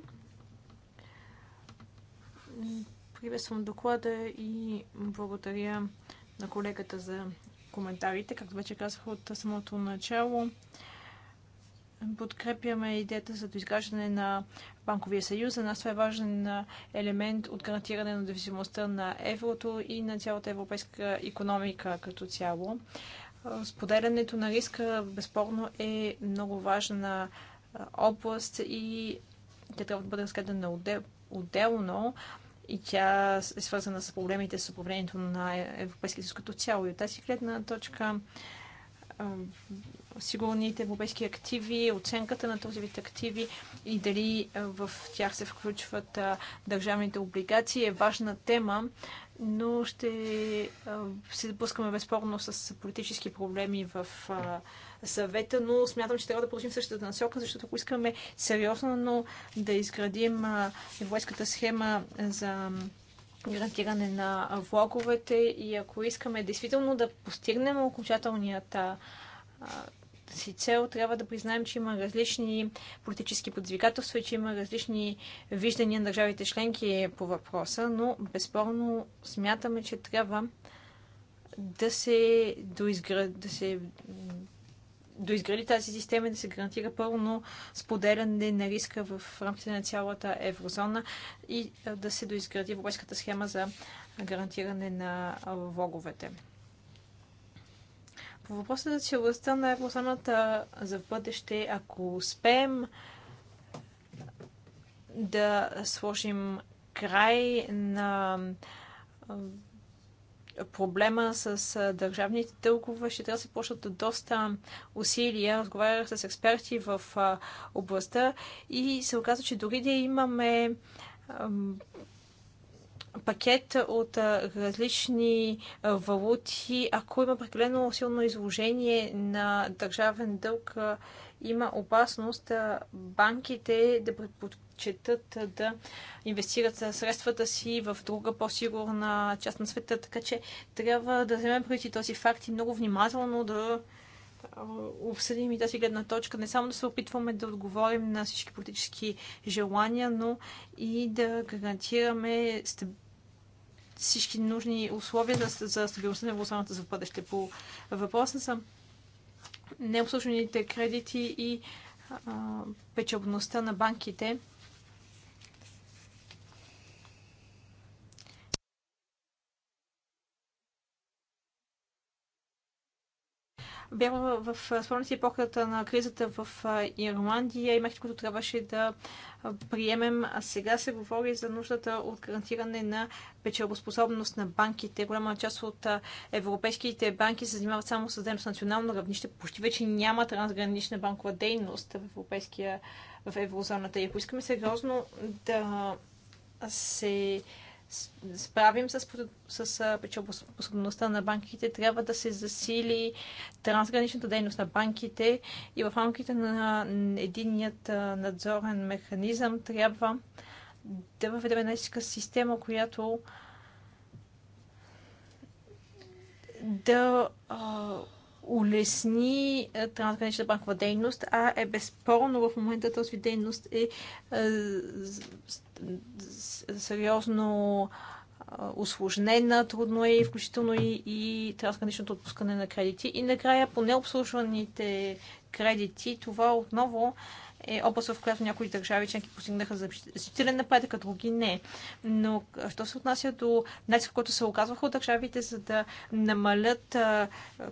Speaker 4: Приветствам доклада и благодаря на колегата за коментарите. Както вече казах от самото начало, подкрепяме идеята за доизграждане на Банковия съюз. За нас това е важен елемент от гарантиране на зависимостта на еврото и на цялата европейска економика като цяло. Споделянето на риска безспорно е много важна област и тя трябва да бъде разгледана отделно и тя е свързана с проблемите с управлението на Европейския съюз като цяло. И от тази гледна точка сигурните европейски активи, оценката на този вид активи и дали в тях се включват държавните облигации е важна тема, но ще се допускаме безспорно с политически проблеми в съвета, но смятам, че трябва да продължим същата насока, защото ако искаме сериозно но да изградим европейската схема за гарантиране на влоговете и ако искаме действително да постигнем окончателният си цел, трябва да признаем, че има различни политически подзвикателства и че има различни виждания на държавите членки по въпроса, но безспорно смятаме, че трябва да се, доизгради, да се доизгради тази система и да се гарантира пълно споделяне на риска в рамките на цялата еврозона и да се доизгради европейската схема за гарантиране на влоговете. По въпроса е за целостта на еврозоната за бъдеще, ако успеем да сложим край на проблема с държавните дългове, ще трябва да се почнат доста усилия. Разговарях с експерти в областта и се оказа, че дори да имаме пакет от различни валути. Ако има прекалено силно изложение на държавен дълг, има опасност банките да предпочитат да инвестират средствата си в друга по-сигурна част на света. Така че трябва да вземем преди този факт и много внимателно да обсъдим и тази гледна точка. Не само да се опитваме да отговорим на всички политически желания, но и да гарантираме стабилност всички нужни условия за, за стабилността на еврозоната за бъдеще. По въпроса са необслужените кредити и а, на банките. бях в спомня си епохата на кризата в Ирландия и мерките, които трябваше да приемем. А сега се говори за нуждата от гарантиране на печалбоспособност на банките. Голяма част от европейските банки се занимават само с дейност национално равнище. Почти вече няма трансгранична банкова дейност в европейския в еврозоната. И ако искаме сериозно да се справим с, с печалбоспособността на банките, трябва да се засили трансграничната дейност на банките и в рамките на единният надзорен механизъм трябва да въведем една система, която да улесни е, трансграничната банкова дейност, а е безспорно в момента този дейност е, е сериозно осложнена, е, трудно е включително и, и трансграничното отпускане на кредити. И накрая по необслужваните кредити, това отново е област, в която някои държави членки постигнаха значителен напредък, а други не. Но що се отнася до в който се оказваха от държавите, за да намалят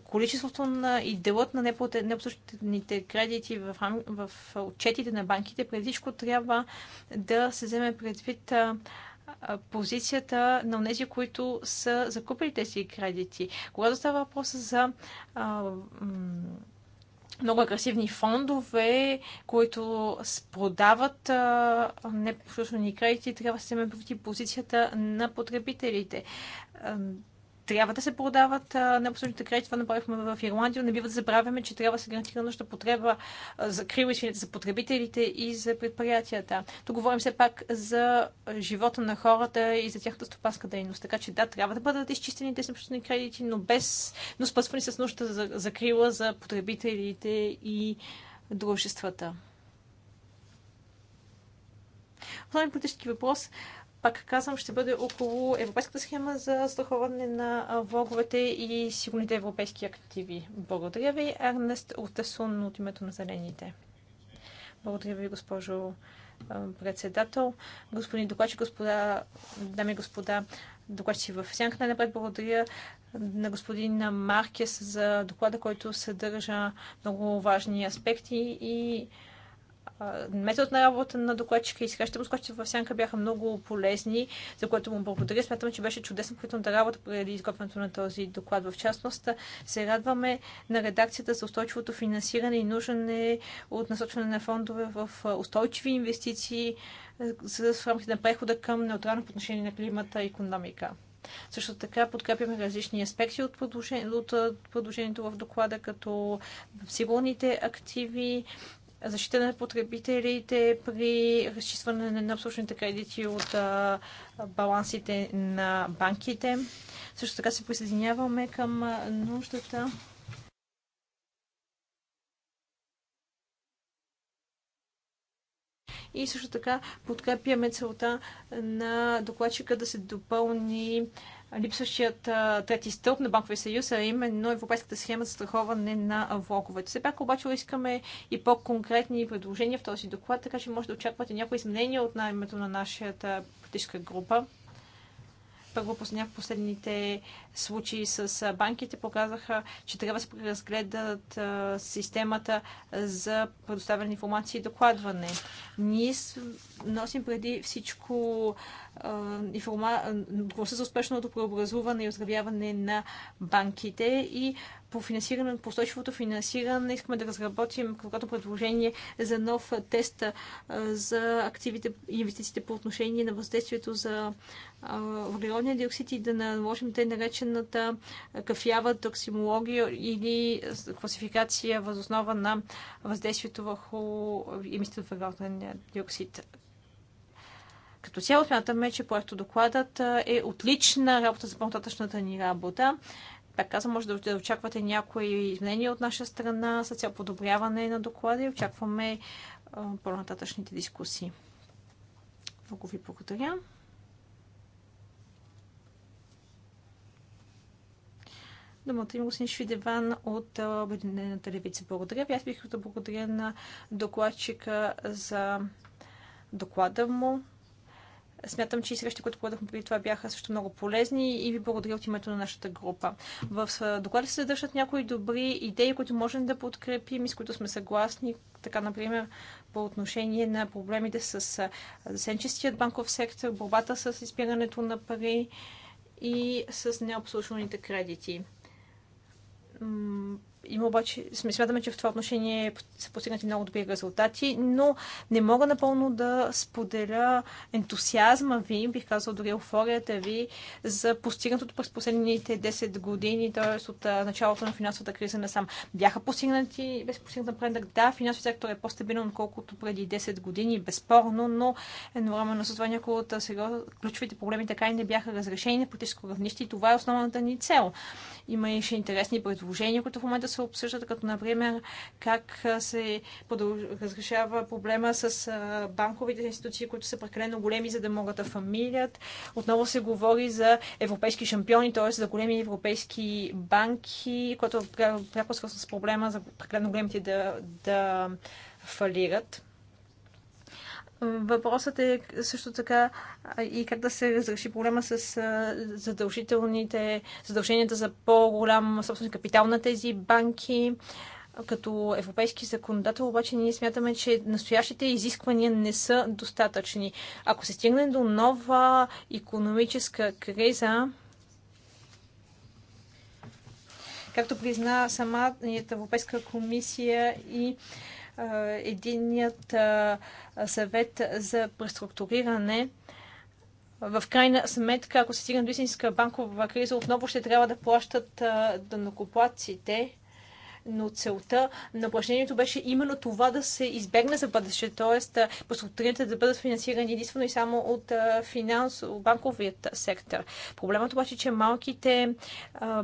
Speaker 4: количеството на и делът на неплатените кредити в, рам... в отчетите на банките, преди всичко трябва да се вземе предвид позицията на тези, които са закупили тези кредити. Когато става въпрос за а, много агресивни фондове, които продават непослушни кредити, трябва да се ме против позицията на потребителите трябва да се продават необслужените кредити. Това направихме в Ирландия. Не бива да забравяме, че трябва да се гарантира нужда потреба за крилищените, за потребителите и за предприятията. Тук говорим все пак за живота на хората и за тяхната стопанска дейност. Така че да, трябва да бъдат изчистени тези необслужени кредити, но без, но спъсвани с нужда за закрила за потребителите и дружествата. Основен политически въпрос пак казвам, ще бъде около европейската схема за страховане на влоговете и сигурните европейски активи. Благодаря ви, Арнест Уртасун от името на Зелените. Благодаря ви, госпожо председател. Господин докладчик, господа, дами и господа, докладчици в сянка. Най-напред благодаря на господин Маркес за доклада, който съдържа много важни аспекти и метод на работа на докладчика и среща му с в сянка бяха много полезни, за което му благодаря. Смятам, че беше чудесна да работа преди изготвянето на този доклад. В частност, се радваме на редакцията за устойчивото финансиране и нужене от насочване на фондове в устойчиви инвестиции в рамките на прехода към неутрално отношение на климата и економика. Също така подкрепяме различни аспекти от, продължението в доклада, като сигурните активи, защита на потребителите при разчистване на обслужените кредити от балансите на банките. Също така се присъединяваме към нуждата И също така подкрепяме целта на докладчика да се допълни липсващият трети стълб на Банковия съюз, а именно Европейската схема за страховане на влоговете. Все пак обаче искаме и по-конкретни предложения в този доклад, така че може да очаквате някои изменения от наймето на нашата политическа група. Първо, последните случаи с банките показаха, че трябва да се разгледат системата за предоставяне информация и докладване. Ние носим преди всичко информация гласа за успешното преобразуване и оздравяване на банките и по финансиране, по устойчивото финансиране искаме да разработим каквото предложение за нов тест за активите и инвестициите по отношение на въздействието за въглеродния диоксид и да наложим те наречената кафява токсимология или класификация възоснова на въздействието върху емисията въглеродния диоксид. Като цяло смятаме, че докладът е отлична работа за по-нататъчната ни работа. Пак казвам, може да очаквате някои изменения от наша страна с цяло подобряване на доклада и очакваме по-нататъчните дискусии. Много ви благодаря. Думата има господин Швидеван от Обединената левица. Благодаря ви. Аз бих да благодаря на докладчика за доклада му. Смятам, че и срещите, които проведохме преди това, бяха също много полезни и ви благодаря от името на нашата група. В доклада се съдържат някои добри идеи, които можем да подкрепим и с които сме съгласни. Така, например, по отношение на проблемите с засенчестият банков сектор, борбата с изпирането на пари и с необслужваните кредити м- има обаче, смятаме, че в това отношение са постигнати много добри резултати, но не мога напълно да споделя ентусиазма ви, бих казал дори еуфорията ви за постигнатото през последните 10 години, т.е. от началото на финансовата криза насам. Бяха постигнати, без постигнат напредък. Да, финансовия сектор е по-стабилен, отколкото преди 10 години, безспорно, но едновременно с това някои от сериоз... ключовите проблеми така и не бяха разрешени на политическо равнище и това е основната ни цел. Имаше интересни предложения, които в момента се обсъждат, като например как се разрешава проблема с банковите институции, които са прекалено големи, за да могат да фамилият. Отново се говори за европейски шампиони, т.е. за големи европейски банки, което е пряко с проблема за прекалено големите да, да фалират. Въпросът е също така и как да се разреши проблема с задължителните, задълженията за по-голям собствен капитал на тези банки. Като европейски законодател обаче ние смятаме, че настоящите изисквания не са достатъчни. Ако се стигне до нова економическа криза, както призна самата Европейска комисия и единият съвет за преструктуриране, в крайна сметка, ако се стигне до истинска банкова криза, отново ще трябва да плащат данокоплаците но целта на упражнението беше именно това да се избегне за бъдеще, т.е. преструктурите да бъдат финансирани единствено и само от финансов, банковият сектор. Проблемът обаче е, че малките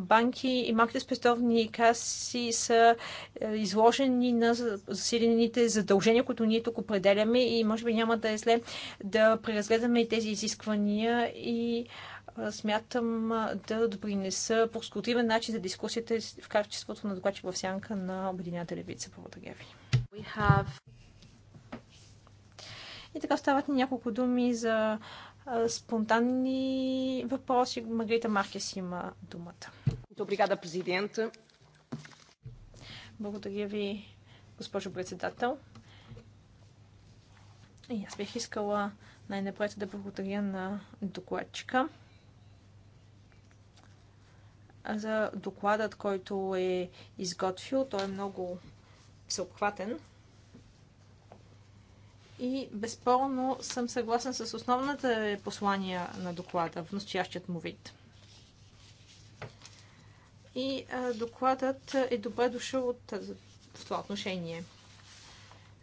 Speaker 4: банки и малките спестовни каси са изложени на засилените задължения, които ние тук определяме и може би няма да е зле да преразгледаме и тези изисквания и смятам да допринеса по конструктивен начин за дискусията в качеството на докладчик в сянка на Обединената левица. Благодаря ви. Have... И така остават ни няколко думи за спонтанни въпроси. Маргарита Маркес има думата. Добригада, президента. Благодаря ви, госпожо председател. И аз бих искала най-напред да благодаря на докладчика за докладът, който е изготвил. Той е много всеобхватен. И безспорно съм съгласен с основната послания на доклада в настоящият му вид. И докладът е добре дошъл от, в това отношение.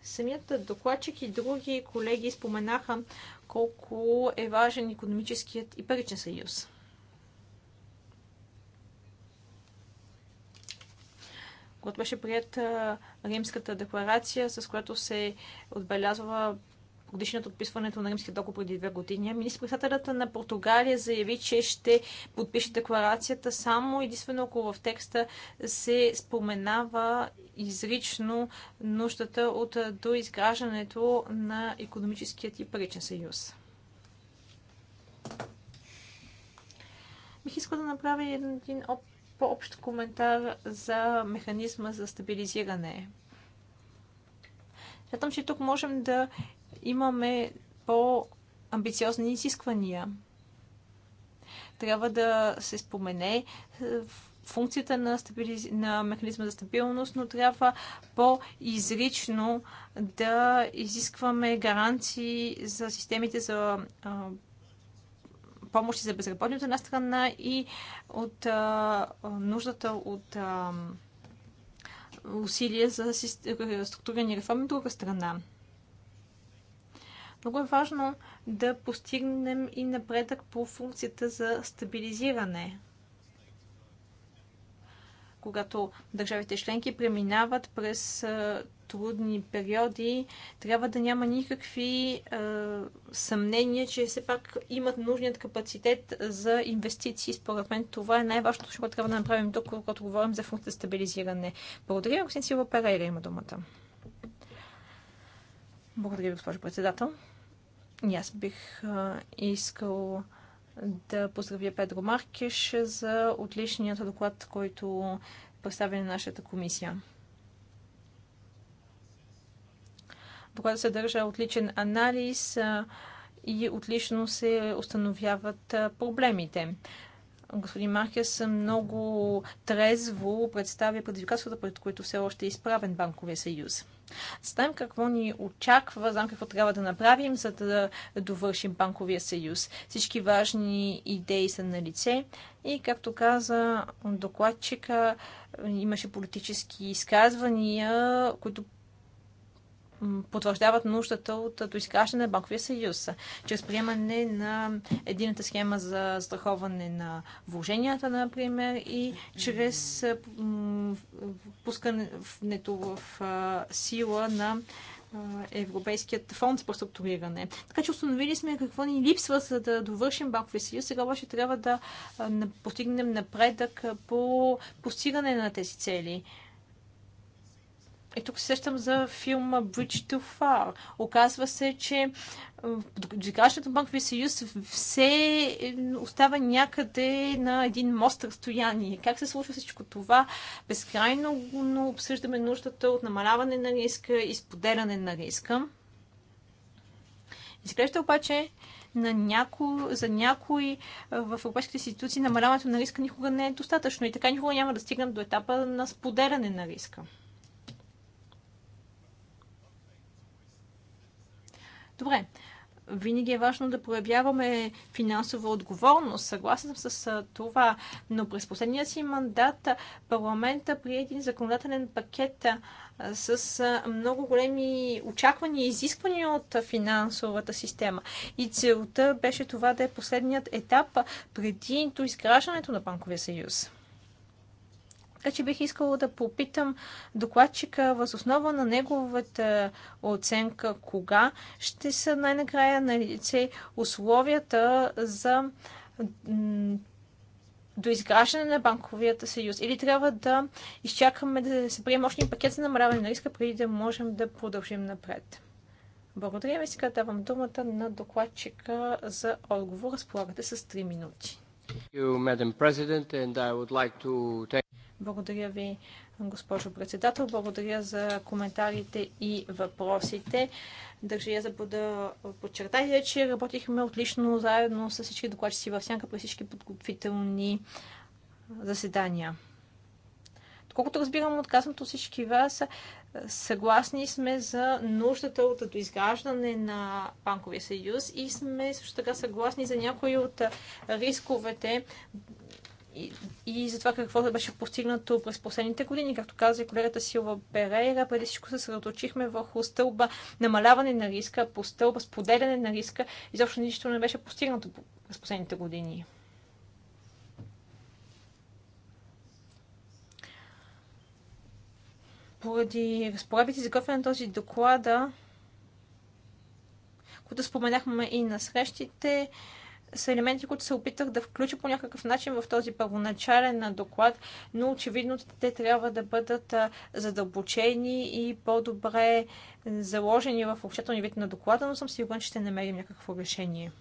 Speaker 4: Самият докладчик и други колеги споменаха колко е важен економическият и паричен съюз. когато беше прията Римската декларация, с която се отбелязва годишното подписването на Римския договор преди две години. Министр-председателят на Португалия заяви, че ще подпише декларацията само единствено ако в текста се споменава изрично нуждата от доизграждането на економическият и паричен съюз. Бих искал да направя един опит по-общ коментар за механизма за стабилизиране. Смятам, че тук можем да имаме по-амбициозни изисквания. Трябва да се спомене е, функцията на, стабилиз... на механизма за стабилност, но трябва по-изрично да изискваме гаранции за системите за помощи за безработни от една страна и от а, нуждата от а, усилия за структурни реформи от друга страна. Много е важно да постигнем и напредък по функцията за стабилизиране. Когато държавите членки преминават през трудни периоди, трябва да няма никакви е, съмнения, че все пак имат нужният капацитет за инвестиции. Според мен това е най-важното, което трябва да направим тук, когато говорим за функция стабилизиране. Благодаря, господин Силва Перейра има думата. Благодаря ви, госпожо председател. И аз бих а, искал да поздравя Педро Маркеш за отличният доклад, който представя на нашата комисия. Докладът съдържа се държа отличен анализ и отлично се установяват проблемите. Господин Маркес много трезво представя предизвикателствата, пред които все още е изправен Банковия съюз. Знаем какво ни очаква, знам какво трябва да направим, за да довършим Банковия съюз. Всички важни идеи са на лице и, както каза докладчика, имаше политически изказвания, които потвърждават нуждата от доизграждане на банковия съюз, чрез приемане на едината схема за страховане на вложенията, например, и чрез пускането в сила на Европейският фонд за преструктуриране. Така че установили сме какво ни липсва, за да довършим банковия съюз. Сега обаче трябва да постигнем напредък по постигане на тези цели. И тук се сещам за филма Bridge to Far. Оказва се, че досегашното банкови съюз все остава някъде на един мост разстояние. Как се случва всичко това? Безкрайно обсъждаме нуждата от намаляване на риска и споделяне на риска. Изглежда обаче, на няко, за някои е, в европейските институции намаляването на риска никога не е достатъчно и така никога няма да стигнем до етапа на споделяне на риска. Добре, винаги е важно да проявяваме финансова отговорност. Съгласен съм с това, но през последния си мандат парламента прие един законодателен пакет с много големи очаквания и изисквания от финансовата система. И целта беше това да е последният етап преди изграждането на Банковия съюз. Така че бих искала да попитам докладчика въз основа на неговата оценка кога ще са най-накрая на лице условията за до изграждане на банковията съюз? Или трябва да изчакаме да се приеме още пакет за намаляване на риска, преди да можем да продължим напред? Благодаря ви. Сега давам думата на докладчика за отговор. Разполагате с 3 минути. Благодаря ви, госпожо председател. Благодаря за коментарите и въпросите. Държа за да подчертая, че работихме отлично заедно с всички докладчици в сянка при всички подготвителни заседания. Колкото разбирам от казаното всички вас, съгласни сме за нуждата от доизграждане на банковия съюз и сме също така съгласни за някои от рисковете, и, и за това какво беше постигнато през последните години. Както каза и колегата Силва Перейра, преди всичко се съсредоточихме върху стълба намаляване на риска, по стълба споделяне на риска. Изобщо нищо не беше постигнато през последните години. Поради за изготвяне на този доклада, които споменахме и на срещите, са елементи, които се опитах да включа по някакъв начин в този първоначален доклад, но очевидно те трябва да бъдат задълбочени и по-добре заложени в обществения вид на доклада, но съм сигурен, че ще намерим някакво решение.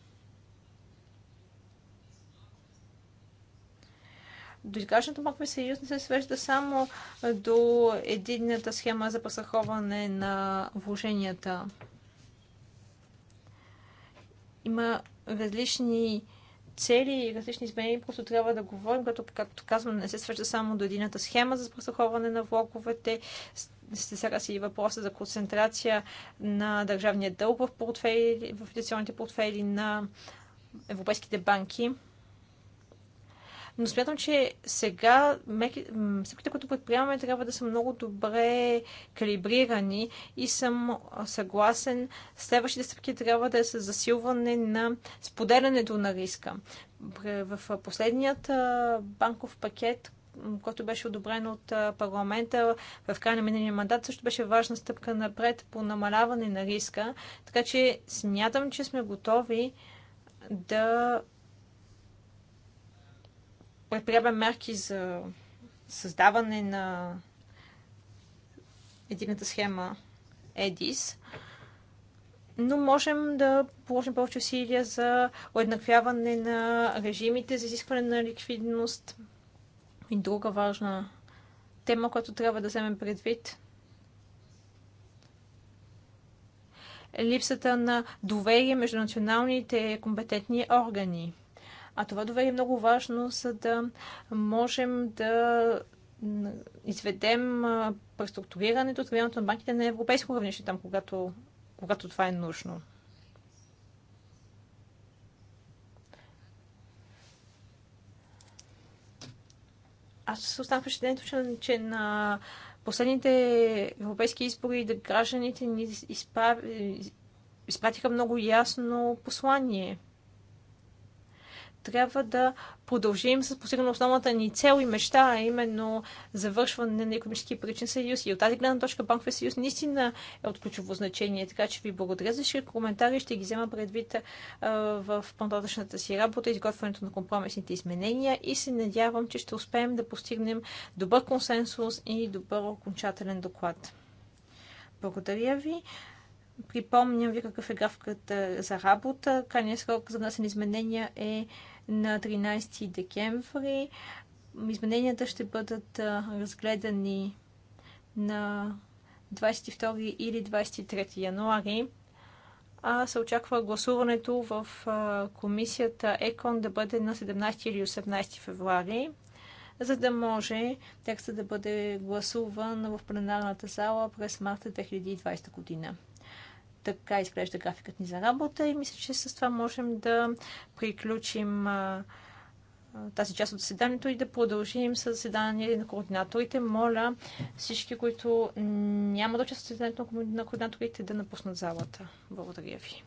Speaker 4: до изграждането Банковия съюз не се свежда само до единната схема за пресъховане на вложенията. Има различни цели и различни измерения, просто трябва да говорим, като, както казвам, не се свежда само до едината схема за престраховане на влоговете. Сега си и въпроса за концентрация на държавния дълг в, портфели, в инвестиционните портфели на европейските банки но смятам, че сега стъпките, които предприемаме, трябва да са много добре калибрирани и съм съгласен. Следващите стъпки трябва да е с засилване на споделянето на риска. В последният банков пакет, който беше одобрен от парламента в края на миналия мандат, също беше важна стъпка напред по намаляване на риска. Така че смятам, че сме готови да предприема мерки за създаване на едината схема ЕДИС, но можем да положим повече усилия за уеднаквяване на режимите за изискване на ликвидност и друга важна тема, която трябва да вземем предвид. Е липсата на доверие между националните компетентни органи. А това доверие е много важно, за да можем да изведем преструктурирането, откриването на банките на европейско равнище, там, когато, когато това е нужно. Аз се останах впечатлението, че на последните европейски избори да гражданите ни изпратиха много ясно послание – трябва да продължим с постигане основната ни цел и мечта, а именно завършване на економически причин съюз. И от тази гледна точка банковия съюз наистина е от ключово значение. Така че ви благодаря за всички коментари. Ще ги взема предвид в по-нататъчната си работа, изготвянето на компромисните изменения и се надявам, че ще успеем да постигнем добър консенсус и добър окончателен доклад. Благодаря ви. Припомням ви какъв е графикът за работа. Крайният срок за внасяне изменения е на 13 декември. Измененията ще бъдат разгледани на 22 или 23 януари, а се очаква гласуването в комисията ЕКОН да бъде на 17 или 18 февруари, за да може текста да бъде гласуван в пленарната зала през марта 2020 година. Така изглежда графикът ни за работа и мисля, че с това можем да приключим тази част от заседанието и да продължим с заседание на координаторите. Моля всички, които няма да участват в заседанието на координаторите, да напуснат залата. Благодаря ви.